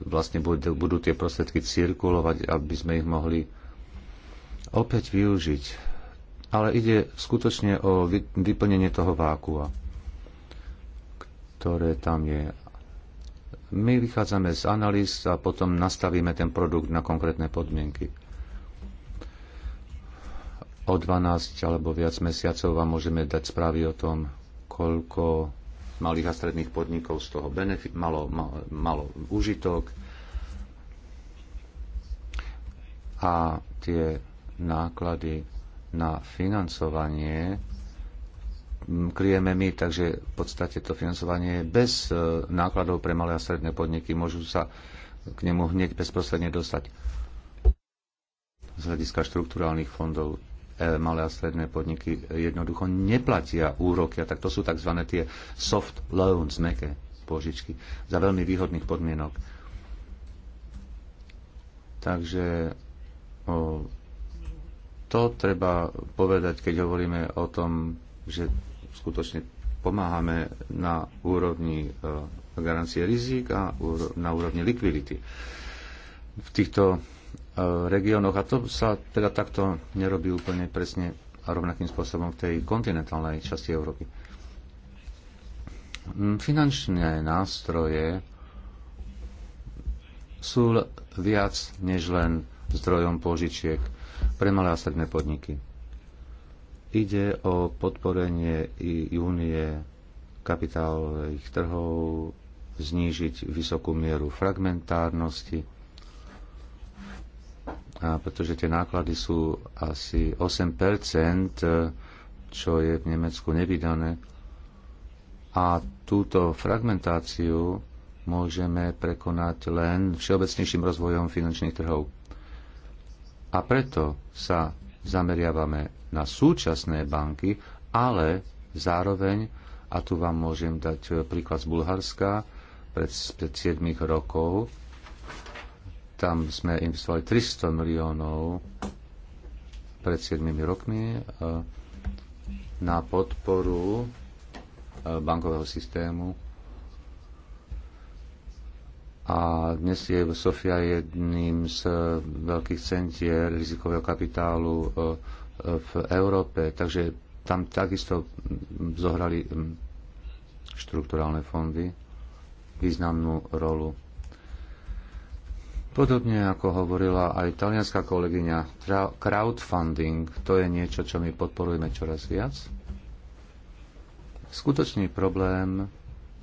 vlastne budú, budú tie prostriedky cirkulovať, aby sme ich mohli opäť využiť. Ale ide skutočne o vyplnenie toho vákua, ktoré tam je. My vychádzame z analýz a potom nastavíme ten produkt na konkrétne podmienky. O 12 alebo viac mesiacov vám môžeme dať správy o tom, koľko malých a stredných podnikov z toho benefit, malo, malo, malo užitok a tie náklady na financovanie kryjeme my, takže v podstate to financovanie bez e, nákladov pre malé a stredné podniky môžu sa k nemu hneď bezprostredne dostať. Z hľadiska štruktúrálnych fondov e, malé a stredné podniky jednoducho neplatia úroky, a tak to sú tzv. tie soft loans, meké požičky, za veľmi výhodných podmienok. Takže o, to treba povedať, keď hovoríme o tom, že skutočne pomáhame na úrovni eh, garancie rizik a na úrovni likvidity v týchto eh, regiónoch. A to sa teda takto nerobí úplne presne a rovnakým spôsobom v tej kontinentálnej časti Európy. Mm, finančné nástroje sú viac než len zdrojom požičiek pre malé a stredné podniky Ide o podporenie i únie kapitálových trhov, znížiť vysokú mieru fragmentárnosti, a pretože tie náklady sú asi 8%, čo je v Nemecku nevydané. A túto fragmentáciu môžeme prekonať len všeobecnejším rozvojom finančných trhov. A preto sa zameriavame na súčasné banky, ale zároveň, a tu vám môžem dať e, príklad z Bulharska, pred, pred 7 rokov, tam sme investovali 300 miliónov pred 7 rokmi e, na podporu e, bankového systému a dnes je Sofia jedným z veľkých centier rizikového kapitálu v Európe, takže tam takisto zohrali mm, štrukturálne fondy významnú rolu. Podobne ako hovorila aj talianská kolegyňa, crowdfunding to je niečo, čo my podporujeme čoraz viac. Skutočný problém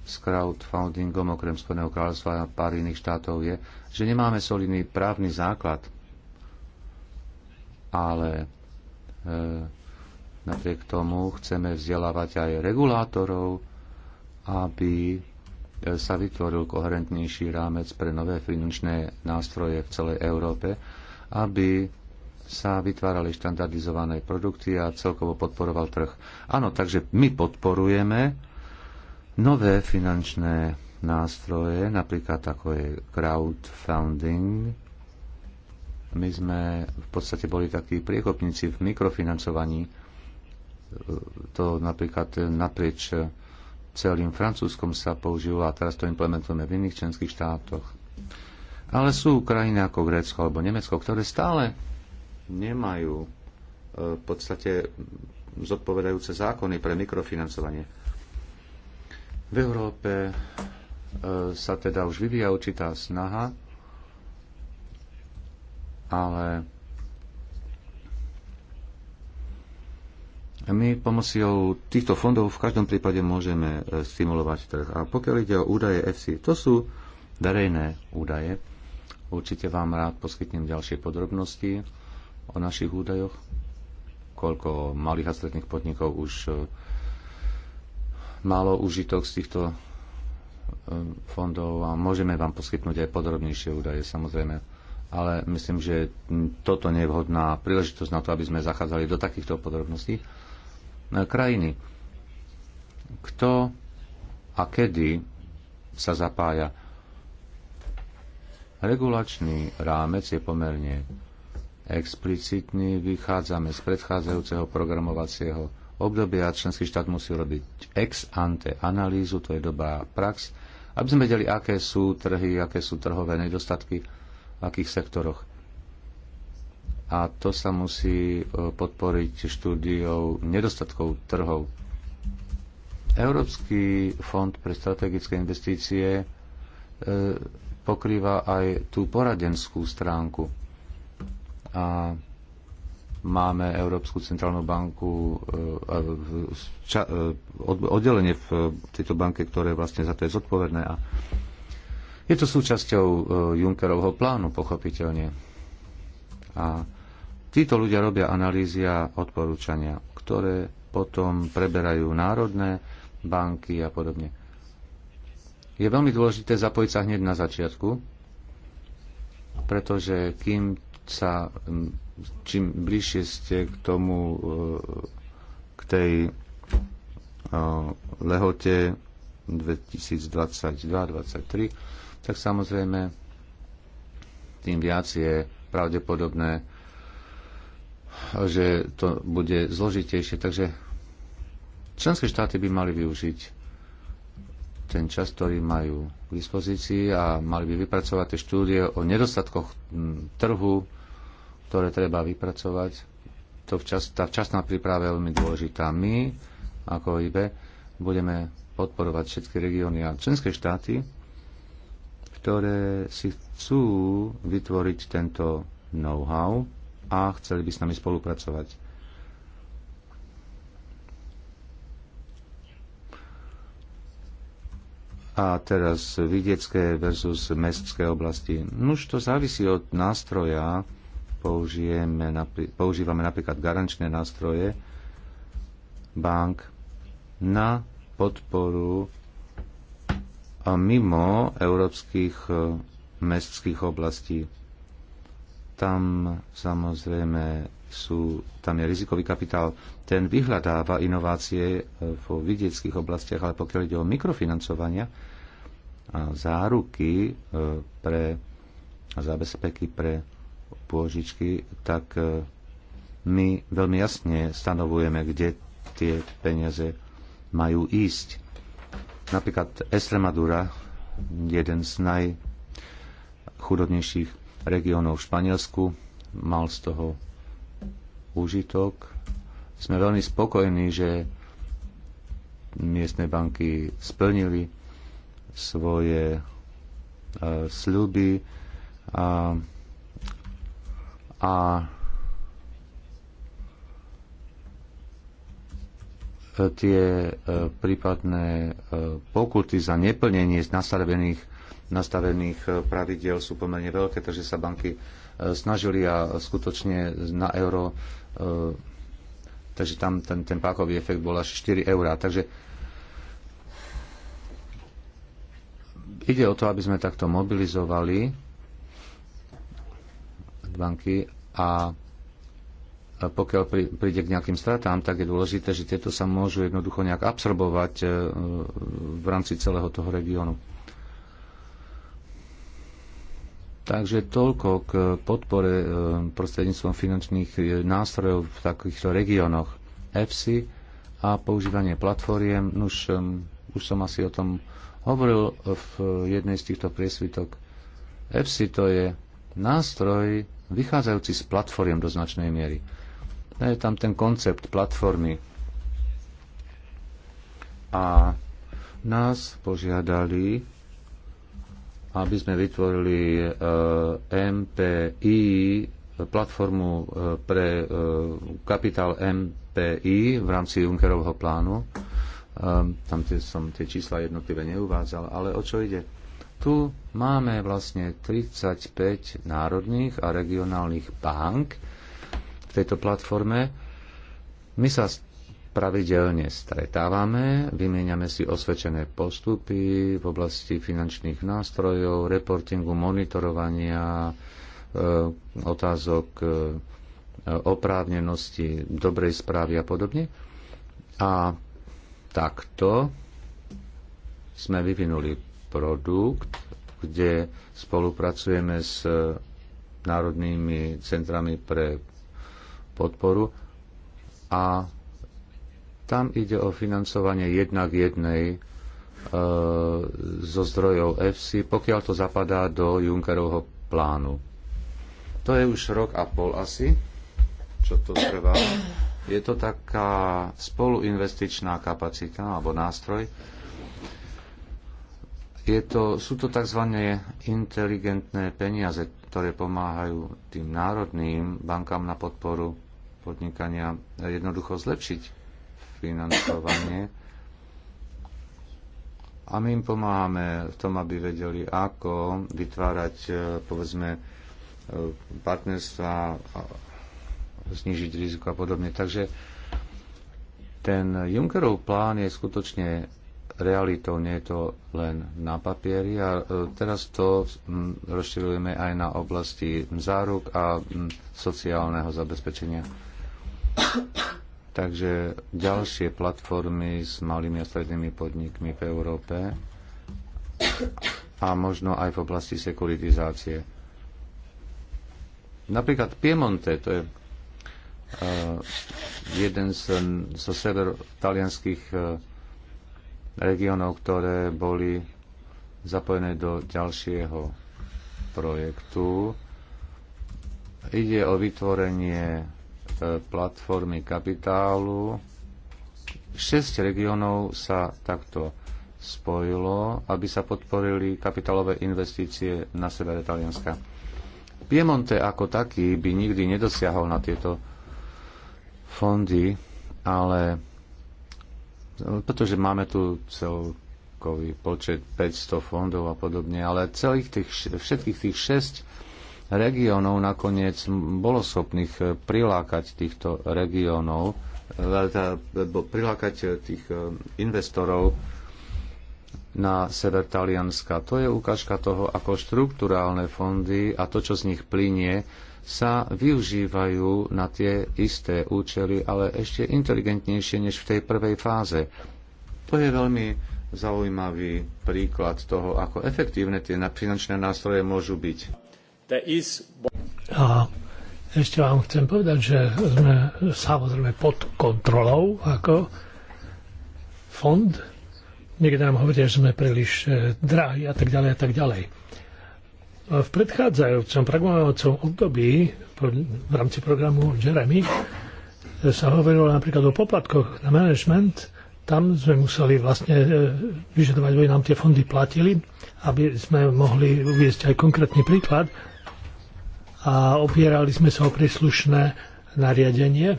s crowdfundingom okrem Spojeného kráľovstva a pár iných štátov je, že nemáme solidný právny základ, ale E, napriek tomu chceme vzdelávať aj regulátorov, aby e, sa vytvoril koherentnejší rámec pre nové finančné nástroje v celej Európe, aby sa vytvárali štandardizované produkty a celkovo podporoval trh. Áno, takže my podporujeme nové finančné nástroje, napríklad ako je crowdfunding, my sme v podstate boli takí priekopníci v mikrofinancovaní. E, to napríklad naprieč celým Francúzskom sa používa a teraz to implementujeme v iných členských štátoch. Ale sú krajiny ako Grécko alebo Nemecko, ktoré stále nemajú e, v podstate zodpovedajúce zákony pre mikrofinancovanie. V Európe e, sa teda už vyvíja určitá snaha ale My pomocou týchto fondov v každom prípade môžeme e, stimulovať trh. A pokiaľ ide o údaje FC, to sú verejné údaje. Určite vám rád poskytnem ďalšie podrobnosti o našich údajoch, koľko malých a stredných podnikov už e, malo užitok z týchto e, fondov a môžeme vám poskytnúť aj podrobnejšie údaje samozrejme ale myslím, že toto nie je vhodná príležitosť na to, aby sme zachádzali do takýchto podrobností. Krajiny. Kto a kedy sa zapája? Regulačný rámec je pomerne explicitný, vychádzame z predchádzajúceho programovacieho obdobia. Členský štát musí robiť ex ante analýzu, to je dobrá prax, aby sme vedeli, aké sú trhy, aké sú trhové nedostatky akých sektoroch. A to sa musí e, podporiť štúdiou nedostatkov trhov. Európsky fond pre strategické investície e, pokrýva aj tú poradenskú stránku. A máme Európsku centrálnu banku, e, oddelenie v tejto banke, ktoré vlastne za to je zodpovedné. A je to súčasťou e, Junckerovho plánu, pochopiteľne. A títo ľudia robia analýzy a odporúčania, ktoré potom preberajú národné banky a podobne. Je veľmi dôležité zapojiť sa hneď na začiatku, pretože kým sa, čím bližšie ste k tomu, e, k tej e, lehote 2022-2023, tak samozrejme tým viac je pravdepodobné, že to bude zložitejšie. Takže členské štáty by mali využiť ten čas, ktorý majú k dispozícii a mali by vypracovať tie štúdie o nedostatkoch trhu, ktoré treba vypracovať. To včas, tá včasná príprava je veľmi dôležitá. My, ako ibe, budeme podporovať všetky regióny a členské štáty ktoré si chcú vytvoriť tento know-how a chceli by s nami spolupracovať. A teraz vidiecké versus mestské oblasti. Nuž to závisí od nástroja. Použijeme, používame napríklad garančné nástroje bank na podporu a mimo európskych e, mestských oblastí. Tam samozrejme sú, tam je rizikový kapitál, ten vyhľadáva inovácie e, vo vidieckých oblastiach, ale pokiaľ ide o mikrofinancovania a záruky e, pre zabezpeky pre pôžičky, tak my veľmi jasne stanovujeme, kde tie peniaze majú ísť Napríklad Extremadura, jeden z najchudobnejších regiónov v Španielsku, mal z toho užitok. Sme veľmi spokojní, že miestne banky splnili svoje e, sľuby a, a tie e, prípadné e, pokuty za neplnenie z nastavených, nastavených e, pravidel sú pomerne veľké, takže sa banky snažili a skutočne na euro, takže tam ten, ten pákový efekt bol až 4 eurá. Takže ide o to, aby sme takto mobilizovali banky a pokiaľ príde k nejakým stratám, tak je dôležité, že tieto sa môžu jednoducho nejak absorbovať e, v rámci celého toho regiónu. Takže toľko k podpore e, prostredníctvom finančných e, nástrojov v takýchto regiónoch EFSI a používanie platformiem. Už, už som asi o tom hovoril v jednej z týchto priesvitok. EFSI to je nástroj vychádzajúci z platformiem do značnej miery. No, je tam ten koncept platformy. A nás požiadali, aby sme vytvorili eh, MPI, platformu eh, pre eh, kapitál MPI v rámci Junckerovho plánu. Ehm, tam tie, som tie čísla jednotlivé neuvádzal, ale o čo ide? Tu máme vlastne 35 národných a regionálnych bank, v tejto platforme. My sa pravidelne stretávame, vymieňame si osvedčené postupy v oblasti finančných nástrojov, reportingu, monitorovania, e, otázok e, oprávnenosti, dobrej správy a podobne. A takto sme vyvinuli produkt, kde spolupracujeme s národnými centrami pre podporu a tam ide o financovanie jednak jednej e, zo zdrojov EFSI, pokiaľ to zapadá do Junckerovho plánu. To je už rok a pol asi, čo to trvá. Je to taká spoluinvestičná kapacita alebo nástroj. Je to, sú to tzv. inteligentné peniaze ktoré pomáhajú tým národným bankám na podporu podnikania jednoducho zlepšiť financovanie. A my im pomáhame v tom, aby vedeli, ako vytvárať, e, povedzme, e, partnerstva, znižiť riziko a podobne. Takže ten Junckerov plán je skutočne realitou, nie je to len na papieri. A e, teraz to rozširujeme aj na oblasti záruk a sociálneho zabezpečenia. Takže ďalšie platformy s malými a strednými podnikmi v Európe a možno aj v oblasti sekuritizácie. Napríklad Piemonte, to je e, jeden z, zo sever talianských e, regiónov, ktoré boli zapojené do ďalšieho projektu. Ide o vytvorenie e, platformy kapitálu. Šesť regiónov sa takto spojilo, aby sa podporili kapitálové investície na sever Talianska. Piemonte ako taký by nikdy nedosiahol na tieto fondy, ale pretože máme tu celkový počet 500 fondov a podobne, ale celých tých, všetkých tých 6 regiónov nakoniec bolo schopných e, prilákať týchto regiónov, e, teda, prilákať e, tých investorov na sever Talianska. To je ukážka toho, ako štruktúrálne fondy a to, čo z nich plinie, sa využívajú na tie isté účely, ale ešte inteligentnejšie než v tej prvej fáze. To je veľmi zaujímavý príklad toho, ako efektívne tie finančné nástroje môžu byť. A ešte vám chcem povedať, že sme samozrejme pod kontrolou ako fond. Niekde nám hovoria, že sme príliš eh, drahí a tak ďalej a tak ďalej. V predchádzajúcom programovacom období v rámci programu Jeremy sa hovorilo napríklad o poplatkoch na management. Tam sme museli vlastne e, vyžadovať, aby nám tie fondy platili, aby sme mohli uviezť aj konkrétny príklad. A opierali sme sa o príslušné nariadenie.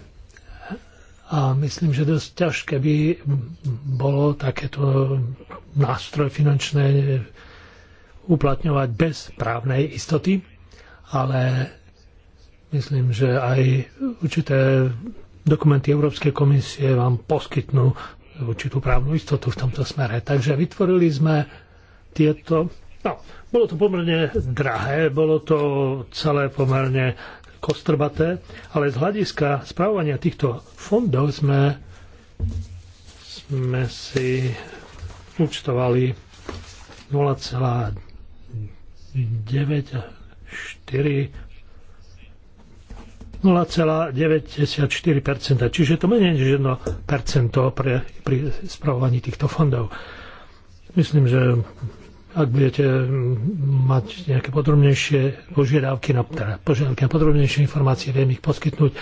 A myslím, že dosť ťažké by bolo takéto nástroj finančné uplatňovať bez právnej istoty, ale myslím, že aj určité dokumenty Európskej komisie vám poskytnú určitú právnu istotu v tomto smere. Takže vytvorili sme tieto... No, bolo to pomerne drahé, bolo to celé pomerne kostrbaté, ale z hľadiska správania týchto fondov sme, sme si účtovali 0,94%, čiže to menej než 1% pre, pri spravovaní týchto fondov. Myslím, že ak budete mať nejaké podrobnejšie požiadavky, na, teda požiadavky na podrobnejšie informácie, viem ich poskytnúť.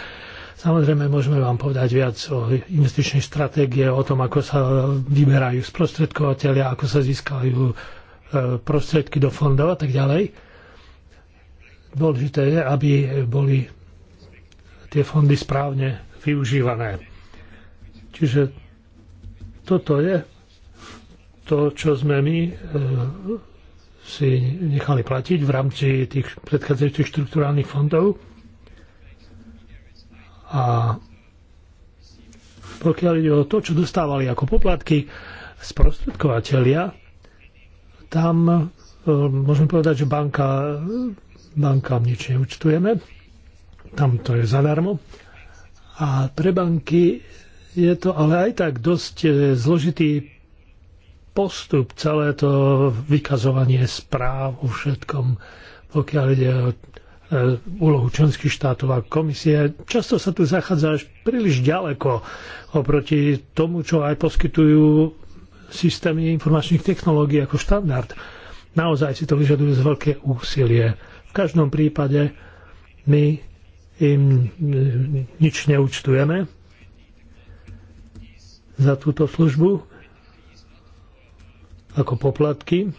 Samozrejme, môžeme vám povedať viac o investičnej stratégie, o tom, ako sa vyberajú sprostredkovateľia, ako sa získajú E, prostriedky do fondov a tak ďalej. Dôležité je, aby boli tie fondy správne využívané. Čiže toto je to, čo sme my e, si nechali platiť v rámci tých predchádzajúcich štruktúrálnych fondov. A pokiaľ ide o to, čo dostávali ako poplatky sprostredkovateľia, tam e, môžeme povedať, že banka, bankám nič neúčtujeme, tam to je zadarmo. A pre banky je to ale aj tak dosť e, zložitý postup, celé to vykazovanie správ o všetkom, pokiaľ ide o e, úlohu členských štátov a komisie. Často sa tu zachádza až príliš ďaleko oproti tomu, čo aj poskytujú systémy informačných technológií ako štandard. Naozaj si to vyžaduje z veľké úsilie. V každom prípade my im e, nič neúčtujeme za túto službu ako poplatky.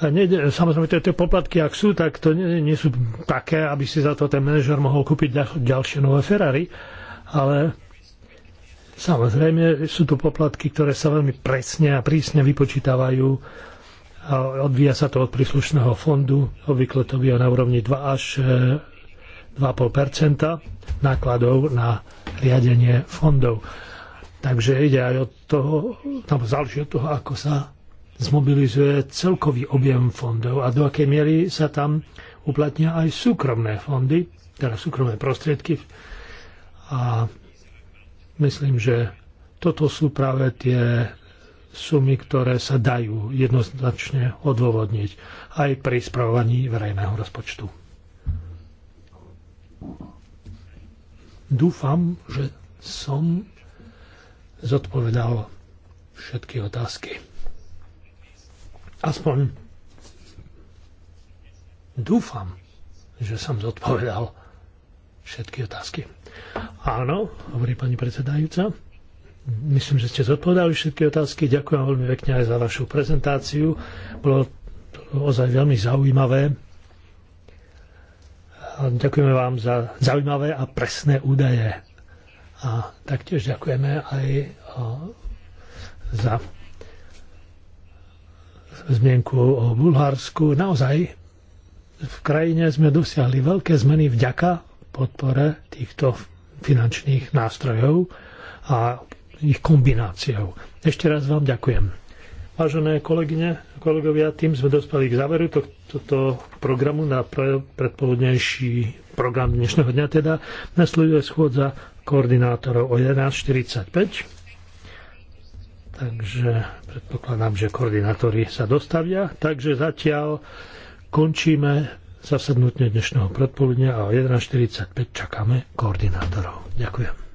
A nie, samozrejme, tie poplatky, ak sú, tak to nie, nie sú také, aby si za to ten manažer mohol kúpiť ďalšie nové Ferrari, ale Samozrejme, sú tu poplatky, ktoré sa veľmi presne a prísne vypočítavajú a odvíja sa to od príslušného fondu. Obvykle to býva na úrovni 2 až 2,5 e, nákladov na riadenie fondov. Takže ide aj od toho, tam záleží od toho, ako sa zmobilizuje celkový objem fondov a do akej miery sa tam uplatnia aj súkromné fondy, teda súkromné prostriedky. A Myslím, že toto sú práve tie sumy, ktoré sa dajú jednoznačne odôvodniť aj pri spravovaní verejného rozpočtu. Dúfam, že som zodpovedal všetky otázky. Aspoň dúfam, že som zodpovedal všetky otázky. Áno, hovorí pani predsedajúca. Myslím, že ste zodpovedali všetky otázky. Ďakujem veľmi pekne aj za vašu prezentáciu. Bolo to ozaj veľmi zaujímavé. A ďakujeme vám za zaujímavé a presné údaje. A taktiež ďakujeme aj za zmienku o Bulharsku. Naozaj v krajine sme dosiahli veľké zmeny vďaka podpore týchto finančných nástrojov a ich kombináciou. Ešte raz vám ďakujem. Vážené kolegyne, kolegovia, tým sme dospeli k záveru to, toto programu na pre, predpoludnejší program dnešného dňa teda. Nasleduje schôdza koordinátorov o 11.45. Takže predpokladám, že koordinátori sa dostavia. Takže zatiaľ končíme zasadnutie dnešného predpoludnia a o 11.45 čakáme koordinátorov. Ďakujem.